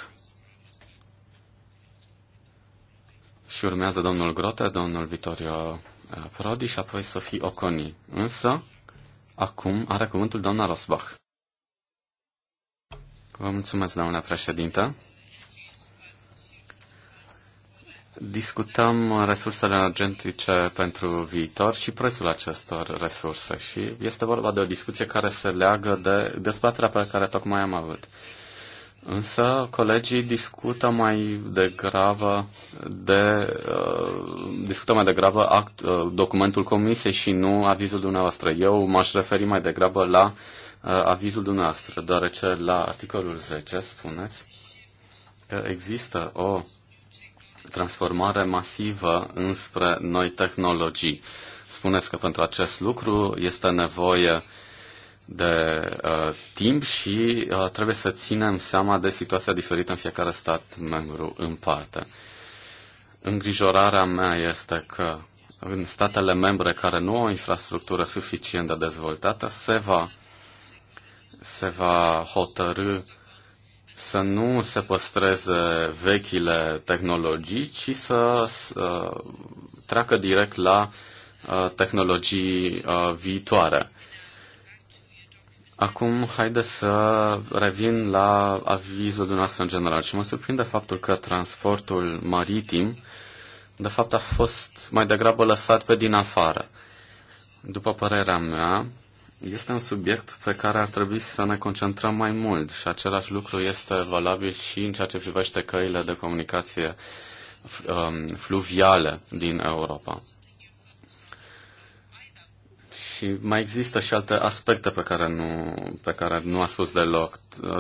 Speaker 1: Și urmează domnul Grote, domnul Vitorio uh, Prodi și apoi Sofie Oconi. Însă, acum are cuvântul doamna Rosbach. Vă mulțumesc, doamna președintă. discutăm resursele energetice pentru viitor și prețul acestor resurse și este vorba de o discuție care se leagă de dezbaterea pe care tocmai am avut. Însă colegii discută mai degrabă de uh, discută mai degrabă act, uh, documentul comisiei și nu avizul dumneavoastră. Eu m-aș referi mai degrabă la uh, avizul dumneavoastră, deoarece la articolul 10 spuneți că există o transformare masivă înspre noi tehnologii. Spuneți că pentru acest lucru este nevoie de uh, timp și uh, trebuie să ținem seama de situația diferită în fiecare stat membru în parte. Îngrijorarea mea este că în statele membre care nu au infrastructură suficient de dezvoltată se va, se va hotărâ să nu se păstreze vechile tehnologii, ci să, să treacă direct la uh, tehnologii uh, viitoare. Acum, haideți să revin la avizul dumneavoastră în general și mă surprinde faptul că transportul maritim, de fapt, a fost mai degrabă lăsat pe din afară. După părerea mea, este un subiect pe care ar trebui să ne concentrăm mai mult și același lucru este valabil și în ceea ce privește căile de comunicație um, fluviale din Europa. Și mai există și alte aspecte pe care nu, pe care nu a spus deloc,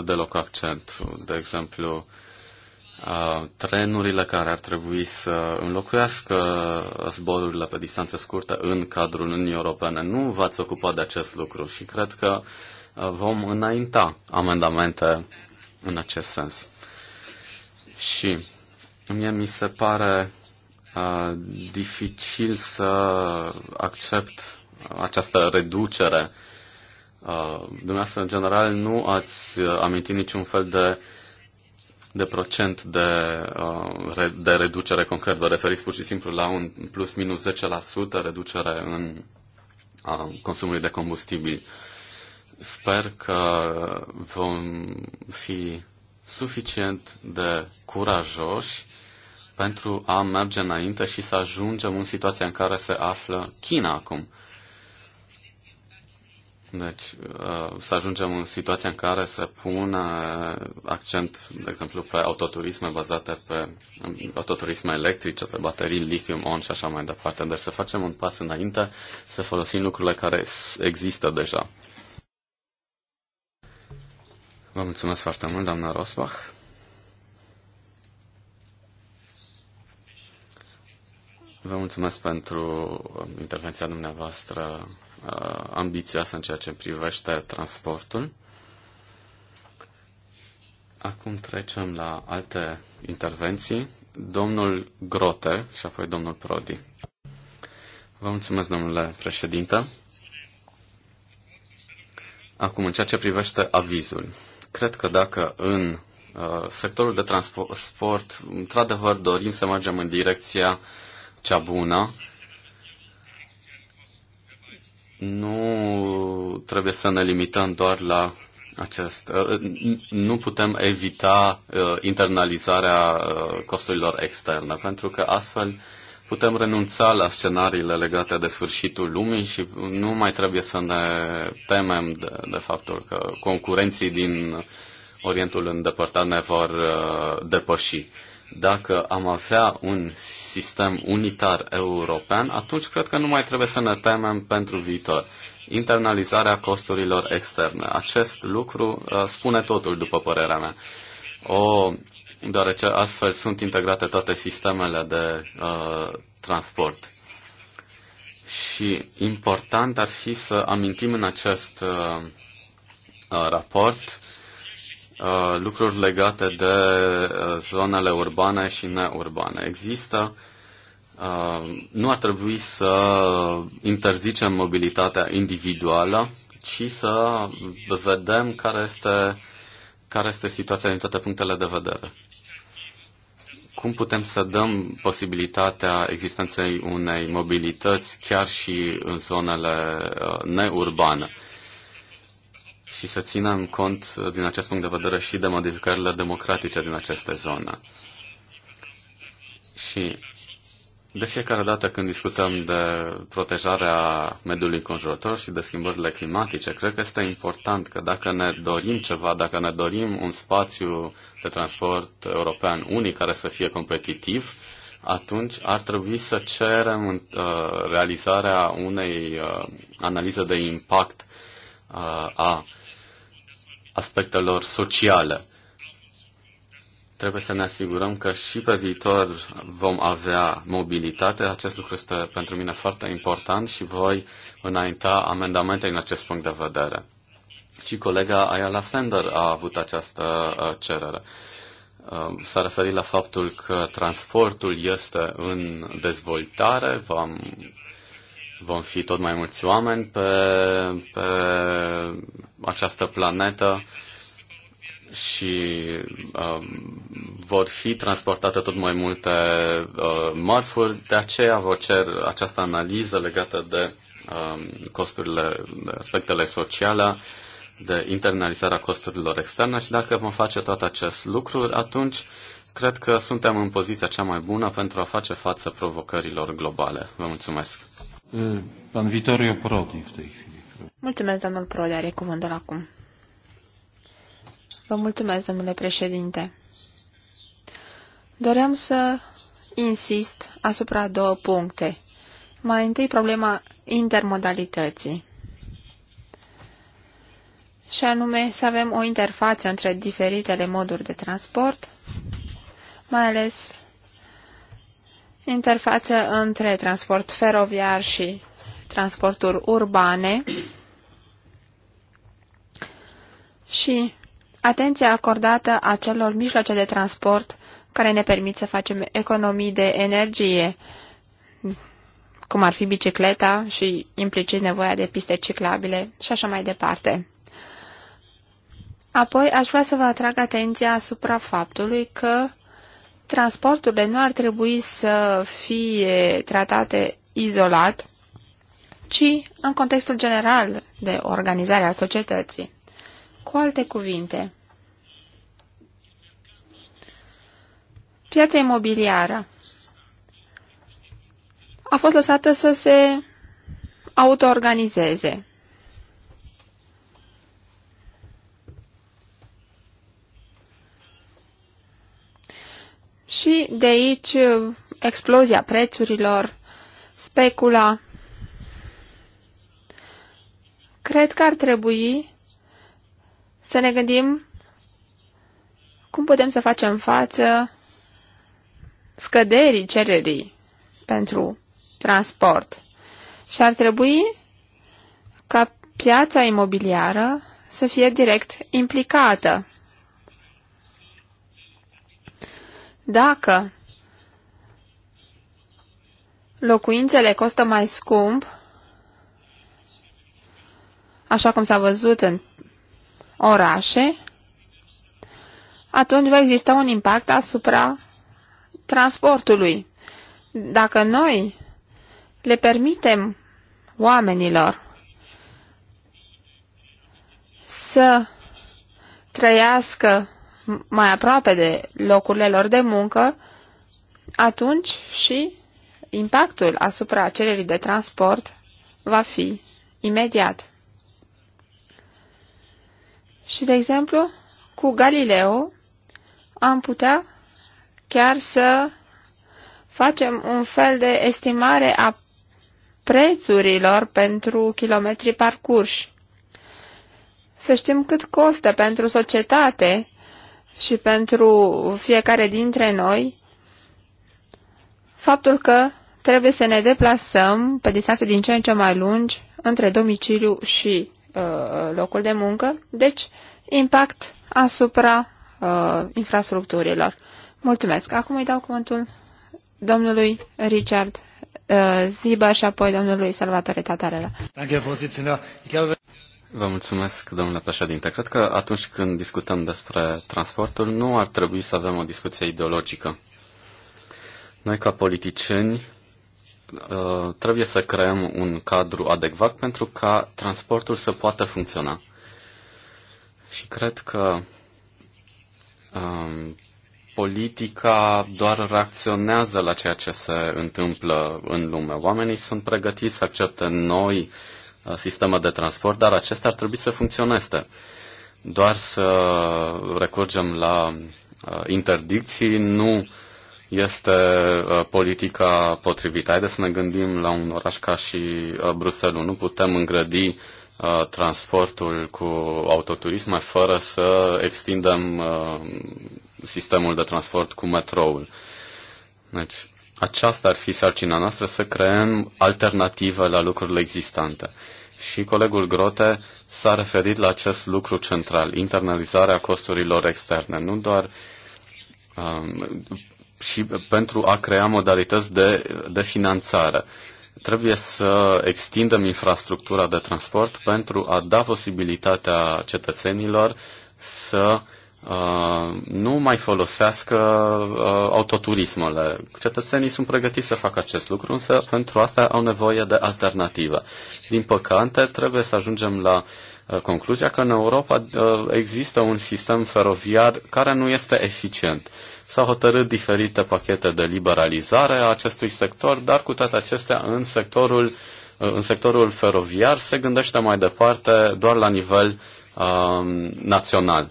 Speaker 1: deloc accent. De exemplu, trenurile care ar trebui să înlocuiască zborurile pe distanțe scurte în cadrul Uniunii Europene. Nu v-ați ocupat de acest lucru și cred că vom înainta amendamente în acest sens. Și mie mi se pare uh, dificil să accept această reducere. Uh, dumneavoastră, în general, nu ați amintit niciun fel de uh, de procent de, uh, de reducere concret. Vă referiți pur și simplu la un plus minus 10% reducere în uh, consumului de combustibil. Sper că vom fi suficient de curajoși pentru a merge înainte și să ajungem în situația în care se află China acum. Deci uh, să ajungem în situația în care se pune accent, de exemplu, pe autoturisme bazate pe autoturisme electrice, pe baterii lithium-on și așa mai departe. Deci să facem un pas înainte, să folosim lucrurile care există deja. Vă mulțumesc foarte mult, doamna Rosbach. Vă mulțumesc pentru intervenția dumneavoastră Uh, ambițioasă în ceea ce privește transportul. Acum trecem la alte intervenții. Domnul Grote și apoi domnul Prodi. Vă mulțumesc, domnule președinte. Acum, în ceea ce privește avizul, cred că dacă în uh, sectorul de transport, într-adevăr, dorim să mergem în direcția cea bună, nu trebuie să ne limităm doar la acest. Uh, uh, nu putem evita uh, internalizarea costurilor externe, pentru că astfel putem renunța la scenariile legate de sfârșitul lumii și nu mai trebuie să ne temem de, de faptul că concurenții din Orientul îndepărtat ne vor depăși. Dacă am avea un sistem unitar european, atunci cred că nu mai trebuie să ne temem pentru viitor. Internalizarea costurilor externe. Acest lucru uh, spune totul, după părerea mea. O, deoarece astfel sunt integrate toate sistemele de uh, transport. Și important ar fi să amintim în acest uh, uh raport Uh, lucruri legate de uh, zonele urbane și neurbane. Există uh, nu ar trebui să interzicem mobilitatea individuală, ci să vedem care este, care este situația din toate punctele de vedere cum putem să dăm posibilitatea existenței unei mobilități chiar și în zonele uh, neurbane și să în cont uh, din acest punct de vedere și de modificările democratice din aceste zone. Și de fiecare dată când discutăm de protejarea mediului înconjurător și de schimbările climatice, cred că este important că dacă ne dorim ceva, dacă ne dorim un spațiu de transport european unic care să fie competitiv, atunci ar trebui să cerem uh, realizarea unei uh, analize de impact a aspectelor sociale. Trebuie să ne asigurăm că și pe viitor vom avea mobilitate. Acest lucru este pentru mine foarte important și voi înainta amendamente în acest punct de vedere. Și colega Ayala Sender a avut această cerere. S-a referit la faptul că transportul este în dezvoltare. V-am vom fi tot mai mulți oameni pe, pe această planetă și uh, vor fi transportate tot mai multe uh, mărfuri, de aceea vă cer această analiză legată de uh, costurile, de aspectele sociale, de internalizarea costurilor externe și dacă vom face tot acest lucru, atunci cred că suntem în poziția cea mai bună pentru a face față provocărilor globale. Vă mulțumesc!
Speaker 2: Pan Prodi, w tej chwili.
Speaker 3: Mulțumesc, domnul Prodi, are cuvântul acum. Vă mulțumesc, domnule președinte. Doream să insist asupra două puncte. Mai întâi problema intermodalității. Și anume să avem o interfață între diferitele moduri de transport, mai ales interfață între transport feroviar și transporturi urbane și atenție acordată acelor mijloace de transport care ne permit să facem economii de energie, cum ar fi bicicleta și implicit nevoia de piste ciclabile și așa mai departe. Apoi aș vrea să vă atrag atenția asupra faptului că transporturile nu ar trebui să fie tratate izolat, ci în contextul general de organizare a societății. Cu alte cuvinte, piața imobiliară a fost lăsată să se autoorganizeze Și de aici uh, explozia prețurilor, specula. Cred că ar trebui să ne gândim cum putem să facem față scăderii cererii pentru transport. Și ar trebui ca piața imobiliară să fie direct implicată Dacă locuințele costă mai scump, așa cum s-a văzut în orașe, atunci va exista un impact asupra transportului. Dacă noi le permitem oamenilor să trăiască mai aproape de locurile lor de muncă, atunci și impactul asupra cererii de transport va fi imediat. Și, de exemplu, cu Galileo am putea chiar să facem un fel de estimare a prețurilor pentru kilometri parcurși. Să știm cât costă pentru societate și pentru fiecare dintre noi faptul că trebuie să ne deplasăm pe distanțe din ce în ce mai lungi între domiciliu și uh, locul de muncă, deci impact asupra uh, infrastructurilor. Mulțumesc. Acum îi dau cuvântul domnului Richard uh, Ziba și apoi domnului Salvatore Tatarela.
Speaker 1: Vă mulțumesc, domnule președinte. Cred că atunci când discutăm despre transportul, nu ar trebui să avem o discuție ideologică. Noi, ca politicieni, uh, trebuie să creăm un cadru adecvat pentru ca transportul să poată funcționa. Și cred că um, politica doar reacționează la ceea ce se întâmplă în lume. Oamenii sunt pregătiți să accepte noi uh, Uh, sistemă de transport, dar acestea ar trebui să funcționeze. Doar să recurgem la uh, interdicții nu este uh, politica potrivită. Haideți să ne gândim la un oraș ca și Bruselul. Nu putem îngrădi transportul cu autoturisme fără să extindem sistemul de transport cu metroul. Deci, aceasta ar fi sarcina noastră, să creăm alternativă la lucrurile existente. Și colegul Grote s-a referit la acest lucru central, internalizarea costurilor externe, nu doar um, și pentru a crea modalități de, de finanțare. Trebuie să extindem infrastructura de transport pentru a da posibilitatea cetățenilor să uh, Uh, nu mai folosească uh, autoturismele. Cetățenii sunt pregătiți să facă acest lucru, însă pentru asta au nevoie de alternativă. Din păcate, trebuie să ajungem la uh, concluzia că în Europa există un sistem feroviar care nu este eficient. S-au hotărât diferite pachete de liberalizare a acestui sector, dar cu toate acestea în sectorul, în sectorul feroviar se gândește mai departe doar la nivel um, național.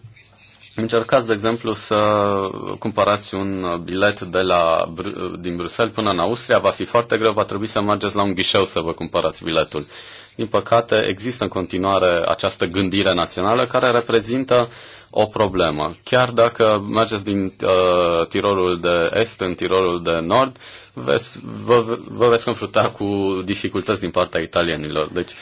Speaker 1: Încercați, de exemplu, să cumpărați un bilet de la, din Bruxelles până în Austria, va fi foarte greu, va trebui să mergeți la un ghișeu să vă cumpărați biletul. Din păcate, există în continuare această gândire națională care reprezintă o problemă. Chiar dacă mergeți din uh, Tirolul de Est în Tirolul de Nord, veți, vă, vă veți confrunta cu dificultăți din partea italienilor. Deci, uh,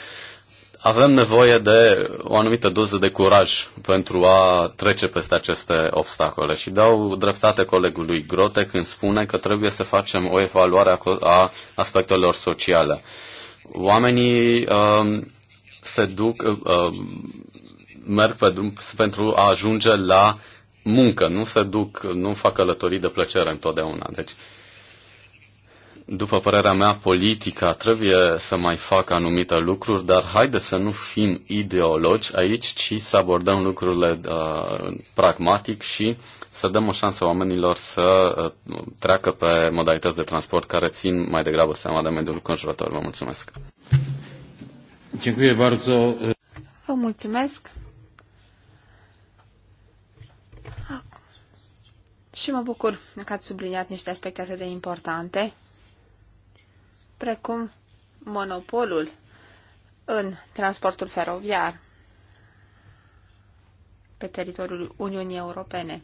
Speaker 1: avem nevoie de o anumită doză de curaj pentru a trece peste aceste obstacole și dau dreptate colegului Grote când spune că trebuie să facem o evaluare a aspectelor sociale. Oamenii uh, se duc, uh, um, merg pe drum pentru a ajunge la muncă, nu se duc, nu fac călătorii de plăcere întotdeauna. Deci, uh, după părerea mea, politica trebuie să mai facă anumite lucruri, dar haide să nu fim ideologi aici, ci să abordăm lucrurile uh, pragmatic și să dăm o șansă oamenilor să uh, treacă pe modalități de transport care țin mai degrabă seama de mediul conjurător. Vă mulțumesc!
Speaker 3: Vă mulțumesc! Și mă bucur că ați subliniat niște aspecte atât de importante precum monopolul în transportul feroviar pe teritoriul Uniunii Europene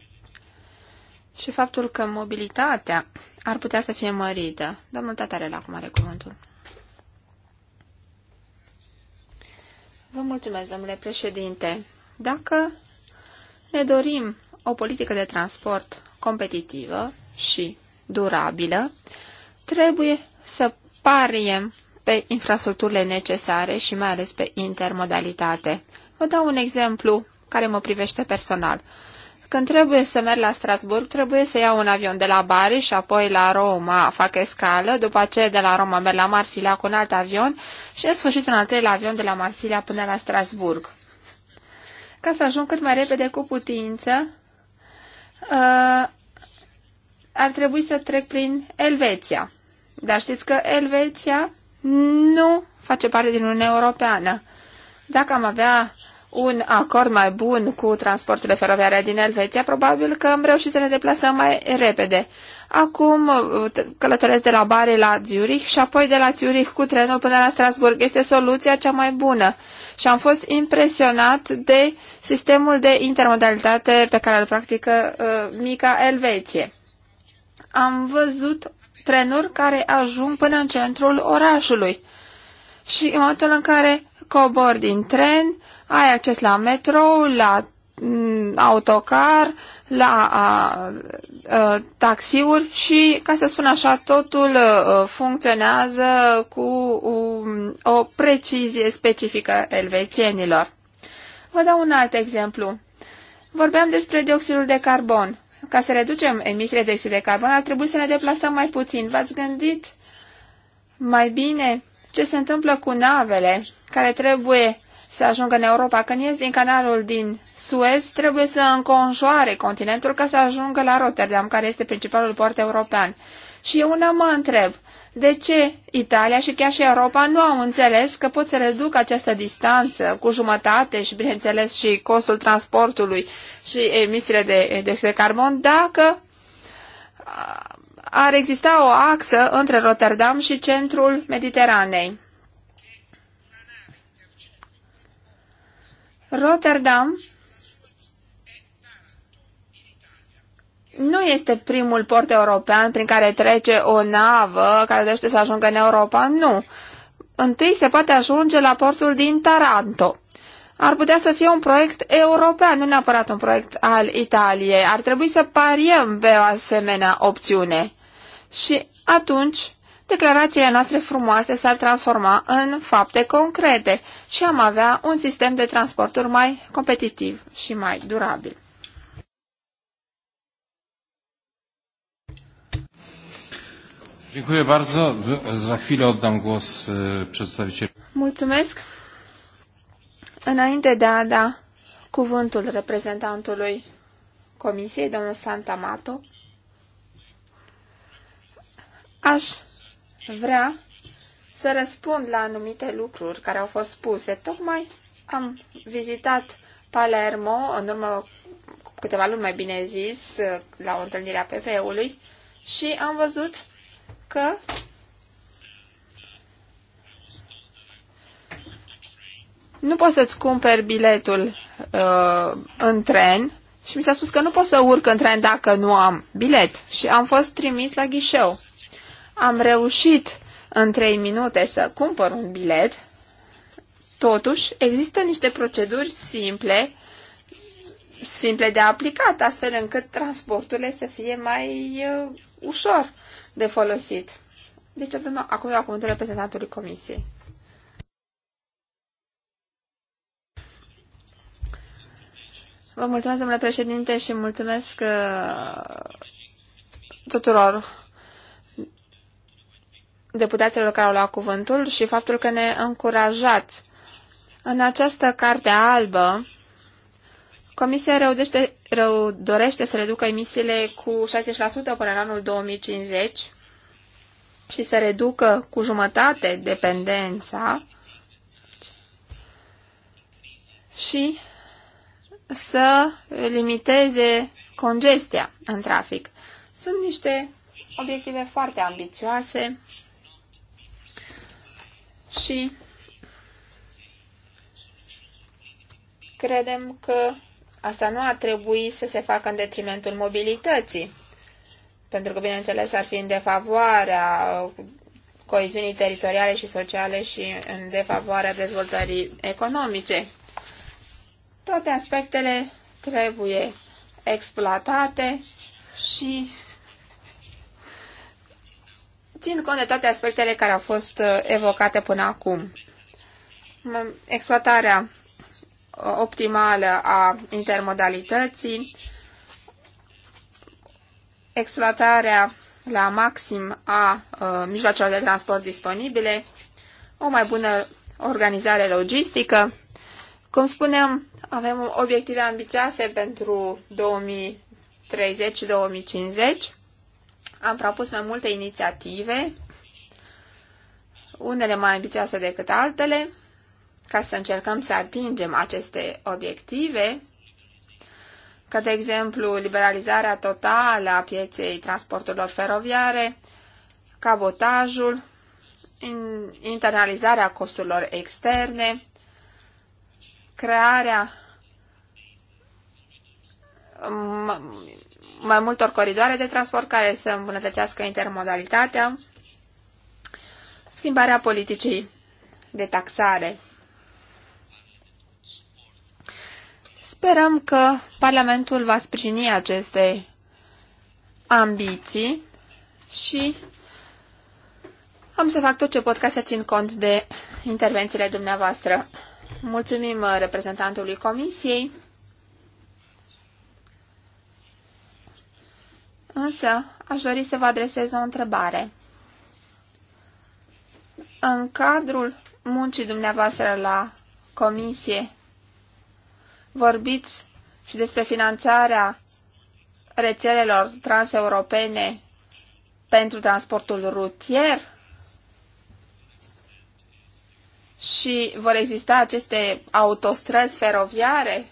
Speaker 3: și faptul că mobilitatea ar putea să fie mărită. Domnul Tatarel acum are cuvântul. Vă mulțumesc, domnule președinte. Dacă ne dorim o politică de transport competitivă și durabilă, trebuie să pariem pe infrastructurile necesare și mai ales pe intermodalitate. Vă dau un exemplu care mă privește personal. Când trebuie să merg la Strasburg, trebuie să iau un avion de la Bari și apoi la Roma fac escală, după aceea de la Roma merg la Marsilia cu un alt avion și în sfârșit un al treilea avion de la Marsilia până la Strasburg. Ca să ajung cât mai repede cu putință, uh, ar trebui să trec prin Elveția. Dar știți că Elveția nu face parte din Uniunea Europeană. Dacă am avea un acord mai bun cu transporturile feroviare din Elveția, probabil că am reușit să ne deplasăm mai repede. Acum uh, călătoresc de la Bari la Zurich și apoi de la Zurich cu trenul până la Strasburg. Este soluția cea mai bună și am fost impresionat de sistemul de intermodalitate pe care îl practică uh, mica Elveție. Am văzut trenuri care ajung până în centrul orașului. Și în momentul în care cobori din tren, ai acces la metrou, la mm, autocar, la a, a, taxiuri și, ca să spun așa, totul a, uh, funcționează cu o, um, o precizie specifică elvețienilor. Vă dau un alt exemplu. Vorbeam despre dioxidul de carbon ca să reducem emisiile de oxid de carbon, ar trebui să ne deplasăm mai puțin. V-ați gândit mai bine ce se întâmplă cu navele care trebuie să ajungă în Europa? Când ies din canalul din Suez, trebuie să înconjoare continentul ca să ajungă la Rotterdam, care este principalul port european. Și eu una mă întreb, de ce Italia și chiar și Europa nu au înțeles că pot să reduc această distanță cu jumătate și, bineînțeles, și costul transportului și emisiile de dioxid de carbon dacă ar exista o axă între Rotterdam și centrul Mediteranei. Rotterdam nu este primul port european prin care trece o navă care dorește să ajungă în Europa, nu. Întâi se poate ajunge la portul din Taranto. Ar putea să fie un proiect european, nu neapărat un proiect al Italiei. Ar trebui să pariem pe o asemenea opțiune. Și atunci, declarațiile noastre frumoase s-ar transforma în fapte concrete și am avea un sistem de transporturi mai competitiv și mai durabil.
Speaker 2: Dziękuję bardzo. Za chwilę oddam głos przedstawicielowi.
Speaker 3: Mulțumesc. Înainte de a da cuvântul reprezentantului Comisiei, domnul Santamato, aș vrea să răspund la anumite lucruri care au fost spuse. Tocmai am vizitat Palermo în urmă câteva luni mai bine zis, la o întâlnire a PFE-ului și am văzut că nu poți să-ți cumperi biletul uh, în tren și mi s-a spus că nu pot să urc în tren dacă nu am bilet și am fost trimis la ghișeu. Am reușit în trei minute să cumpăr un bilet, totuși există niște proceduri simple simple de aplicat, astfel încât transporturile să fie mai uh, ușor de folosit. Deci avem acum la cuvântul reprezentantului Comisiei. Vă mulțumesc, domnule președinte, și mulțumesc uh, tuturor deputaților care au luat cuvântul și faptul că ne încurajați. În această carte albă, Comisia reușește, dorește să reducă emisiile cu 60% până în anul 2050 și să reducă cu jumătate dependența și să limiteze congestia în trafic. Sunt niște obiective foarte ambițioase și credem că Asta nu ar trebui să se facă în detrimentul mobilității, pentru că, bineînțeles, ar fi în defavoarea coeziunii teritoriale și sociale și în defavoarea dezvoltării economice. Toate aspectele trebuie exploatate și țin cont de toate aspectele care au fost evocate până acum. Exploatarea optimală a intermodalității, exploatarea la maxim a uh, mijloacelor de transport disponibile, o mai bună organizare logistică. Cum spuneam, avem obiective ambicioase pentru 2030-2050. Am propus mai multe inițiative, unele mai ambicioase decât altele, ca să încercăm să atingem aceste obiective, ca de exemplu liberalizarea totală a pieței transporturilor feroviare, cabotajul, internalizarea costurilor externe, crearea mai multor coridoare de transport care să îmbunătățească intermodalitatea, schimbarea politicii de taxare Sperăm că Parlamentul va sprijini aceste ambiții și am să fac tot ce pot ca să țin cont de intervențiile dumneavoastră. Mulțumim uh, reprezentantului Comisiei. Însă, aș dori să vă adresez o întrebare. În cadrul muncii dumneavoastră la Comisie, vorbiți și despre finanțarea rețelelor transeuropene pentru transportul rutier și vor exista aceste autostrăzi feroviare?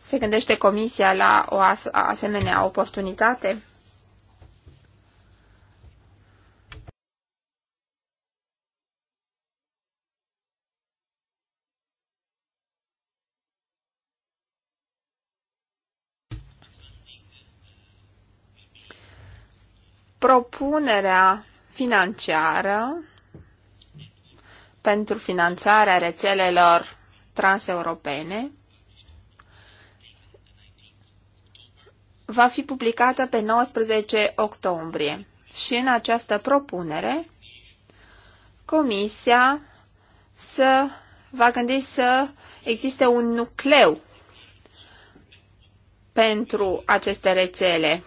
Speaker 3: Se gândește Comisia la o asemenea oportunitate? propunerea financiară pentru finanțarea rețelelor transeuropene va fi publicată pe 19 octombrie și în această propunere Comisia să va gândi să existe un nucleu pentru aceste rețele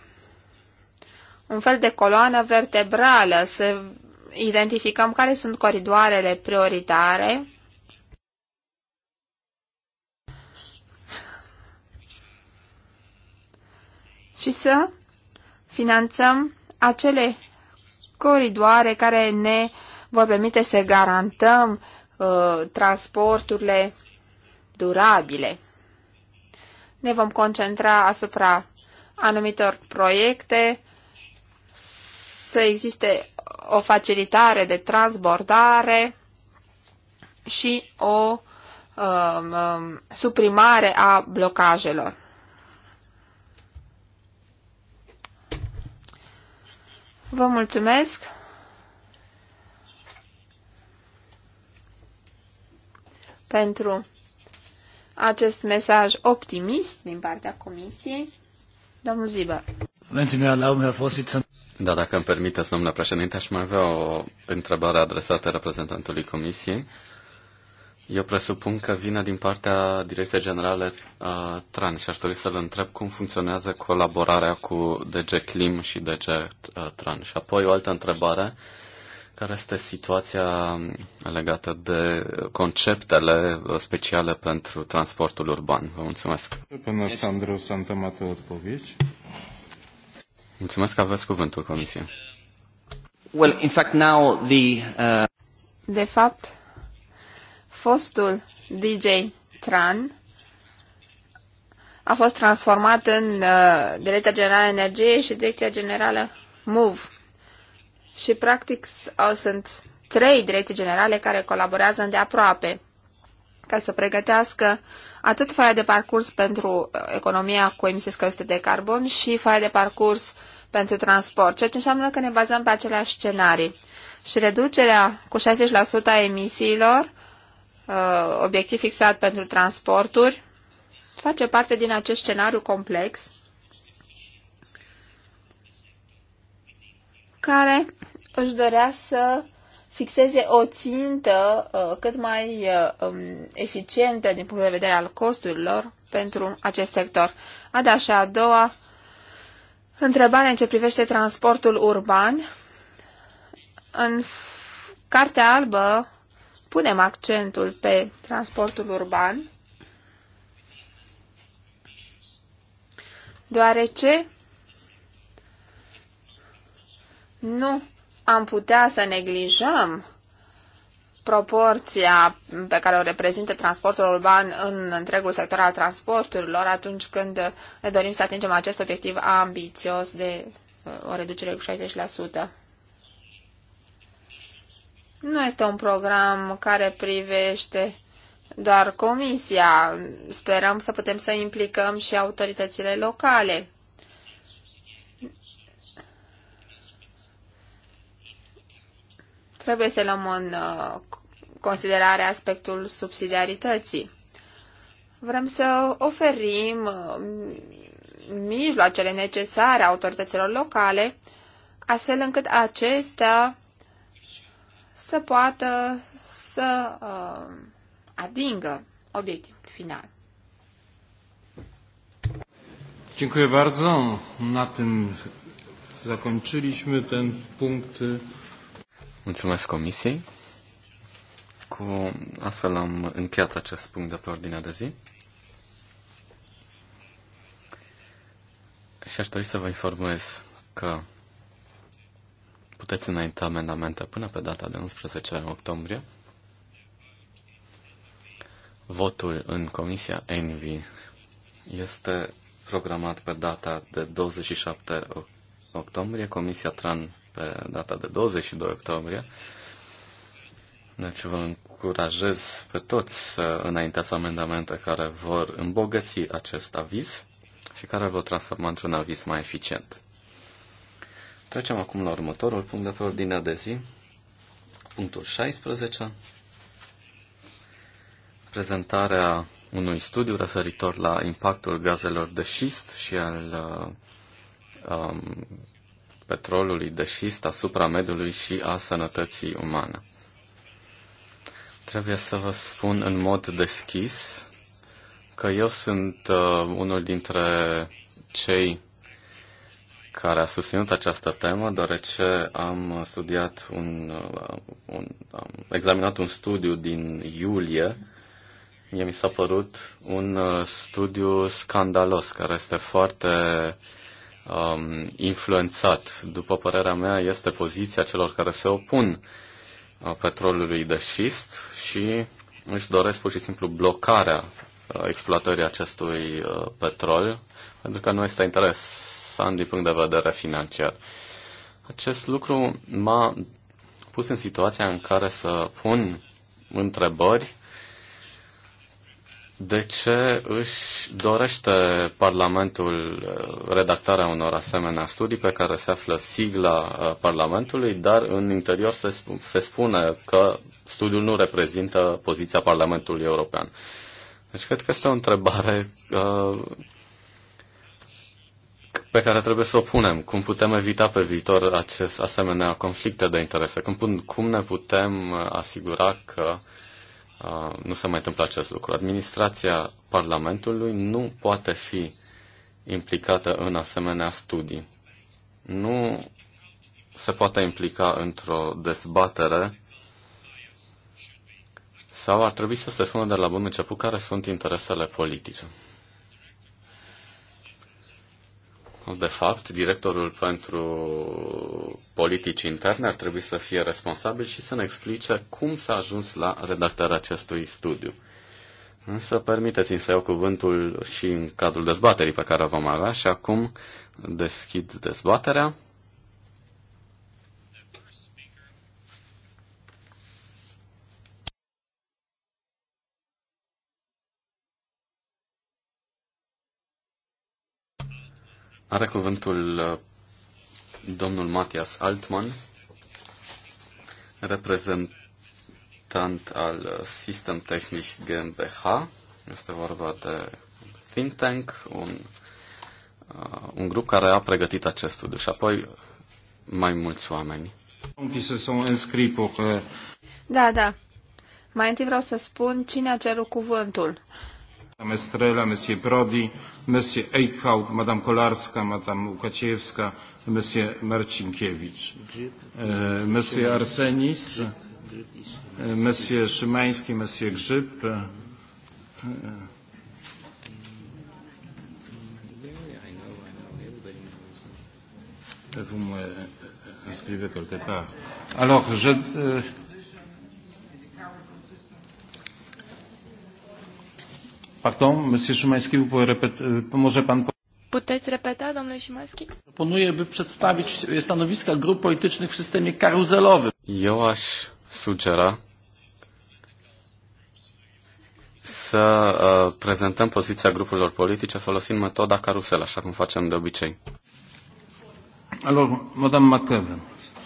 Speaker 3: un fel de coloană vertebrală, să identificăm care sunt coridoarele prioritare și să finanțăm acele coridoare care ne vor permite să garantăm uh, transporturile durabile. Ne vom concentra asupra anumitor proiecte să existe o facilitare de transbordare și o um, um, suprimare a blocajelor. Vă mulțumesc! pentru acest mesaj optimist din partea Comisiei. Domnul Zibă.
Speaker 1: Da, dacă îmi permiteți, domnule președinte, aș mai avea o întrebare adresată reprezentantului Comisiei. Eu presupun că vine din partea Direcției Generale uh, Tran și aș dori să-l întreb cum funcționează colaborarea cu DG Clim și DG Trans. Tran. Și apoi o altă întrebare, care este situația legată de conceptele speciale pentru transportul urban. Vă mulțumesc. Până Sandru s-a Mulțumesc că aveți cuvântul, Comisie. Well, in fact, now the, uh...
Speaker 3: De fapt, fostul DJ Tran a fost transformat în uh, Direcția Generală Energie și Direcția Generală MOVE. Și, practic, au, sunt trei direcții generale care colaborează îndeaproape ca să pregătească atât foaia de parcurs pentru uh, economia cu emisii scăzute de carbon și foaia de parcurs pentru transport, ceea ce înseamnă că ne bazăm pe aceleași scenarii. Și reducerea cu 60% a emisiilor, uh, obiectiv fixat pentru transporturi, face parte din acest scenariu complex care își dorea să fixeze o țintă uh, cât mai uh, um, eficientă din punct de vedere al costurilor pentru acest sector. A, da, și a doua întrebare în ce privește transportul urban. În Cartea Albă punem accentul pe transportul urban, deoarece nu am putea să neglijăm proporția pe care o reprezintă transportul urban în întregul sector al transporturilor atunci când ne dorim să atingem acest obiectiv ambițios de uh, o reducere cu 60%. Nu este un program care privește doar comisia. Sperăm să putem să implicăm și autoritățile locale. Trebuie să luăm în uh, considerare aspectul subsidiarității. Vrem să oferim uh, mijloacele necesare autorităților locale, astfel încât acestea să poată să uh, atingă obiectivul final.
Speaker 2: Dziękuję bardzo. Na tym zakończyliśmy ten punkt.
Speaker 1: Mulțumesc Comisiei. Cu astfel am încheiat acest punct de pe ordinea de zi. Și aș dori să vă informez că puteți înainta amendamente până pe data de 11 octombrie. Votul în Comisia Envi este programat pe data de 27 octombrie. Comisia TRAN pe data de 22 octombrie. Deci vă încurajez pe toți să înaintați amendamente care vor îmbogăți acest aviz și care vor transforma într-un aviz mai eficient. Trecem acum la următorul punct de pe ordinea de zi, punctul 16, prezentarea unui studiu referitor la impactul gazelor de șist și al uh, um, petrolului de șist asupra mediului și a sănătății umane. Trebuie să vă spun în mod deschis că eu sunt uh, unul dintre cei care a susținut această temă, deoarece am studiat un, uh, un am examinat un studiu din iulie. Mie mi s-a părut un uh, studiu scandalos, care este foarte um, influențat, după părerea mea, este poziția celor care se opun uh, petrolului de șist și își doresc pur și simplu blocarea uh, exploatării acestui uh, petrol, pentru că nu este interesant din punct de vedere financiar. Acest lucru m-a pus în situația în care să pun întrebări de ce își dorește Parlamentul uh, redactarea unor asemenea studii pe care se află sigla uh, Parlamentului, dar în interior se, sp- se spune că studiul nu reprezintă poziția Parlamentului European. Deci cred că este o întrebare uh, pe care trebuie să o punem. Cum putem evita pe viitor acest asemenea conflicte de interese? Cum, cum ne putem uh, asigura că uh, Uh, nu se mai întâmplă acest lucru. Administrația Parlamentului nu poate fi implicată în asemenea studii. Nu se poate implica într-o dezbatere sau ar trebui să se spună de la bun început care sunt interesele politice. De fapt, directorul pentru politici interne ar trebui să fie responsabil și să ne explice cum s-a ajuns la redactarea acestui studiu. Însă permiteți-mi să iau cuvântul și în cadrul dezbaterii pe care o vom avea și acum deschid dezbaterea. Are cuvântul uh, domnul Matias Altman, reprezentant al uh, System Technisch GmbH. Este vorba de think tank, un, uh, un grup care a pregătit acest studiu și apoi mai mulți oameni.
Speaker 3: Da, da. Mai întâi vreau să spun cine a cerut cuvântul.
Speaker 2: Mestrela, Monsieur Brody, Monsieur Eichhout, Madame Kolarska, Madame Łukaciewska, Monsieur Marcinkiewicz, Monsieur Arsenis, Monsieur Szymański, Monsieur Grzyb, Vous m'inscrivez quelque part. Alors, je, euh, Pardon, Monsieur Szymański, może pan...
Speaker 4: Puteți repeta, domnule Szymański?
Speaker 2: Proponuję, by
Speaker 1: przedstawić stanowiska grup politycznych w systemie karuzelowym. Joaś aș sugera să uh, prezentăm poziția grupurilor politice folosind metoda carusel, așa cum facem de obicei. Alors, Madame McEwen,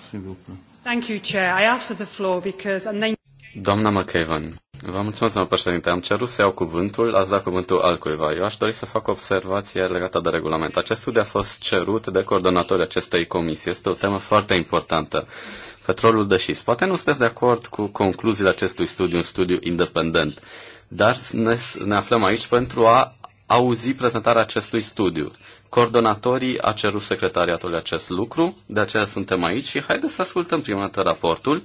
Speaker 1: s'il vous plaît.
Speaker 2: Thank you, Chair. I ask for the floor because, and then
Speaker 1: Doamna McEvan, vă mulțumesc, domnul președinte. Am cerut să iau cuvântul, ați dat cuvântul altcuiva. Eu aș dori să fac o observație legată de regulament. Acest studiu a fost cerut de coordonatorii acestei comisii. Este o temă foarte importantă. Petrolul de șist. Poate nu sunteți de acord cu concluziile acestui studiu, un studiu independent, dar ne, ne aflăm aici pentru a auzi prezentarea acestui studiu. Coordonatorii a cerut secretariatului acest lucru, de aceea suntem aici și haideți să ascultăm prima dată raportul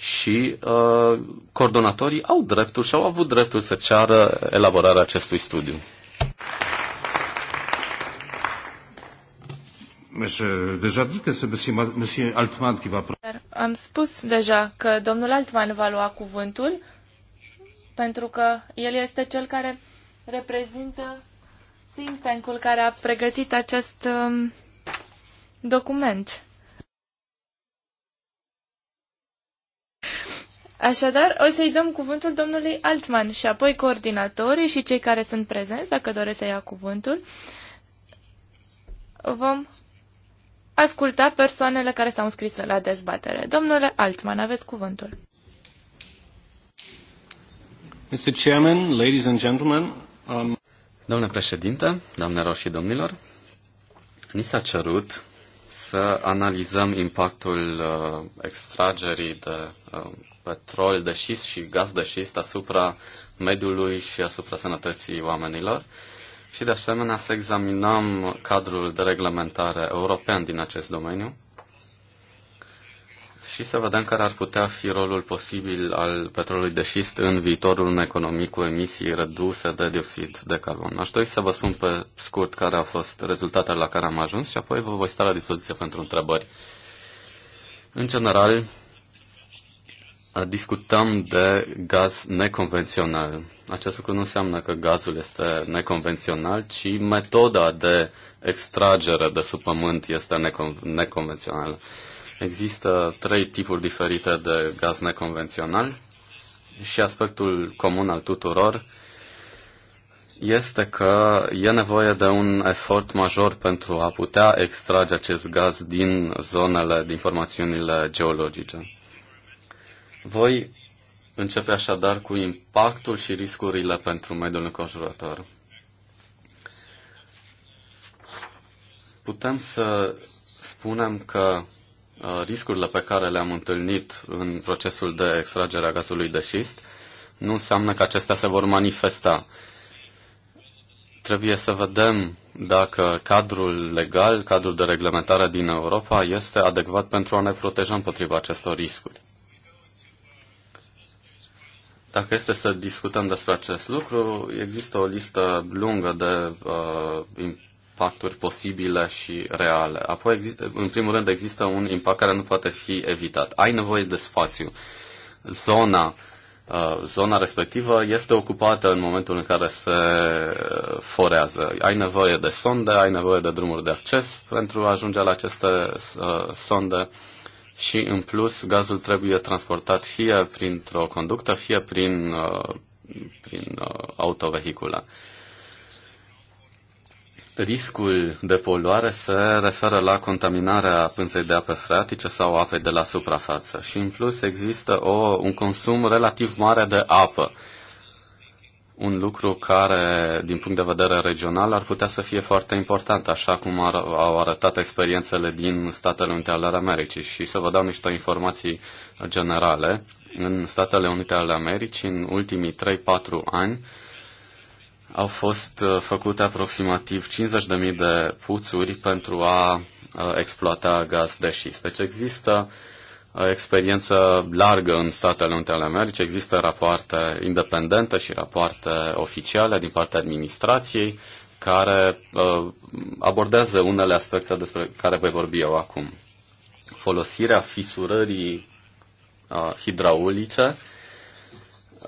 Speaker 1: și uh, coordonatorii au dreptul și au avut dreptul să ceară elaborarea acestui studiu.
Speaker 2: Euh,
Speaker 4: am spus deja că domnul Altman va lua cuvântul pentru că el este cel care reprezintă think tank-ul care a pregătit acest um, document. Așadar, o să-i dăm cuvântul domnului Altman și apoi coordinatorii și cei care sunt prezenți, dacă doresc să ia cuvântul, vom asculta persoanele care s-au înscris la dezbatere. Domnule Altman, aveți cuvântul.
Speaker 2: Mr. Chairman, ladies and gentlemen,
Speaker 1: um... Domnule președinte, doamnelor și domnilor, ni s-a cerut să analizăm impactul uh, extragerii de uh, petrol de șist și gaz de șist asupra mediului și asupra sănătății oamenilor. Și de asemenea să examinăm cadrul de reglementare european din acest domeniu și să vedem care ar putea fi rolul posibil al petrolului de șist în viitorul unei economii cu emisii reduse de dioxid de carbon. Aș dori să vă spun pe scurt care au fost rezultatele la care am ajuns și apoi vă voi sta la dispoziție pentru întrebări. În general, discutăm de gaz neconvențional. Acest lucru nu înseamnă că gazul este neconvențional, ci metoda de extragere de sub pământ este necon- neconvențională. Există trei tipuri diferite de gaz neconvențional și aspectul comun al tuturor este că e nevoie de un efort major pentru a putea extrage acest gaz din zonele, din formațiunile geologice. Voi începe așadar cu impactul și riscurile pentru mediul înconjurător. Putem să spunem că uh, riscurile pe care le-am întâlnit în procesul de extragere a gazului de șist nu înseamnă că acestea se vor manifesta. Trebuie să vedem dacă cadrul legal, cadrul de reglementare din Europa este adecvat pentru a ne proteja împotriva acestor riscuri. Dacă este să discutăm despre acest lucru, există o listă lungă de uh, impacturi posibile și reale. Apoi, există, în primul rând, există un impact care nu poate fi evitat. Ai nevoie de spațiu. Zona, uh, zona respectivă este ocupată în momentul în care se uh, forează. Ai nevoie de sonde, ai nevoie de drumuri de acces pentru a ajunge la aceste uh, sonde. Uh, și, în plus, gazul trebuie transportat fie printr-o conductă, fie prin, uh, prin uh, autovehicula. Riscul de poluare se referă la contaminarea pânzei de ape freatice sau apei de la suprafață și, în plus, există o, un consum relativ mare de apă. Uh, un lucru care, din punct de vedere regional, ar putea să fie foarte important, așa cum ar, au arătat experiențele din Statele Unite ale Americii. Și să vă dau niște informații generale. În Statele Unite ale Americii, în ultimii 3-4 ani, au fost uh, făcute aproximativ 50.000 de puțuri pentru a uh, exploata gaz de șist. Deci există uh, experiență largă în Statele Unite ale Americii. Există rapoarte independente și rapoarte oficiale din partea administrației care uh, abordează unele aspecte despre care voi vorbi eu acum. Folosirea fisurării uh, hidraulice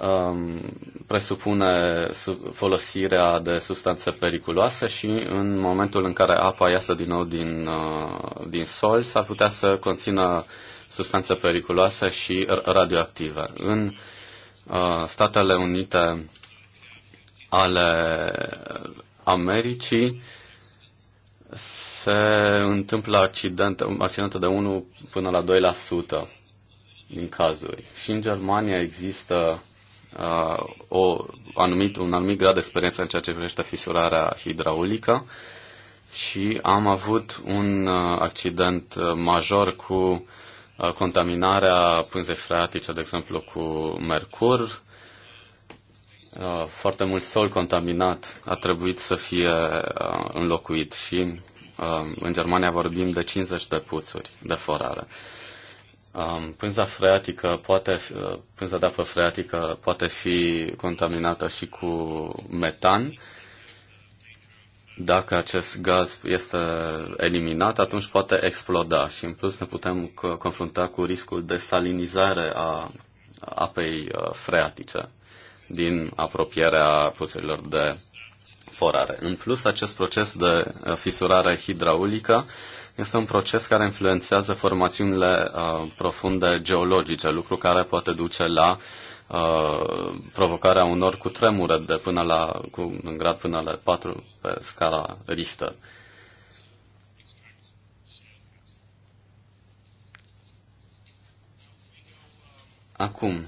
Speaker 1: um, presupune folosirea de substanțe periculoase și în momentul în care apa iasă din nou din, uh, din sol s-ar putea să conțină uh, substanță periculoasă și radioactivă. În uh, Statele Unite ale Americii se întâmplă accidente, accidente de 1 până la 2% din cazuri. Și în Germania există uh, o, anumit, un anumit grad de experiență în ceea ce privește fisurarea hidraulică și am avut un uh, accident uh, major cu contaminarea pânzei freatice, de exemplu, cu mercur. Foarte mult sol contaminat a trebuit să fie înlocuit și în Germania vorbim de 50 de puțuri de forare. Pânza freatică poate, pânza de apă freatică poate fi contaminată și cu metan, dacă acest gaz este eliminat, atunci poate exploda și în plus ne putem confrunta cu riscul de salinizare a apei uh, freatice din apropierea puțurilor de forare. În plus, acest proces de uh, fisurare hidraulică este un proces care influențează formațiunile uh, profunde geologice, lucru care poate duce la uh, Uh, provocarea unor cu tremure de până la, cu un grad până la 4 pe scara Richter. Acum,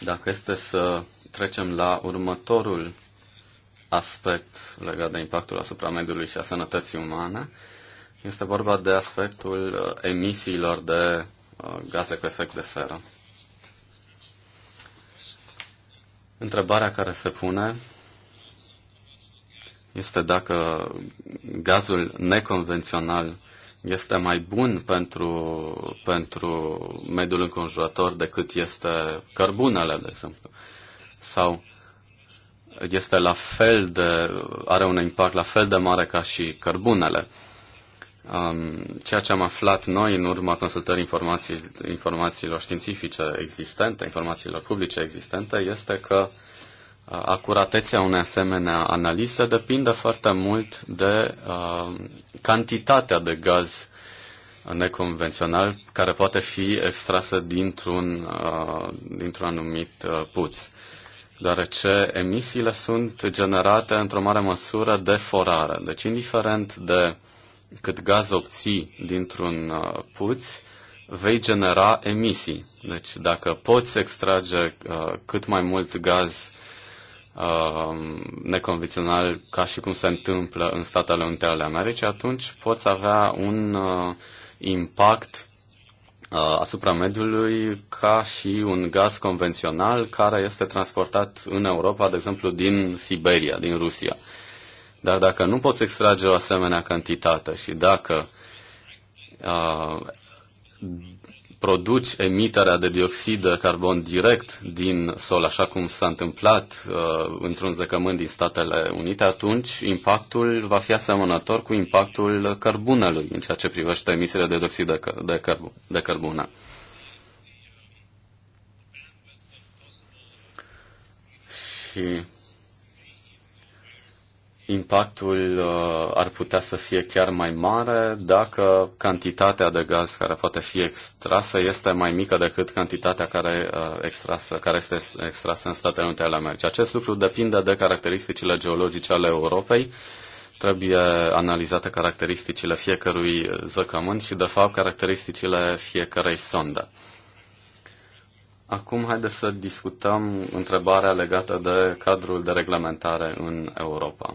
Speaker 1: dacă este să trecem la următorul aspect legat de impactul asupra mediului și a sănătății umane, este vorba de aspectul uh, emisiilor de uh, gaze cu efect de seră. Întrebarea care se pune este dacă gazul neconvențional este mai bun pentru, pentru mediul înconjurător decât este cărbunele, de exemplu. Sau este la fel de, are un impact la fel de mare ca și cărbunele ceea ce am aflat noi în urma consultării informații, informațiilor științifice existente, informațiilor publice existente, este că acuratețea unei asemenea analize depinde foarte mult de uh, cantitatea de gaz neconvențional care poate fi extrasă dintr-un, uh, dintr-un anumit uh, puț, deoarece emisiile sunt generate într-o mare măsură de forare. Deci, indiferent de uh, cât gaz obții dintr-un uh, puț, vei genera emisii. Deci dacă poți extrage uh, cât mai mult gaz uh, neconvențional, ca și cum se întâmplă în Statele Unite ale Americii, atunci poți avea un impact asupra mediului ca și un gaz convențional care este transportat în Europa, de exemplu, din Siberia, din Rusia. Dar dacă nu poți extrage o asemenea cantitate și dacă uh, produci emiterea de dioxid de carbon direct din sol, așa cum s-a întâmplat uh, într-un zăcământ din Statele Unite, atunci impactul va fi asemănător cu impactul cărbunelui în ceea ce privește emisiile de dioxid de, de, căr- de cărbune. Și impactul uh, ar putea să fie chiar mai mare dacă cantitatea de gaz care poate fi extrasă este mai mică decât cantitatea care, uh, extrasă, care este extrasă în Statele Unite ale Americii. Acest lucru depinde de caracteristicile geologice ale Europei. Trebuie analizate caracteristicile fiecărui zăcământ și, de fapt, caracteristicile fiecărei sonde. Acum haideți să discutăm întrebarea legată de cadrul de reglementare în Europa.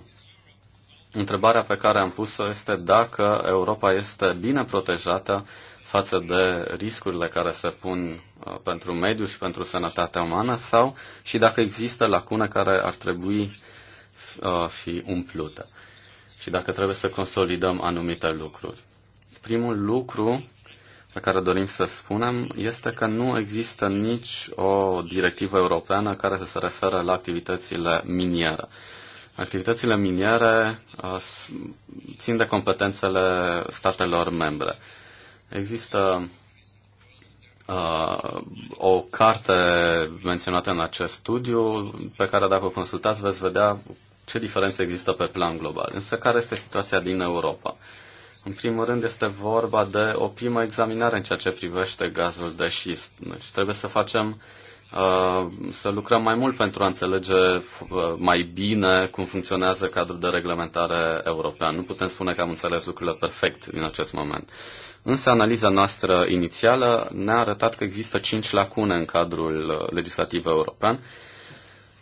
Speaker 1: Întrebarea pe care am pus-o este dacă Europa este bine protejată față de riscurile care se pun uh, pentru mediu și pentru sănătatea umană sau și dacă există lacune care ar trebui uh, fi umplute și dacă trebuie să consolidăm anumite lucruri. Primul lucru pe care dorim să spunem este că nu există nici o directivă europeană care să se referă la activitățile miniere. Activitățile miniere uh, țin de competențele statelor membre. Există uh, o carte menționată în acest studiu, pe care dacă o consultați veți vedea ce diferențe există pe plan global. Însă care este situația din Europa? În primul rând este vorba de o primă examinare în ceea ce privește gazul de șist. Deci trebuie să facem uh, Uh, să lucrăm mai mult pentru a înțelege uh, mai bine cum funcționează cadrul de reglementare european. Nu putem spune că am înțeles lucrurile perfect în acest moment. Însă analiza noastră inițială ne-a arătat că există cinci lacune în cadrul uh, legislativ european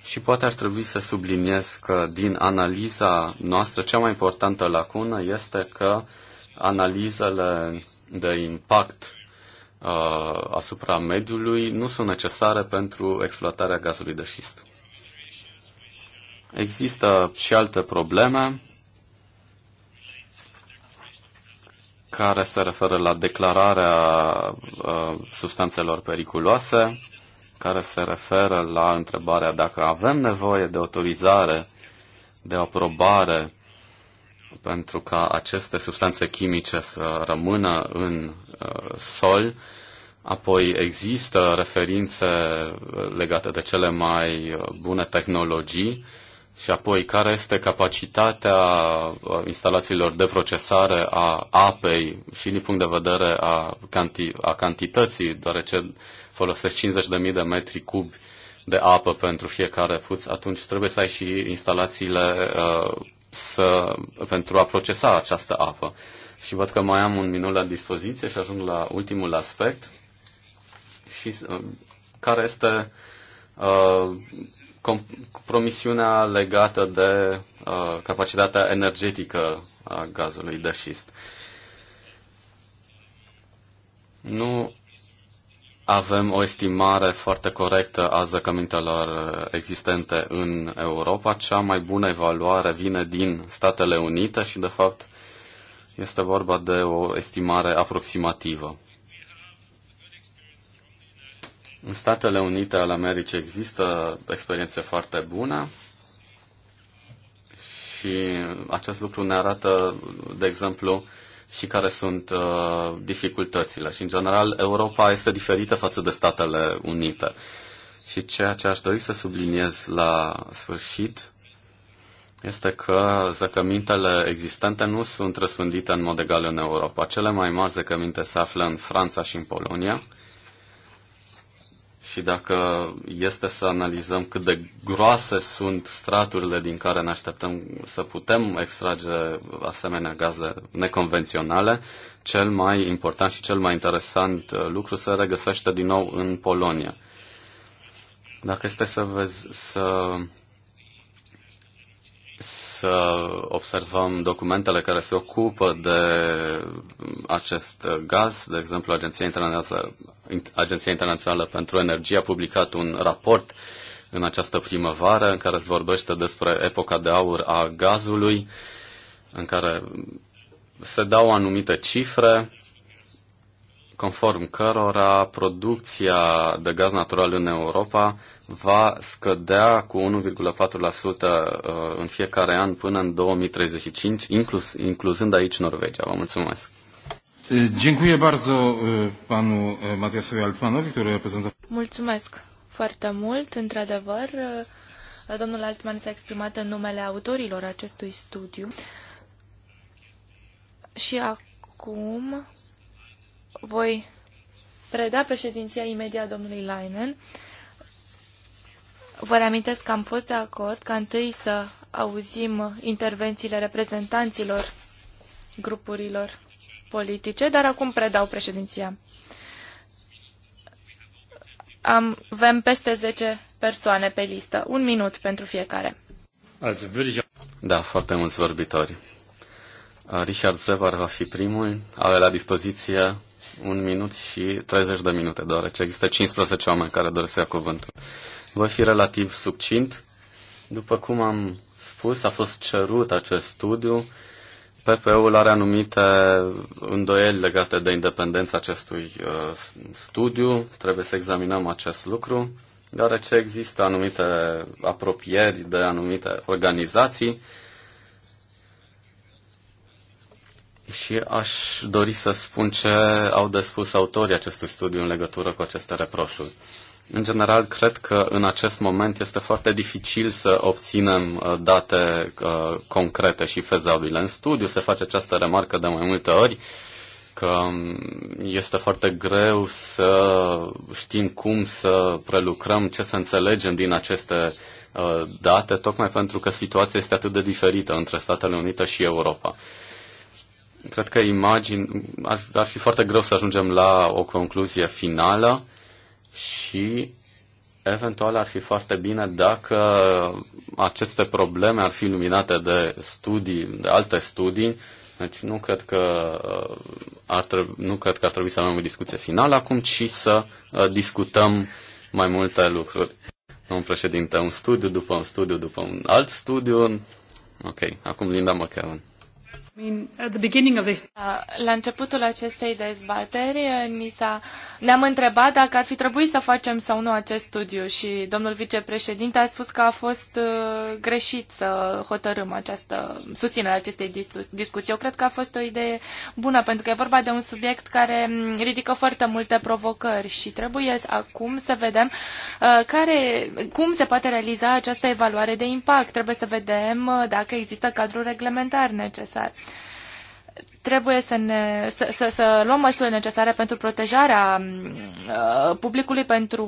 Speaker 1: și poate ar trebui să subliniez că din analiza noastră cea mai importantă lacună este că analizele de impact uh, asupra mediului nu sunt necesare pentru exploatarea gazului de șist. Există și alte probleme care se referă la declararea uh, substanțelor periculoase, care se referă la întrebarea dacă avem nevoie de autorizare, de aprobare pentru ca aceste substanțe chimice să rămână în sol, apoi există referințe legate de cele mai bune tehnologii și apoi care este capacitatea uh, instalațiilor de procesare a apei și din punct de vedere a, canti- a cantității, deoarece folosesc 50.000 de metri cubi de apă pentru fiecare puț, atunci trebuie să ai și instalațiile uh, să, pentru a procesa această apă. Și văd că mai am un minut la dispoziție și ajung la ultimul aspect, și, uh, care este uh, promisiunea legată de uh, capacitatea energetică a gazului de șist. Nu avem o estimare foarte corectă a zăcămintelor existente în Europa. Cea mai bună evaluare vine din Statele Unite și, de fapt, este vorba de o estimare aproximativă. În Statele Unite ale Americii există experiențe foarte bune și acest lucru ne arată, de exemplu, și care sunt uh, dificultățile. Și, în general, Europa este diferită față de Statele Unite. Și ceea ce aș dori să subliniez la sfârșit este că zăcămintele existente nu sunt răspândite în mod egal în Europa. Cele mai mari zăcăminte se află în Franța și în Polonia. Și dacă este să analizăm cât de groase sunt straturile din care ne așteptăm să putem extrage asemenea gaze neconvenționale, cel mai important și cel mai interesant uh, lucru se regăsește din nou în Polonia. Dacă este să, vezi, să să observăm documentele care se ocupă de acest gaz. De exemplu, Agenția Internațională, Agenția Internațională pentru Energie a publicat un raport în această primăvară în care se vorbește despre epoca de aur a gazului, în care se dau anumite cifre conform cărora producția de gaz natural în Europa va scădea cu 1,4% uh, în fiecare an până în 2035, inclus, incluzând aici Norvegia. Vă mulțumesc!
Speaker 2: Dziękuję bardzo panu Matiasowi Altmanowi, który reprezentă...
Speaker 4: Mulțumesc foarte mult, într-adevăr. Domnul Altman s-a exprimat în numele autorilor acestui studiu. Și acum voi preda președinția imediat domnului Leinen Vă reamintesc că am fost de acord ca întâi să auzim intervențiile reprezentanților grupurilor politice, dar acum predau președinția. Am, avem peste 10 persoane pe listă. Un minut pentru fiecare.
Speaker 1: Da, foarte mulți vorbitori. Uh, Richard Zevar va fi primul. Are la dispoziție un minut și 30 de minute, deoarece există 15 oameni care doresc să ia cuvântul. Voi fi relativ succint. După cum am spus, a fost cerut acest studiu. ppu ul are anumite îndoieli legate de independența acestui uh, studiu. Trebuie să examinăm acest lucru, deoarece există anumite apropieri de anumite organizații Și aș dori să spun ce au de spus autorii acestui studiu în legătură cu aceste reproșuri. În general, cred că în acest moment este foarte dificil să obținem uh, date uh, concrete și fezabile. În studiu se face această remarcă de mai multe ori că um, este foarte greu să știm cum să prelucrăm, ce să înțelegem din aceste uh, date, tocmai pentru că situația este atât de diferită între Statele Unite și Europa. Cred că imagini, ar, ar fi foarte greu să ajungem la o concluzie finală și eventual ar fi foarte bine dacă aceste probleme ar fi luminate de studii, de alte studii, deci nu cred că uh, ar trebui, nu cred că ar trebui să avem o discuție finală acum, ci să uh, discutăm mai multe lucruri. Domnul președinte, un studiu după un studiu după un alt studiu. Ok, acum Linda McKellen.
Speaker 4: La începutul acestei dezbateri ni s-a, ne-am întrebat dacă ar fi trebuit să facem sau nu acest studiu și domnul vicepreședinte a spus că a fost uh, greșit să hotărâm această susținere acestei discuții. Eu cred că a fost o idee bună pentru că e vorba de un subiect care mm, ridică foarte multe provocări și trebuie acum să vedem uh, care, cum se poate realiza această evaluare de impact. Trebuie să vedem uh, dacă există cadrul reglementar necesar trebuie să, ne, să, să, să luăm măsurile necesare pentru protejarea mm, uh, publicului, pentru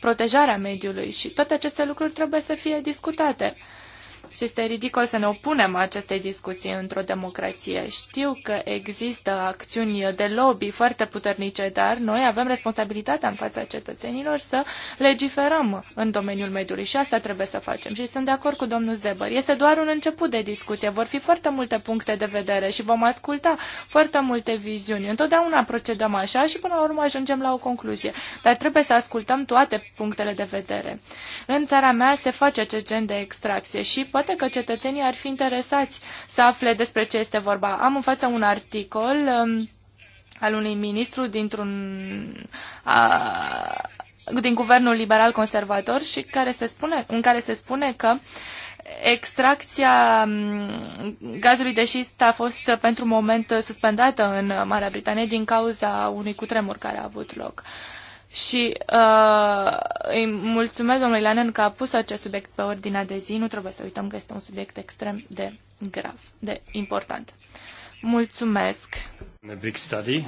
Speaker 4: protejarea mediului și toate aceste lucruri trebuie să fie discutate. Uh, și este ridicol să ne opunem acestei discuții într-o democrație. Știu că există acțiuni de lobby foarte puternice, dar noi avem responsabilitatea în fața cetățenilor să legiferăm în domeniul mediului și asta trebuie să facem. Și sunt de acord cu domnul Zeber. Este doar un început de discuție. Vor fi foarte multe puncte de vedere și vom asculta foarte multe viziuni. Întotdeauna procedăm așa și până la urmă ajungem la o concluzie. Dar trebuie să ascultăm toate punctele de vedere. În țara mea se face acest gen de extracție și poate că cetățenii ar fi interesați să afle despre ce este vorba. Am în față un articol um, al unui ministru dintr-un din guvernul liberal conservator și care se spune, în care se spune că extracția um, gazului de șist a fost pentru moment suspendată în Marea Britanie din cauza unui cutremur care a avut loc. Uh, și uh, îi mulțumesc domnului Lanen că a pus acest subiect pe ordinea de zi. Nu trebuie să uităm că este un subiect extrem de grav, de important. Mulțumesc!
Speaker 2: Big study. Uh,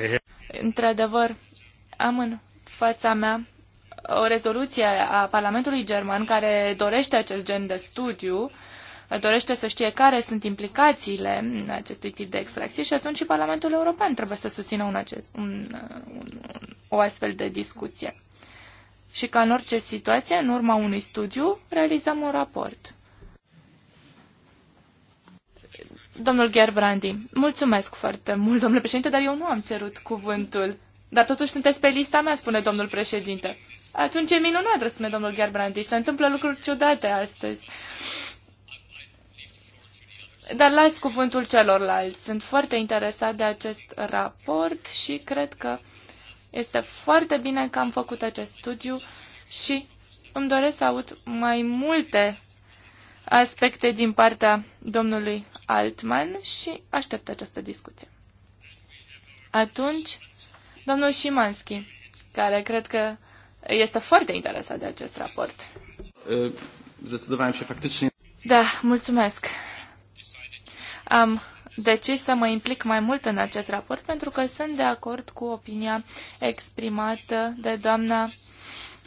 Speaker 2: I have...
Speaker 4: Într-adevăr, am în fața mea o rezoluție a Parlamentului German care dorește acest gen de studiu dorește să știe care sunt implicațiile acestui tip de extracție și atunci și Parlamentul European trebuie să susțină un acest, un, un, o astfel de discuție. Și ca în orice situație, în urma unui studiu, realizăm un raport. Domnul Gerbrandi, mulțumesc foarte mult, domnule președinte, dar eu nu am cerut cuvântul. Dar totuși sunteți pe lista mea, spune domnul președinte. Atunci e minunat, răspunde domnul Gerbrandi. Se întâmplă lucruri ciudate astăzi. Dar las cuvântul celorlalți. Sunt foarte interesat de acest raport și cred că este foarte bine că am făcut acest studiu și îmi doresc să aud mai multe aspecte din partea domnului Altman și aștept această discuție. Atunci, domnul Șimanski, care cred că este foarte interesat de acest raport. Da, mulțumesc am decis să mă implic mai mult în acest raport pentru că sunt de acord cu opinia exprimată de doamna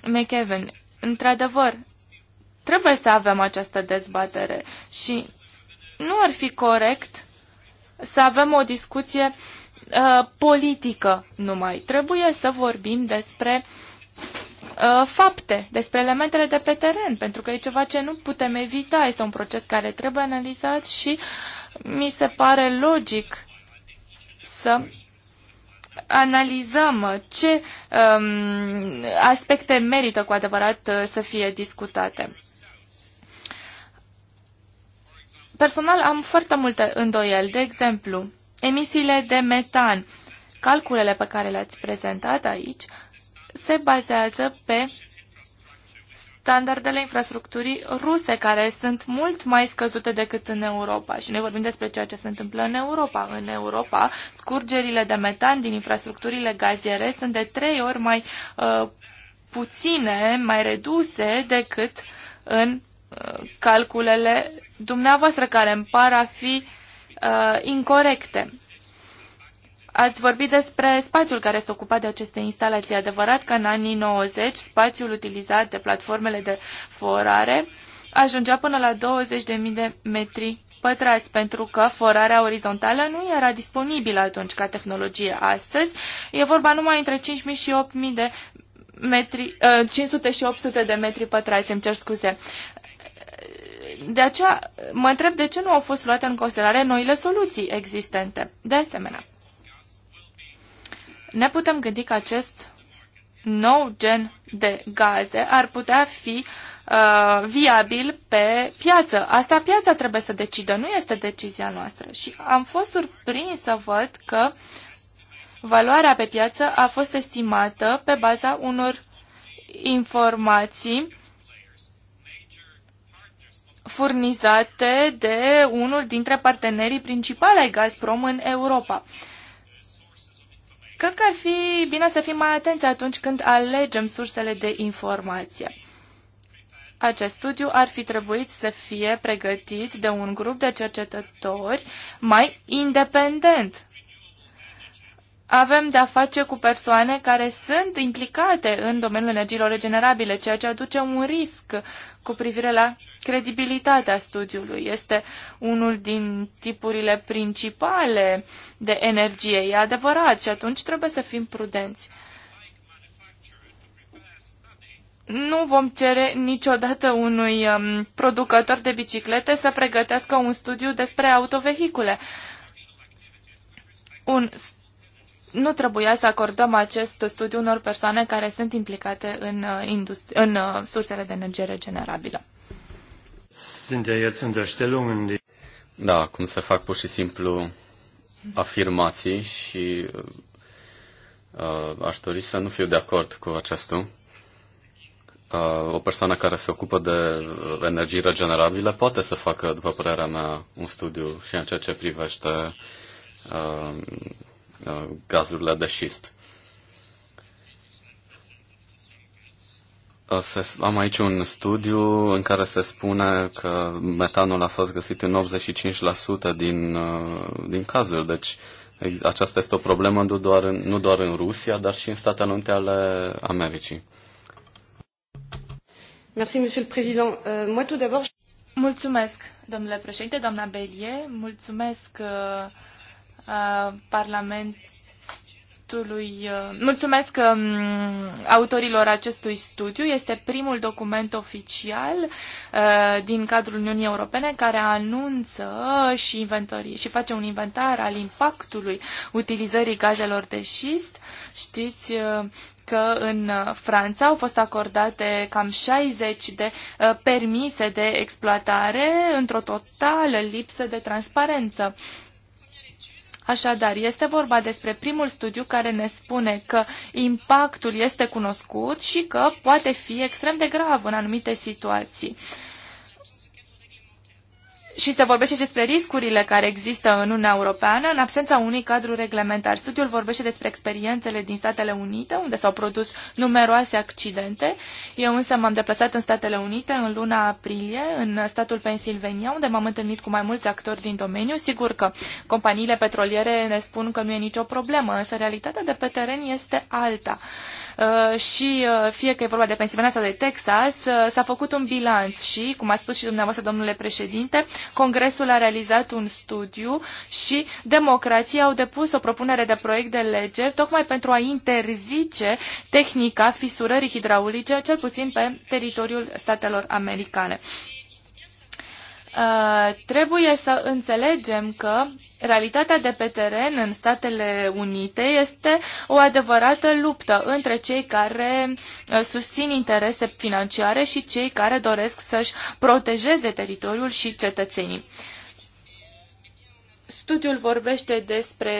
Speaker 4: McEwen. Într-adevăr, trebuie să avem această dezbatere și nu ar fi corect să avem o discuție uh, politică numai. Trebuie să vorbim despre uh, fapte, despre elementele de pe teren, pentru că e ceva ce nu putem evita, este un proces care trebuie analizat și uh, mi se pare logic să analizăm ce um, aspecte merită cu adevărat uh, să fie discutate. Personal am foarte multe îndoieli, de exemplu, emisiile de metan. Calculele pe care le-ați prezentat aici se bazează pe standardele infrastructurii ruse, care sunt mult mai scăzute decât în Europa. Și noi vorbim despre ceea ce se întâmplă în Europa. În Europa, scurgerile de metan din infrastructurile gaziere sunt de trei ori mai uh, puține, mai reduse decât în uh, calculele dumneavoastră, care îmi par a fi uh, incorrecte. Ați vorbit despre spațiul care este ocupat de aceste instalații. Adevărat că în anii 90 spațiul utilizat de platformele de forare ajungea până la 20.000 de metri pătrați, pentru că forarea orizontală nu era disponibilă atunci ca tehnologie. Astăzi e vorba numai între 5.000 și 8.000 de metri, 500 uh, și 800 de metri pătrați, îmi cer scuze. De aceea mă întreb de ce nu au fost luate în considerare noile soluții existente. De asemenea, ne putem gândi că acest nou gen de gaze ar putea fi uh, viabil pe piață. Asta piața trebuie să decidă, nu este decizia noastră. Și am fost surprins să văd că valoarea pe piață a fost estimată pe baza unor informații furnizate de unul dintre partenerii principali ai Gazprom în Europa. Uh, Cred că ar fi bine să fim mai atenți atunci când alegem sursele de informație. Acest studiu ar fi trebuit să fie pregătit de un grup de cercetători mai independent avem de-a face cu persoane care sunt implicate în domeniul energiilor regenerabile, ceea ce aduce un risc cu privire la credibilitatea studiului. Este unul din tipurile principale de energie, e adevărat, și atunci trebuie să fim prudenți. Nu vom cere niciodată unui um, producător de biciclete să pregătească un studiu despre autovehicule. Un nu trebuia să acordăm acest studiu unor persoane care sunt implicate în, uh, în uh, sursele de energie regenerabilă.
Speaker 1: Da, cum se fac pur și simplu afirmații și uh, aș dori să nu fiu de acord cu acestul. Uh, o persoană care se ocupă de energii regenerabile poate să facă, după părerea mea, un studiu și în ceea ce privește uh, Uh, gazurile de șist. Uh, am aici un studiu în care se spune că metanul a fost găsit în 85% din, uh, din cazuri. Deci aceasta este o problemă nu doar, în, nu doar în Rusia, dar și în Statele Unite ale Americii.
Speaker 4: Merci, Monsieur le Président. Uh, moi, tout d'abord... Mulțumesc, domnule președinte, doamna Belie. Mulțumesc uh, Parlamentului. Mulțumesc autorilor acestui studiu. Este primul document oficial din cadrul Uniunii Europene care anunță și, inventori, și face un inventar al impactului utilizării gazelor de șist. Știți, că în Franța au fost acordate cam 60 de permise de exploatare într-o totală lipsă de transparență. Așadar, este vorba despre primul studiu care ne spune că impactul este cunoscut și că poate fi extrem de grav în anumite situații și se vorbește despre riscurile care există în Uniunea Europeană în absența unui cadru reglementar. Studiul vorbește despre experiențele din Statele Unite, unde s-au produs numeroase accidente. Eu însă m-am deplasat în Statele Unite în luna aprilie, în statul Pennsylvania, unde m-am întâlnit cu mai mulți actori din domeniu. Sigur că companiile petroliere ne spun că nu e nicio problemă, însă realitatea de pe teren este alta. Uh, Uh, și uh, fie că e vorba de pensiunea sau de Texas, uh, s-a făcut un bilanț și, cum a spus și dumneavoastră, domnule președinte, Congresul a realizat un studiu și democrații au depus o propunere de proiect de lege tocmai pentru a interzice tehnica fisurării hidraulice, cel puțin pe teritoriul statelor americane. Uh, trebuie să înțelegem că realitatea de pe teren în Statele Unite este o adevărată luptă între cei care uh, susțin interese financiare și cei care doresc să-și protejeze teritoriul și cetățenii. Studiul vorbește despre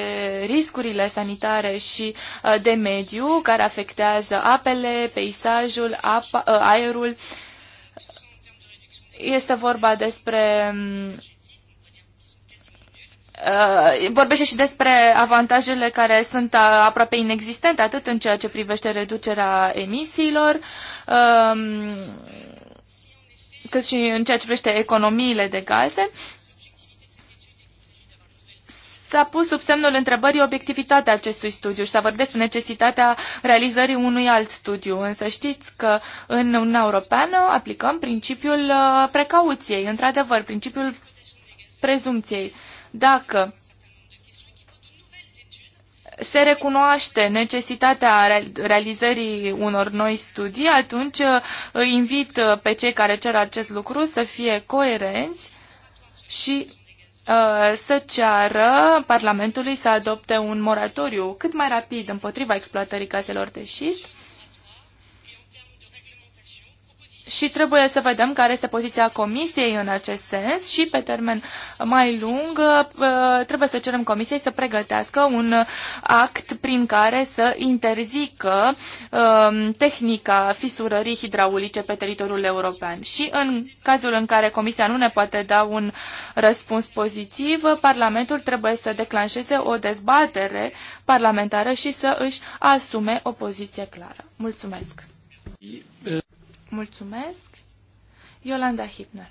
Speaker 4: riscurile sanitare și uh, de mediu care afectează apele, peisajul, apa, uh, aerul. Este vorba despre mm, Uh, vorbește și despre avantajele care sunt aproape inexistente, atât în ceea ce privește reducerea emisiilor, um, cât și în ceea ce privește economiile de gaze. S-a pus sub semnul întrebării obiectivitatea acestui studiu și s-a vorbit despre necesitatea realizării unui alt studiu. Însă știți că în Uniunea Europeană aplicăm principiul uh, precauției, într-adevăr, principiul prezumției. Uh, dacă se recunoaște necesitatea realizării unor noi studii, atunci uh, îi invit uh, pe cei care cer acest lucru să fie coerenți și uh, să ceară Parlamentului să adopte un moratoriu cât mai rapid împotriva exploatării caselor de șist și trebuie să vedem care este poziția Comisiei în acest sens și pe termen mai lung uh, trebuie să cerem Comisiei să pregătească un act prin care să interzică um, tehnica fisurării hidraulice pe teritoriul european. Și în cazul în care Comisia nu ne poate da un răspuns pozitiv, Parlamentul trebuie să declanșeze o dezbatere parlamentară și să își asume o poziție clară. Mulțumesc! Mulțumesc. Jolanda Hipner.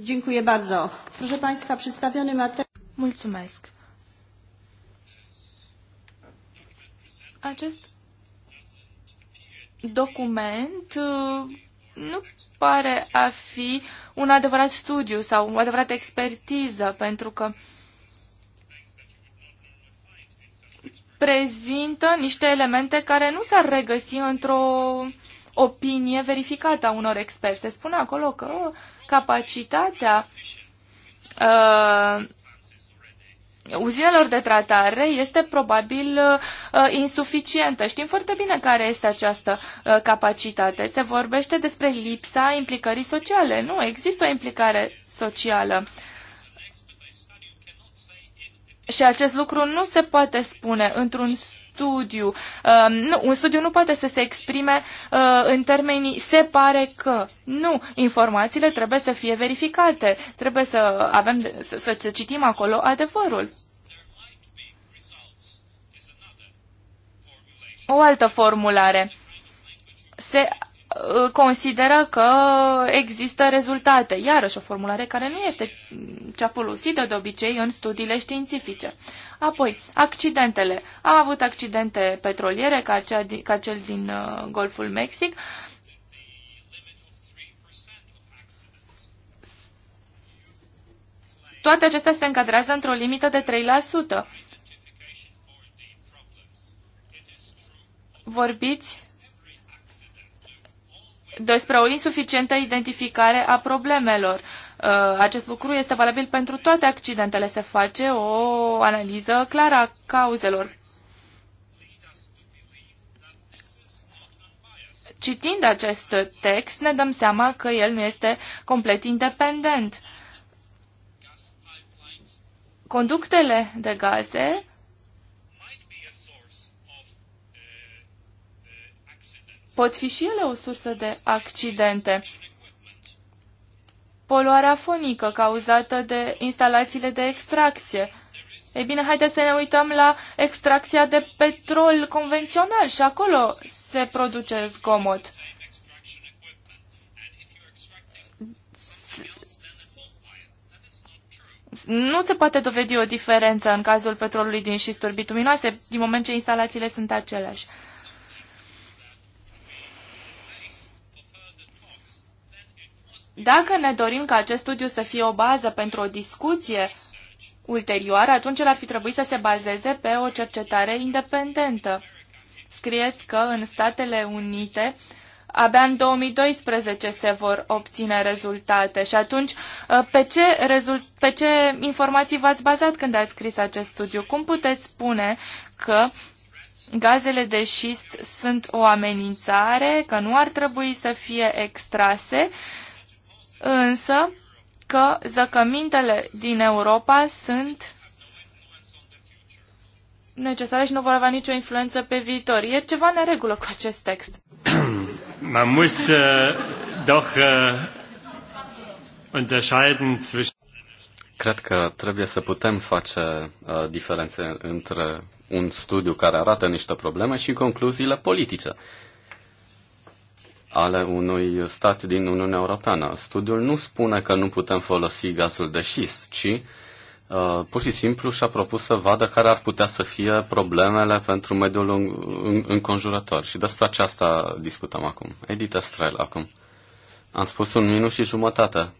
Speaker 4: Dziękuję bardzo. Proszę Państwa, przedstawiony materiał... Mulțumesc. Acest document uh, nu pare a fi un adevărat studiu sau o adevărată expertiză, pentru că prezintă niște elemente care nu s-ar regăsi într-o opinie verificată a unor experți. Se spune acolo că capacitatea uh, uzinelor de tratare este probabil uh, insuficientă. Știm foarte bine care este această uh, capacitate. Se vorbește despre lipsa implicării sociale. Nu există o implicare socială. Și acest lucru nu se poate spune într-un studiu. Um, nu, un studiu nu poate să se exprime uh, în termenii se pare că. Nu, informațiile trebuie să fie verificate, trebuie să, avem, să, să citim acolo adevărul. O altă formulare. Se Uh, consideră că există rezultate. Iarăși o formulare care nu este cea folosită de obicei în studiile științifice. Apoi, accidentele. Am avut accidente petroliere ca, cea, ca cel din uh, Golful Mexic. Toate acestea se încadrează într-o limită de 3%. Vorbiți despre o insuficientă identificare a problemelor. Uh, acest lucru este valabil pentru toate accidentele. Se face o analiză clară a cauzelor. Citind acest text, ne dăm seama că el nu este complet independent. Conductele de gaze pot fi și ele o sursă de accidente. Poluarea fonică cauzată de instalațiile de extracție. Ei bine, haideți să ne uităm la extracția de petrol convențional și acolo se produce zgomot. Nu se poate dovedi o diferență în cazul petrolului din șisturi bituminoase, din moment ce instalațiile sunt aceleași. Dacă ne dorim ca acest studiu să fie o bază pentru o discuție ulterioară, atunci el ar fi trebuit să se bazeze pe o cercetare independentă. Scrieți că în Statele Unite abia în 2012 se vor obține rezultate și atunci ă, pe ce, rezult, pe ce informații v-ați bazat când ați scris acest studiu? Cum puteți spune că gazele de șist sunt o amenințare, că nu ar trebui să fie extrase însă că zăcămintele din Europa sunt necesare și nu vor avea nicio influență pe viitor. E ceva neregulă regulă cu acest text.
Speaker 2: (clears throat) Man muss äh, doch äh, unterscheiden zwischen
Speaker 1: Cred că trebuie să putem face uh, diferențe între un studiu care arată niște probleme și concluziile politice ale unui stat din Uniunea Europeană. Studiul nu spune că nu putem folosi gazul de șist, ci uh, pur și simplu și-a propus să vadă care ar putea să fie problemele pentru mediul înconjurător. Și despre aceasta discutăm acum. Edita Strel acum. Am spus un minut și jumătate.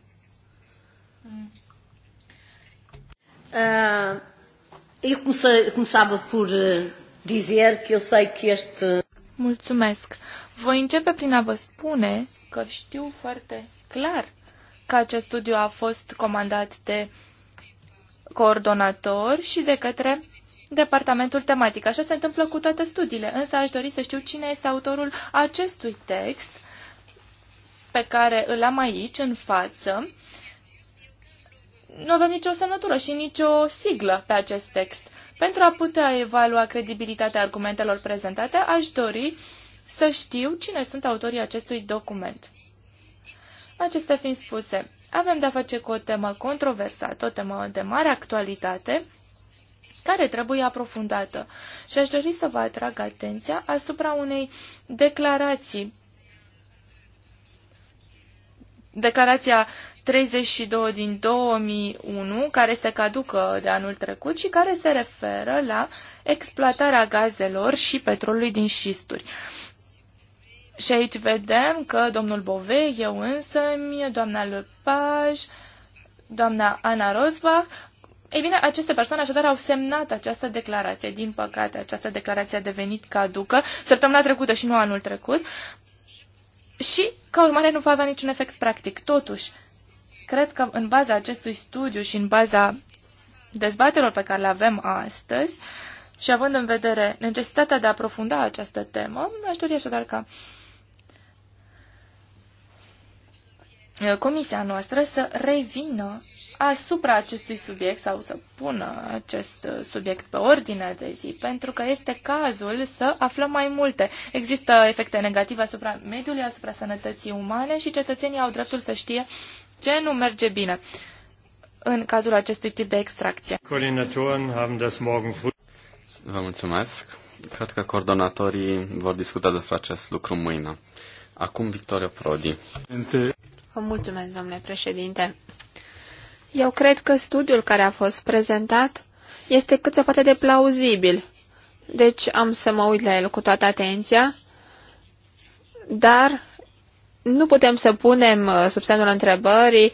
Speaker 2: Uh, eu comecei,
Speaker 4: começava por dizer que eu sei que este... Uh, Mulțumesc. Voi începe prin a vă spune că știu foarte clar că acest studiu a fost comandat de coordonator și de către departamentul tematic. Așa se întâmplă cu toate studiile, însă aș dori să știu cine este autorul acestui text pe care îl am aici, în față. Nu avem nicio semnătură și nicio siglă pe acest text. Pentru a putea evalua credibilitatea argumentelor prezentate, aș dori să știu cine sunt autorii acestui document. Acestea fiind spuse, avem de-a face cu o temă controversată, o temă de mare actualitate, care trebuie aprofundată. Și aș dori să vă atrag atenția asupra unei declarații. Declarația 32 din 2001, care este caducă de anul trecut și care se referă la exploatarea gazelor și petrolului din șisturi. Și aici vedem că domnul Bove, eu însă, doamna Lepaj, doamna Ana Rosbach, ei bine, aceste persoane așadar au semnat această declarație. Din păcate, această declarație a devenit caducă săptămâna trecută și nu anul trecut și, ca urmare, nu va avea niciun efect practic. Totuși, cred că în baza acestui studiu și în baza dezbaterilor pe care le avem astăzi și având în vedere necesitatea de a aprofunda această temă, aș dori așadar ca Uh, comisia noastră să revină asupra acestui subiect sau să pună acest uh, subiect pe ordinea de zi, pentru că este cazul să aflăm mai multe. Există efecte negative asupra mediului, asupra sănătății umane și cetățenii au dreptul să știe ce nu merge bine în cazul acestui tip de extracție.
Speaker 1: Vă mulțumesc. Cred că coordonatorii vor discuta despre acest lucru mâine. Acum Victoria Prodi
Speaker 3: mulțumesc, domnule președinte. Eu cred că studiul care a fost prezentat este cât se poate de plauzibil. Deci am să mă uit la el cu toată atenția, dar nu putem să punem uh, sub semnul întrebării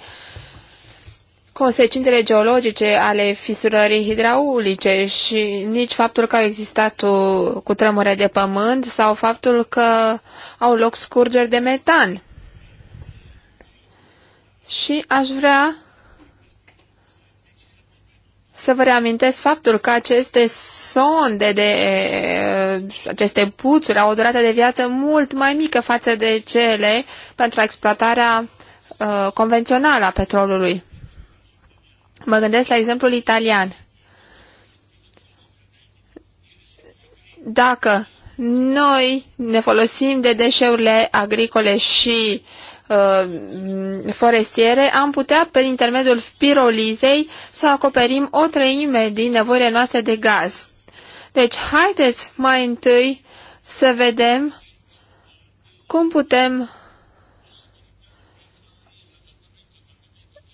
Speaker 3: consecințele geologice ale fisurării hidraulice și nici faptul că au existat uh, cu tremure de pământ sau faptul că au loc scurgeri de metan. Și aș vrea să vă reamintesc faptul că aceste sonde, de, aceste puțuri au o durată de viață mult mai mică față de cele pentru exploatarea uh, convențională a petrolului. Mă gândesc la exemplul italian. Dacă noi ne folosim de deșeurile agricole și Uh, forestiere, am putea, prin intermediul pirolizei, să acoperim o treime din nevoile noastre de gaz. Deci, haideți mai întâi să vedem cum putem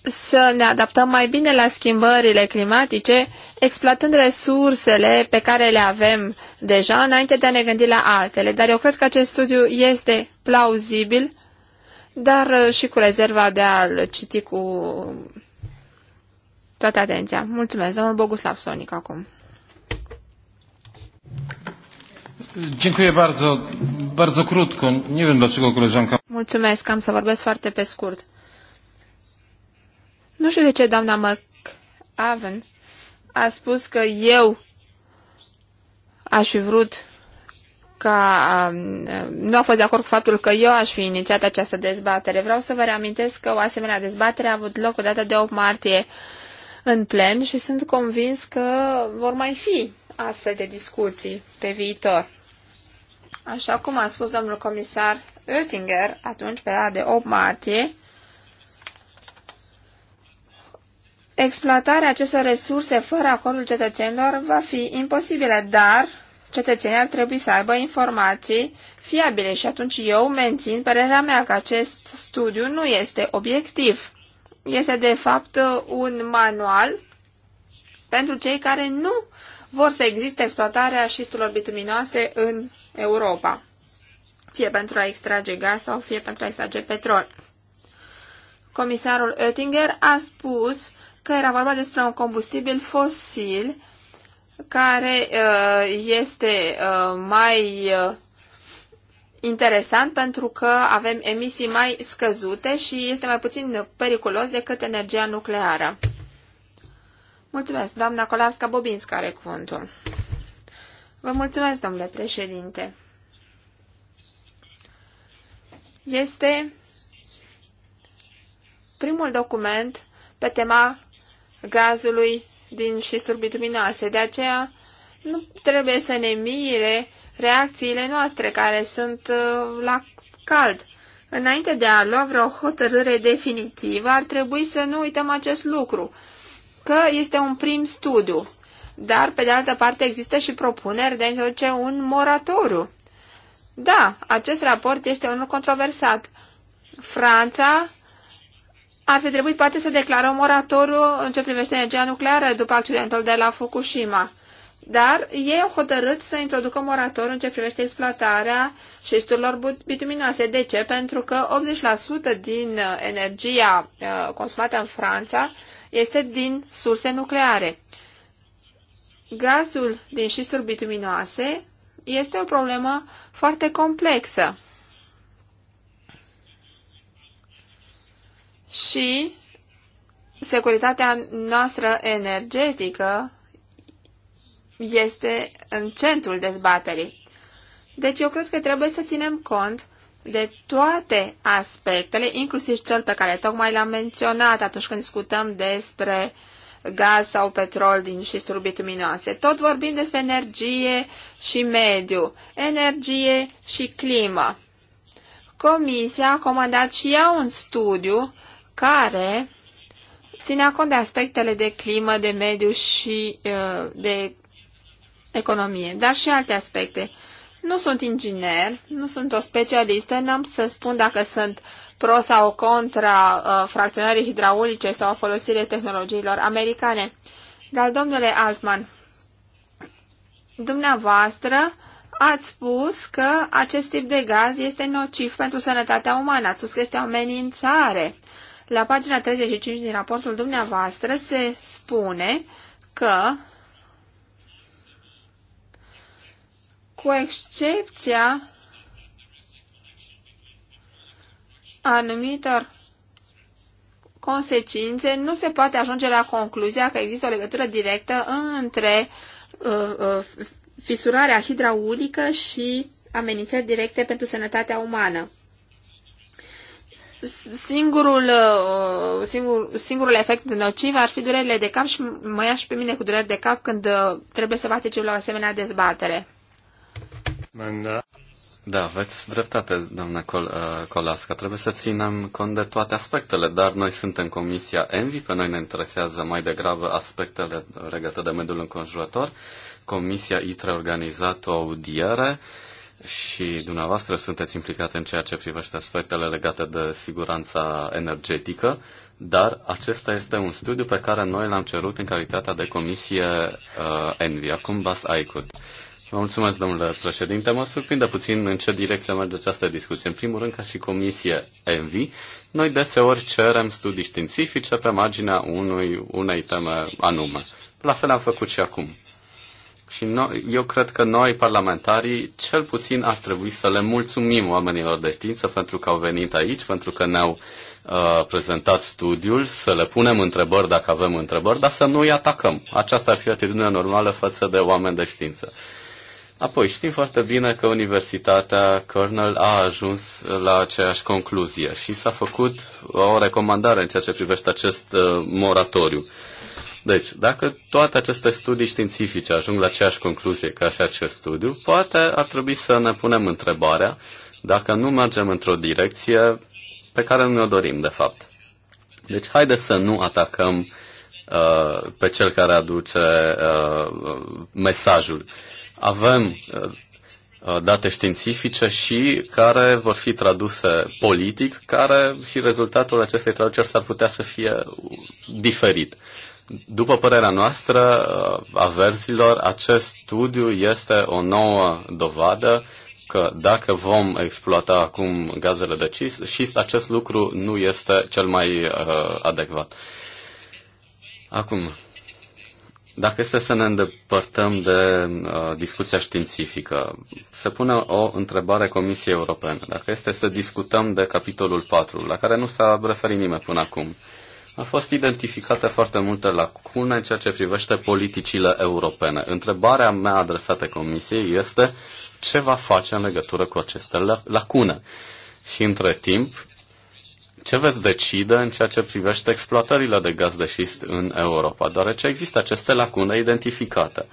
Speaker 3: să ne adaptăm mai bine la schimbările climatice, exploatând resursele pe care le avem deja, înainte de a ne gândi la altele. Dar eu cred că acest studiu este plauzibil dar uh, și cu rezerva de a-l citi cu toată atenția. Mulțumesc, domnul Boguslav Sonic, acum.
Speaker 2: Dziękuję bardzo, bardzo krótko. Nie wiem dlaczego koleżanka...
Speaker 3: Mulțumesc, am să vorbesc foarte pe scurt. Nu știu de ce doamna McAven a spus că eu aș fi vrut că um, nu a fost de acord cu faptul că eu aș fi inițiat această dezbatere. Vreau să vă reamintesc că o asemenea dezbatere a avut loc odată de 8 martie în plen și sunt convins că vor mai fi astfel de discuții pe viitor. Așa cum a spus domnul comisar Oettinger atunci pe data de 8 martie, exploatarea acestor resurse fără acordul cetățenilor va fi imposibilă, dar cetățenii ar trebui să aibă informații fiabile și atunci eu mențin părerea mea că acest studiu nu este obiectiv. Este de fapt un manual pentru cei care nu vor să existe exploatarea șisturilor bituminoase în Europa, fie pentru a extrage gaz sau fie pentru a extrage petrol. Comisarul Oettinger a spus că era vorba despre un combustibil fosil care uh, este uh, mai uh, interesant pentru că avem emisii mai scăzute și este mai puțin periculos decât energia nucleară. Mulțumesc, doamna Colarska bobinska are cuvântul. Vă mulțumesc, domnule președinte. Este primul document pe tema gazului din și surbituminoase. De aceea nu trebuie să ne mire reacțiile noastre care sunt uh, la cald. Înainte de a lua vreo hotărâre definitivă, ar trebui să nu uităm acest lucru, că este un prim studiu. Dar, pe de altă parte, există și propuneri de a introduce un moratoriu. Da, acest raport este unul controversat. Franța ar fi trebuit poate să un moratoriu în ce privește energia nucleară după accidentul de la Fukushima. Dar ei au hotărât să introducă moratoriu în ce privește exploatarea șisturilor bituminoase. De ce? Pentru că 80% din uh, energia uh, consumată în Franța este din surse nucleare. Gazul din șisturi bituminoase este o problemă foarte complexă. și securitatea noastră energetică este în centrul dezbaterii. Deci eu cred că trebuie să ținem cont de toate aspectele, inclusiv cel pe care tocmai l-am menționat atunci când discutăm despre gaz sau petrol din șisturi bituminoase. Tot vorbim despre energie și mediu, energie și climă. Comisia a comandat și ea un studiu care ținea cont de aspectele de climă, de mediu și uh, de economie, dar și alte aspecte. Nu sunt inginer, nu sunt o specialistă, n-am să spun dacă sunt pro sau contra uh, fracționării hidraulice sau a folosirii tehnologiilor americane. Dar, domnule Altman, dumneavoastră ați spus că acest tip de gaz este nociv pentru sănătatea umană, ați spus că este o amenințare la pagina 35 din raportul dumneavoastră se spune că cu excepția anumitor consecințe, nu se poate ajunge la concluzia că există o legătură directă între uh, uh, fisurarea hidraulică și amenințări directe pentru sănătatea umană singurul, uh, singur, singurul efect nociv ar fi durerile de cap și mă ia și pe mine cu dureri de cap când uh, trebuie să ceva la o asemenea dezbatere.
Speaker 1: Da, aveți dreptate, doamna Col- uh, Colasca. Trebuie să ținem cont de toate aspectele, dar noi suntem Comisia Envi, pe noi ne interesează mai degrabă aspectele legate de mediul înconjurător. Comisia ITRE a organizat o audiere uh, și dumneavoastră sunteți implicate în ceea ce privește aspectele legate de siguranța energetică, dar acesta este un studiu pe care noi l-am cerut în calitatea de comisie uh, Envy, acum Bas Aicut. Vă mulțumesc, domnule președinte. Mă surprinde puțin în ce direcție merge această discuție. În primul rând, ca și comisie ENVI, noi deseori cerem studii științifice pe marginea unui, unei teme anume. La fel am făcut și acum. Și noi, eu cred că noi, parlamentarii, cel puțin ar trebui să le mulțumim oamenilor de știință pentru că au venit aici, pentru că ne-au uh, prezentat studiul, să le punem întrebări dacă avem întrebări, dar să nu îi atacăm. Aceasta ar fi atitudinea normală față de oameni de știință. Apoi, știm foarte bine că Universitatea Cornell a ajuns la aceeași concluzie și s-a făcut o recomandare în ceea ce privește acest uh, moratoriu. Uh, deci, dacă toate aceste studii științifice ajung la aceeași concluzie ca și acest studiu, poate ar trebui să ne punem întrebarea dacă nu mergem într-o direcție pe care nu ne-o dorim, de fapt. Deci, haideți să nu atacăm uh, pe cel care aduce uh, mesajul. Avem uh, date științifice și care vor fi traduse politic, care și rezultatul acestei traduceri s-ar putea să fie diferit. După părerea noastră, a verzilor, acest studiu este o nouă dovadă că dacă vom exploata acum gazele de cist, șist, acest lucru nu este cel mai uh, adecvat. Acum, dacă este să ne îndepărtăm de uh, discuția științifică, se pune o întrebare Comisiei Europene. Dacă este să discutăm de capitolul 4, la care nu s-a referit nimeni până acum, uh, a fost identificate foarte multe lacune în ceea ce privește politicile europene. Întrebarea mea adresată Comisiei este ce va face în legătură cu aceste lacune. Și între timp, ce veți decide în ceea ce privește exploatările de gaz de șist în Europa, deoarece există aceste lacune identificate.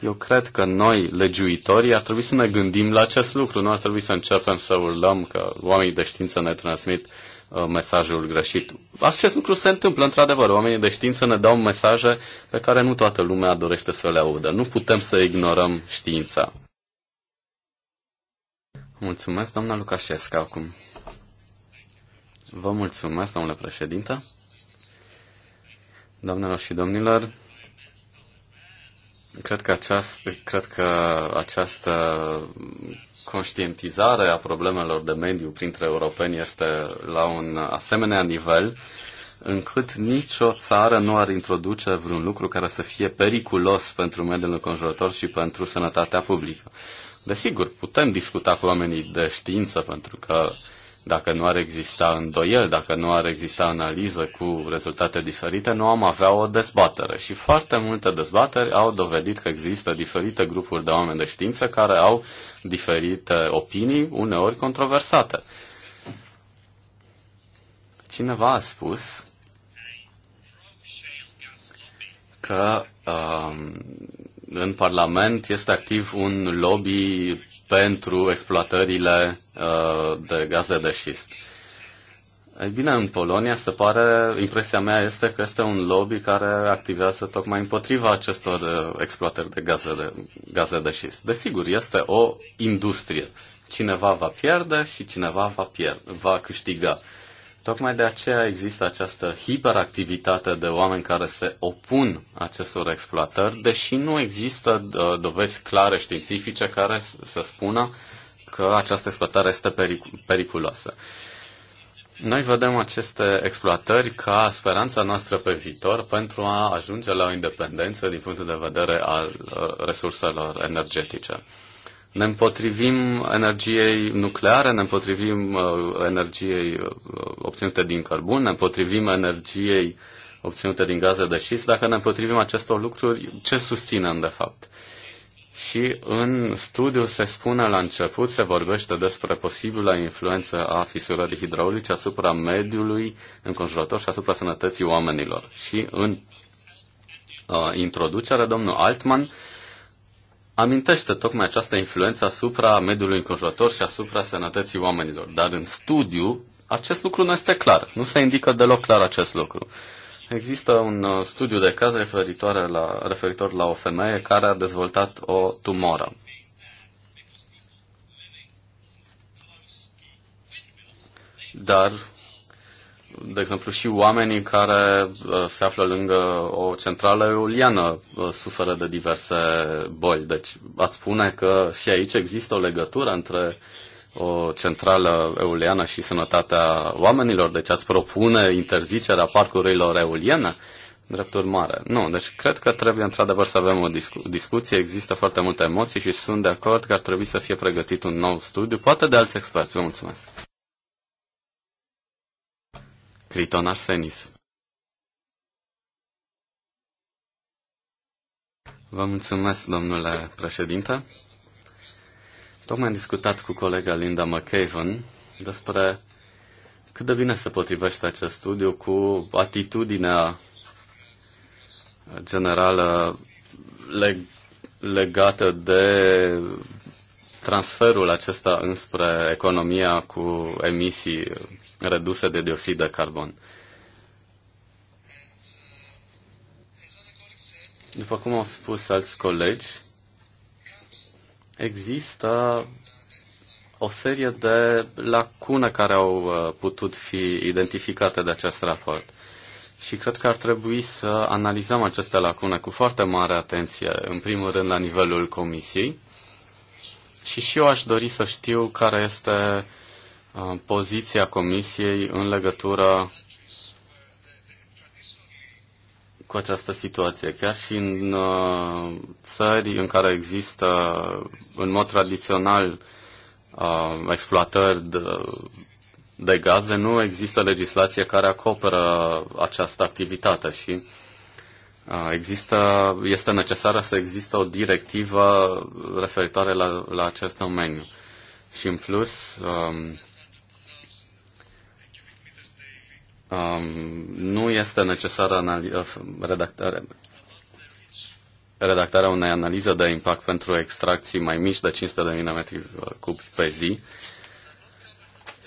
Speaker 1: Eu cred că noi, legiuitorii, ar trebui să ne gândim la acest lucru. Nu ar trebui să începem să urlăm că oamenii de știință ne transmit uh, Uh, mesajul greșit. Acest lucru se întâmplă, într-adevăr. Oamenii de știință ne dau mesaje pe care nu toată lumea dorește să le audă. Nu putem să ignorăm știința. Mulțumesc, doamna Lucașescu, acum. Vă mulțumesc, domnule președinte. Doamnelor și domnilor, Cred că, această, cred că această conștientizare a problemelor de mediu printre europeni este la un asemenea nivel încât nicio țară nu ar introduce vreun lucru care să fie periculos pentru mediul înconjurător și pentru sănătatea publică. Desigur, putem discuta cu oamenii de știință pentru că uh, dacă nu ar exista îndoiel, dacă nu ar exista analiză cu rezultate diferite, nu am avea o dezbatere. Și foarte multe dezbateri au dovedit că există diferite grupuri de oameni de știință care au diferite opinii, uneori controversate. Cineva a spus că um, în Parlament este activ un lobby pentru exploatările uh, de gaze de șist. Ei bine, în Polonia se pare, impresia mea este că este un lobby care activează tocmai împotriva acestor uh, exploatări de gaze de, gaze de șist. Desigur, este o industrie. Cineva va pierde și cineva va, pierde, va câștiga. Tocmai de aceea există această hiperactivitate de oameni care se opun acestor exploatări, deși nu există uh, dovezi clare științifice care să spună că această exploatare este periculoasă. Noi vedem aceste exploatări ca speranța noastră pe viitor pentru a ajunge la o independență din punctul de vedere al uh, resurselor energetice. Ne împotrivim energiei nucleare, ne împotrivim uh, energiei uh, obținute din carbon, ne împotrivim energiei obținute din gaze de șist. Dacă ne împotrivim acestor lucruri, ce susținem de fapt? Și în studiu se spune la început, se vorbește despre posibilă influență a fisurării hidraulice asupra mediului înconjurător și asupra sănătății oamenilor. Și în uh, introducere, domnul Altman amintește tocmai această influență asupra mediului înconjurător și asupra sănătății oamenilor. Dar în studiu acest lucru nu este clar. Nu se indică deloc clar acest lucru. Există un uh, studiu de caz referitoare la, referitor la o femeie care a dezvoltat o tumoră. Dar de exemplu, și oamenii care uh, se află lângă o centrală eoliană uh, suferă de diverse boli. Deci, ați spune că și aici există o legătură între o centrală eoliană și sănătatea oamenilor? Deci ați propune interzicerea parcurilor eoliene? Drept urmare. Nu, deci cred că trebuie într-adevăr să avem o discu- discuție, există foarte multe emoții și sunt de acord că ar trebui să fie pregătit un nou studiu, poate de alți experți. Vă mulțumesc. Criton Arsenis. Vă mulțumesc, domnule președinte. Tocmai am discutat cu colega Linda McCaven despre cât de bine se potrivește acest studiu cu atitudinea generală leg- legată de transferul acesta înspre economia cu emisii redusă de dioxid de carbon. După cum au spus alți colegi, există o serie de lacune care au uh, putut fi identificate de acest raport. Și cred că ar trebui să analizăm aceste lacune cu foarte mare atenție, în primul rând la nivelul comisiei. Și și eu aș dori să știu care este Uh, poziția Comisiei în legătură cu această situație. Chiar și în uh, țări în care există în mod tradițional uh, exploatări de, de gaze, nu există legislație care acoperă această activitate și există, este necesară să există o directivă referitoare la, la acest domeniu. Și în plus, um, um, nu este necesară uh, redactarea, redactarea unei analize de impact pentru extracții mai mici de 500 de mm cubi pe zi.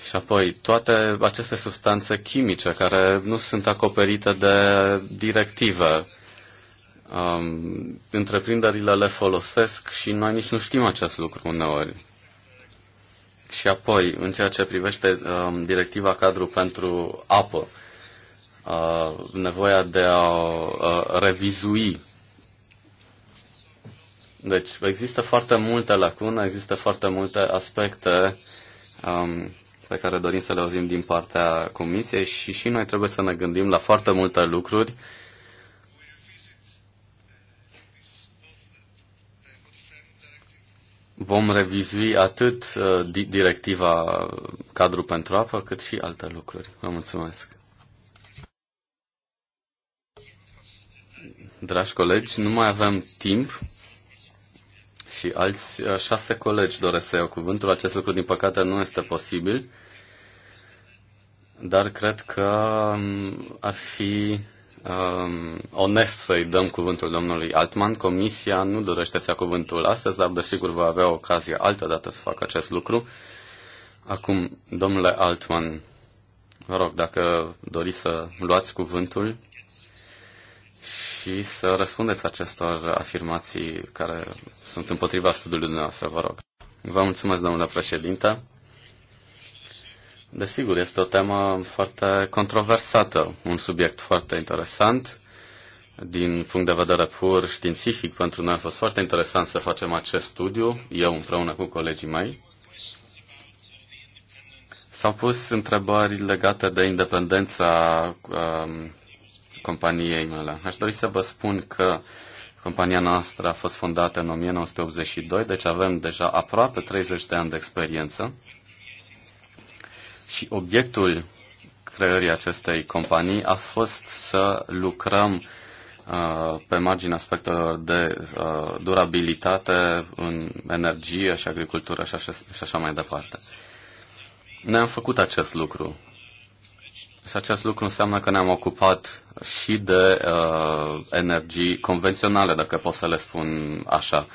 Speaker 1: Și apoi toate aceste substanțe chimice care nu sunt acoperite de directive. Um, întreprinderile le folosesc și noi nici nu știm acest lucru uneori. Și apoi, în ceea ce privește uh, directiva cadru pentru apă, uh, nevoia de a uh, revizui. Deci, există foarte multe lacune, există foarte multe aspecte um, pe care dorim să le auzim din partea Comisiei și și noi trebuie să ne gândim la foarte multe lucruri uh, vom revizui atât uh, directiva cadru pentru apă, cât și alte lucruri. Vă mulțumesc. Dragi colegi, nu mai avem timp și alți uh, șase colegi doresc să iau cuvântul. Acest lucru, din păcate, nu este posibil, dar cred că um, ar fi Um, onest să-i dăm cuvântul domnului Altman. Comisia nu dorește să ia cuvântul astăzi, dar desigur va avea ocazia altă dată să facă acest lucru. Acum, domnule Altman, vă rog, dacă doriți să luați cuvântul și să răspundeți acestor afirmații care sunt împotriva studiului dumneavoastră, vă rog. Vă mulțumesc, domnule președinte. Desigur, este o temă foarte controversată, un subiect foarte interesant. Din punct de vedere pur științific, pentru noi a fost foarte interesant să facem acest studiu, eu împreună cu colegii mei. S-au pus întrebări legate de independența um, companiei mele. Aș dori să vă spun că compania noastră a fost fondată în 1982, deci avem deja aproape 30 de ani de experiență. Și obiectul creării acestei companii a fost să lucrăm uh, pe marginea aspectelor de uh, durabilitate în energie și agricultură și așa, și așa mai departe. Ne-am făcut acest lucru. Și acest lucru înseamnă că ne-am ocupat și de uh, energii convenționale, dacă pot să le spun așa.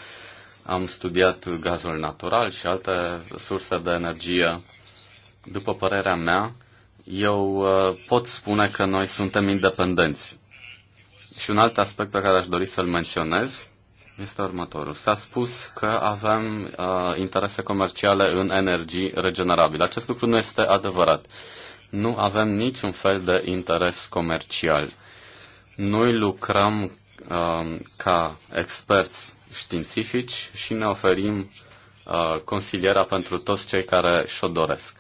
Speaker 1: Am studiat gazul natural și alte surse de energie după părerea mea, eu uh, pot spune că noi suntem independenți. Și un alt aspect pe care aș dori să-l menționez este următorul. S-a spus că avem uh, interese comerciale în energii regenerabile. Acest lucru nu este adevărat. Nu avem niciun fel de interes comercial. Noi lucrăm uh, ca experți științifici și ne oferim uh, consilierea pentru toți cei care și-o doresc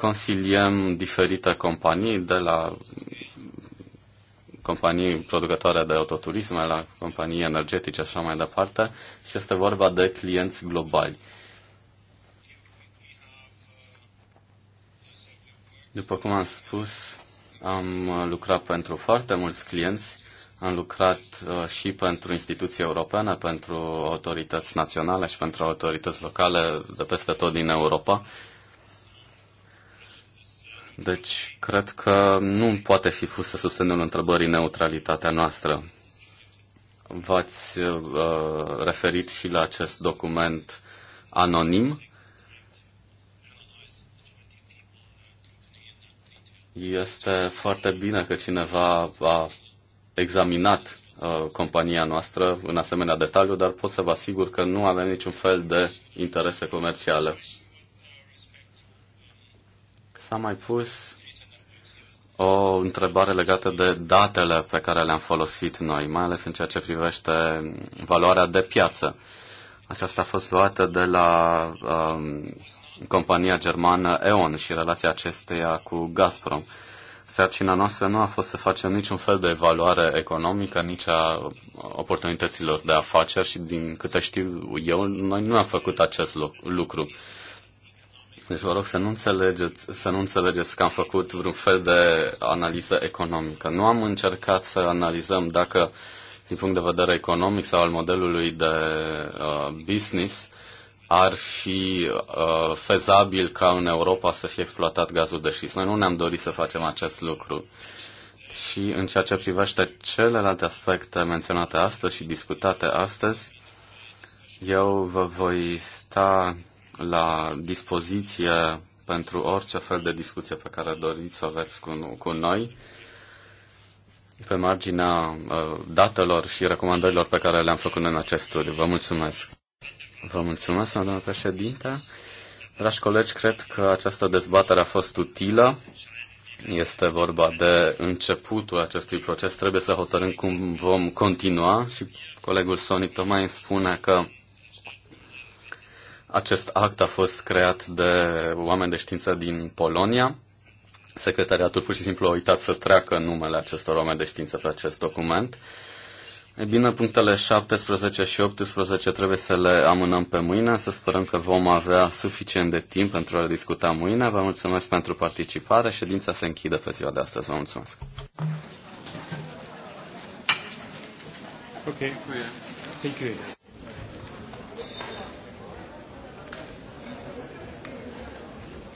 Speaker 1: consiliem diferite companii, de la companii producătoare de autoturisme, la companii energetice și așa mai departe, și este vorba de clienți globali. După cum am spus, am lucrat pentru foarte mulți clienți, am lucrat uh, și pentru instituții europene, pentru autorități naționale și pentru autorități locale de peste tot din Europa deci, cred că nu poate fi pusă sub semnul întrebării neutralitatea noastră. V-ați uh, referit și la acest document anonim. Este foarte bine că cineva a examinat uh, compania noastră în asemenea detaliu, dar pot să vă asigur că nu avem niciun fel de interese comerciale. S-a mai pus o întrebare legată de datele pe care le-am folosit noi, mai ales în ceea ce privește valoarea de piață. Aceasta a fost luată de la um, compania germană E.ON și relația acesteia cu Gazprom. Sarcina noastră nu a fost să facem niciun fel de evaluare economică, nici a oportunităților de afaceri și din câte știu eu, noi nu am făcut acest lucru. Deci vă rog să nu înțelegeți, să nu înțelegeți că am făcut vreun fel de analiză economică. Nu am încercat să analizăm dacă, din punct de vedere economic sau al modelului de uh, business, ar fi uh, fezabil ca în Europa să fie exploatat gazul de șist. Noi nu ne-am dorit să facem acest lucru. Și în ceea ce privește celelalte aspecte menționate astăzi și discutate astăzi, eu vă voi sta la dispoziție pentru orice fel de discuție pe care doriți să aveți cu, cu noi pe marginea uh, datelor și recomandărilor pe care le-am făcut în acest studiu. Vă mulțumesc! Vă mulțumesc, doamnă președinte! Dragi colegi, cred că această dezbatere a fost utilă. Este vorba de începutul acestui proces. Trebuie să hotărâm cum vom continua și colegul Sonic tocmai îmi spune că acest act a fost creat de oameni de știință din Polonia. Secretariatul pur și simplu a uitat să treacă numele acestor oameni de știință pe acest document. E bine, punctele 17 și 18 trebuie să le amânăm pe mâine, să sperăm că vom avea suficient de timp pentru a le discuta mâine. Vă mulțumesc pentru participare, ședința se închide pe ziua de astăzi. Vă mulțumesc!
Speaker 2: Okay. Thank you.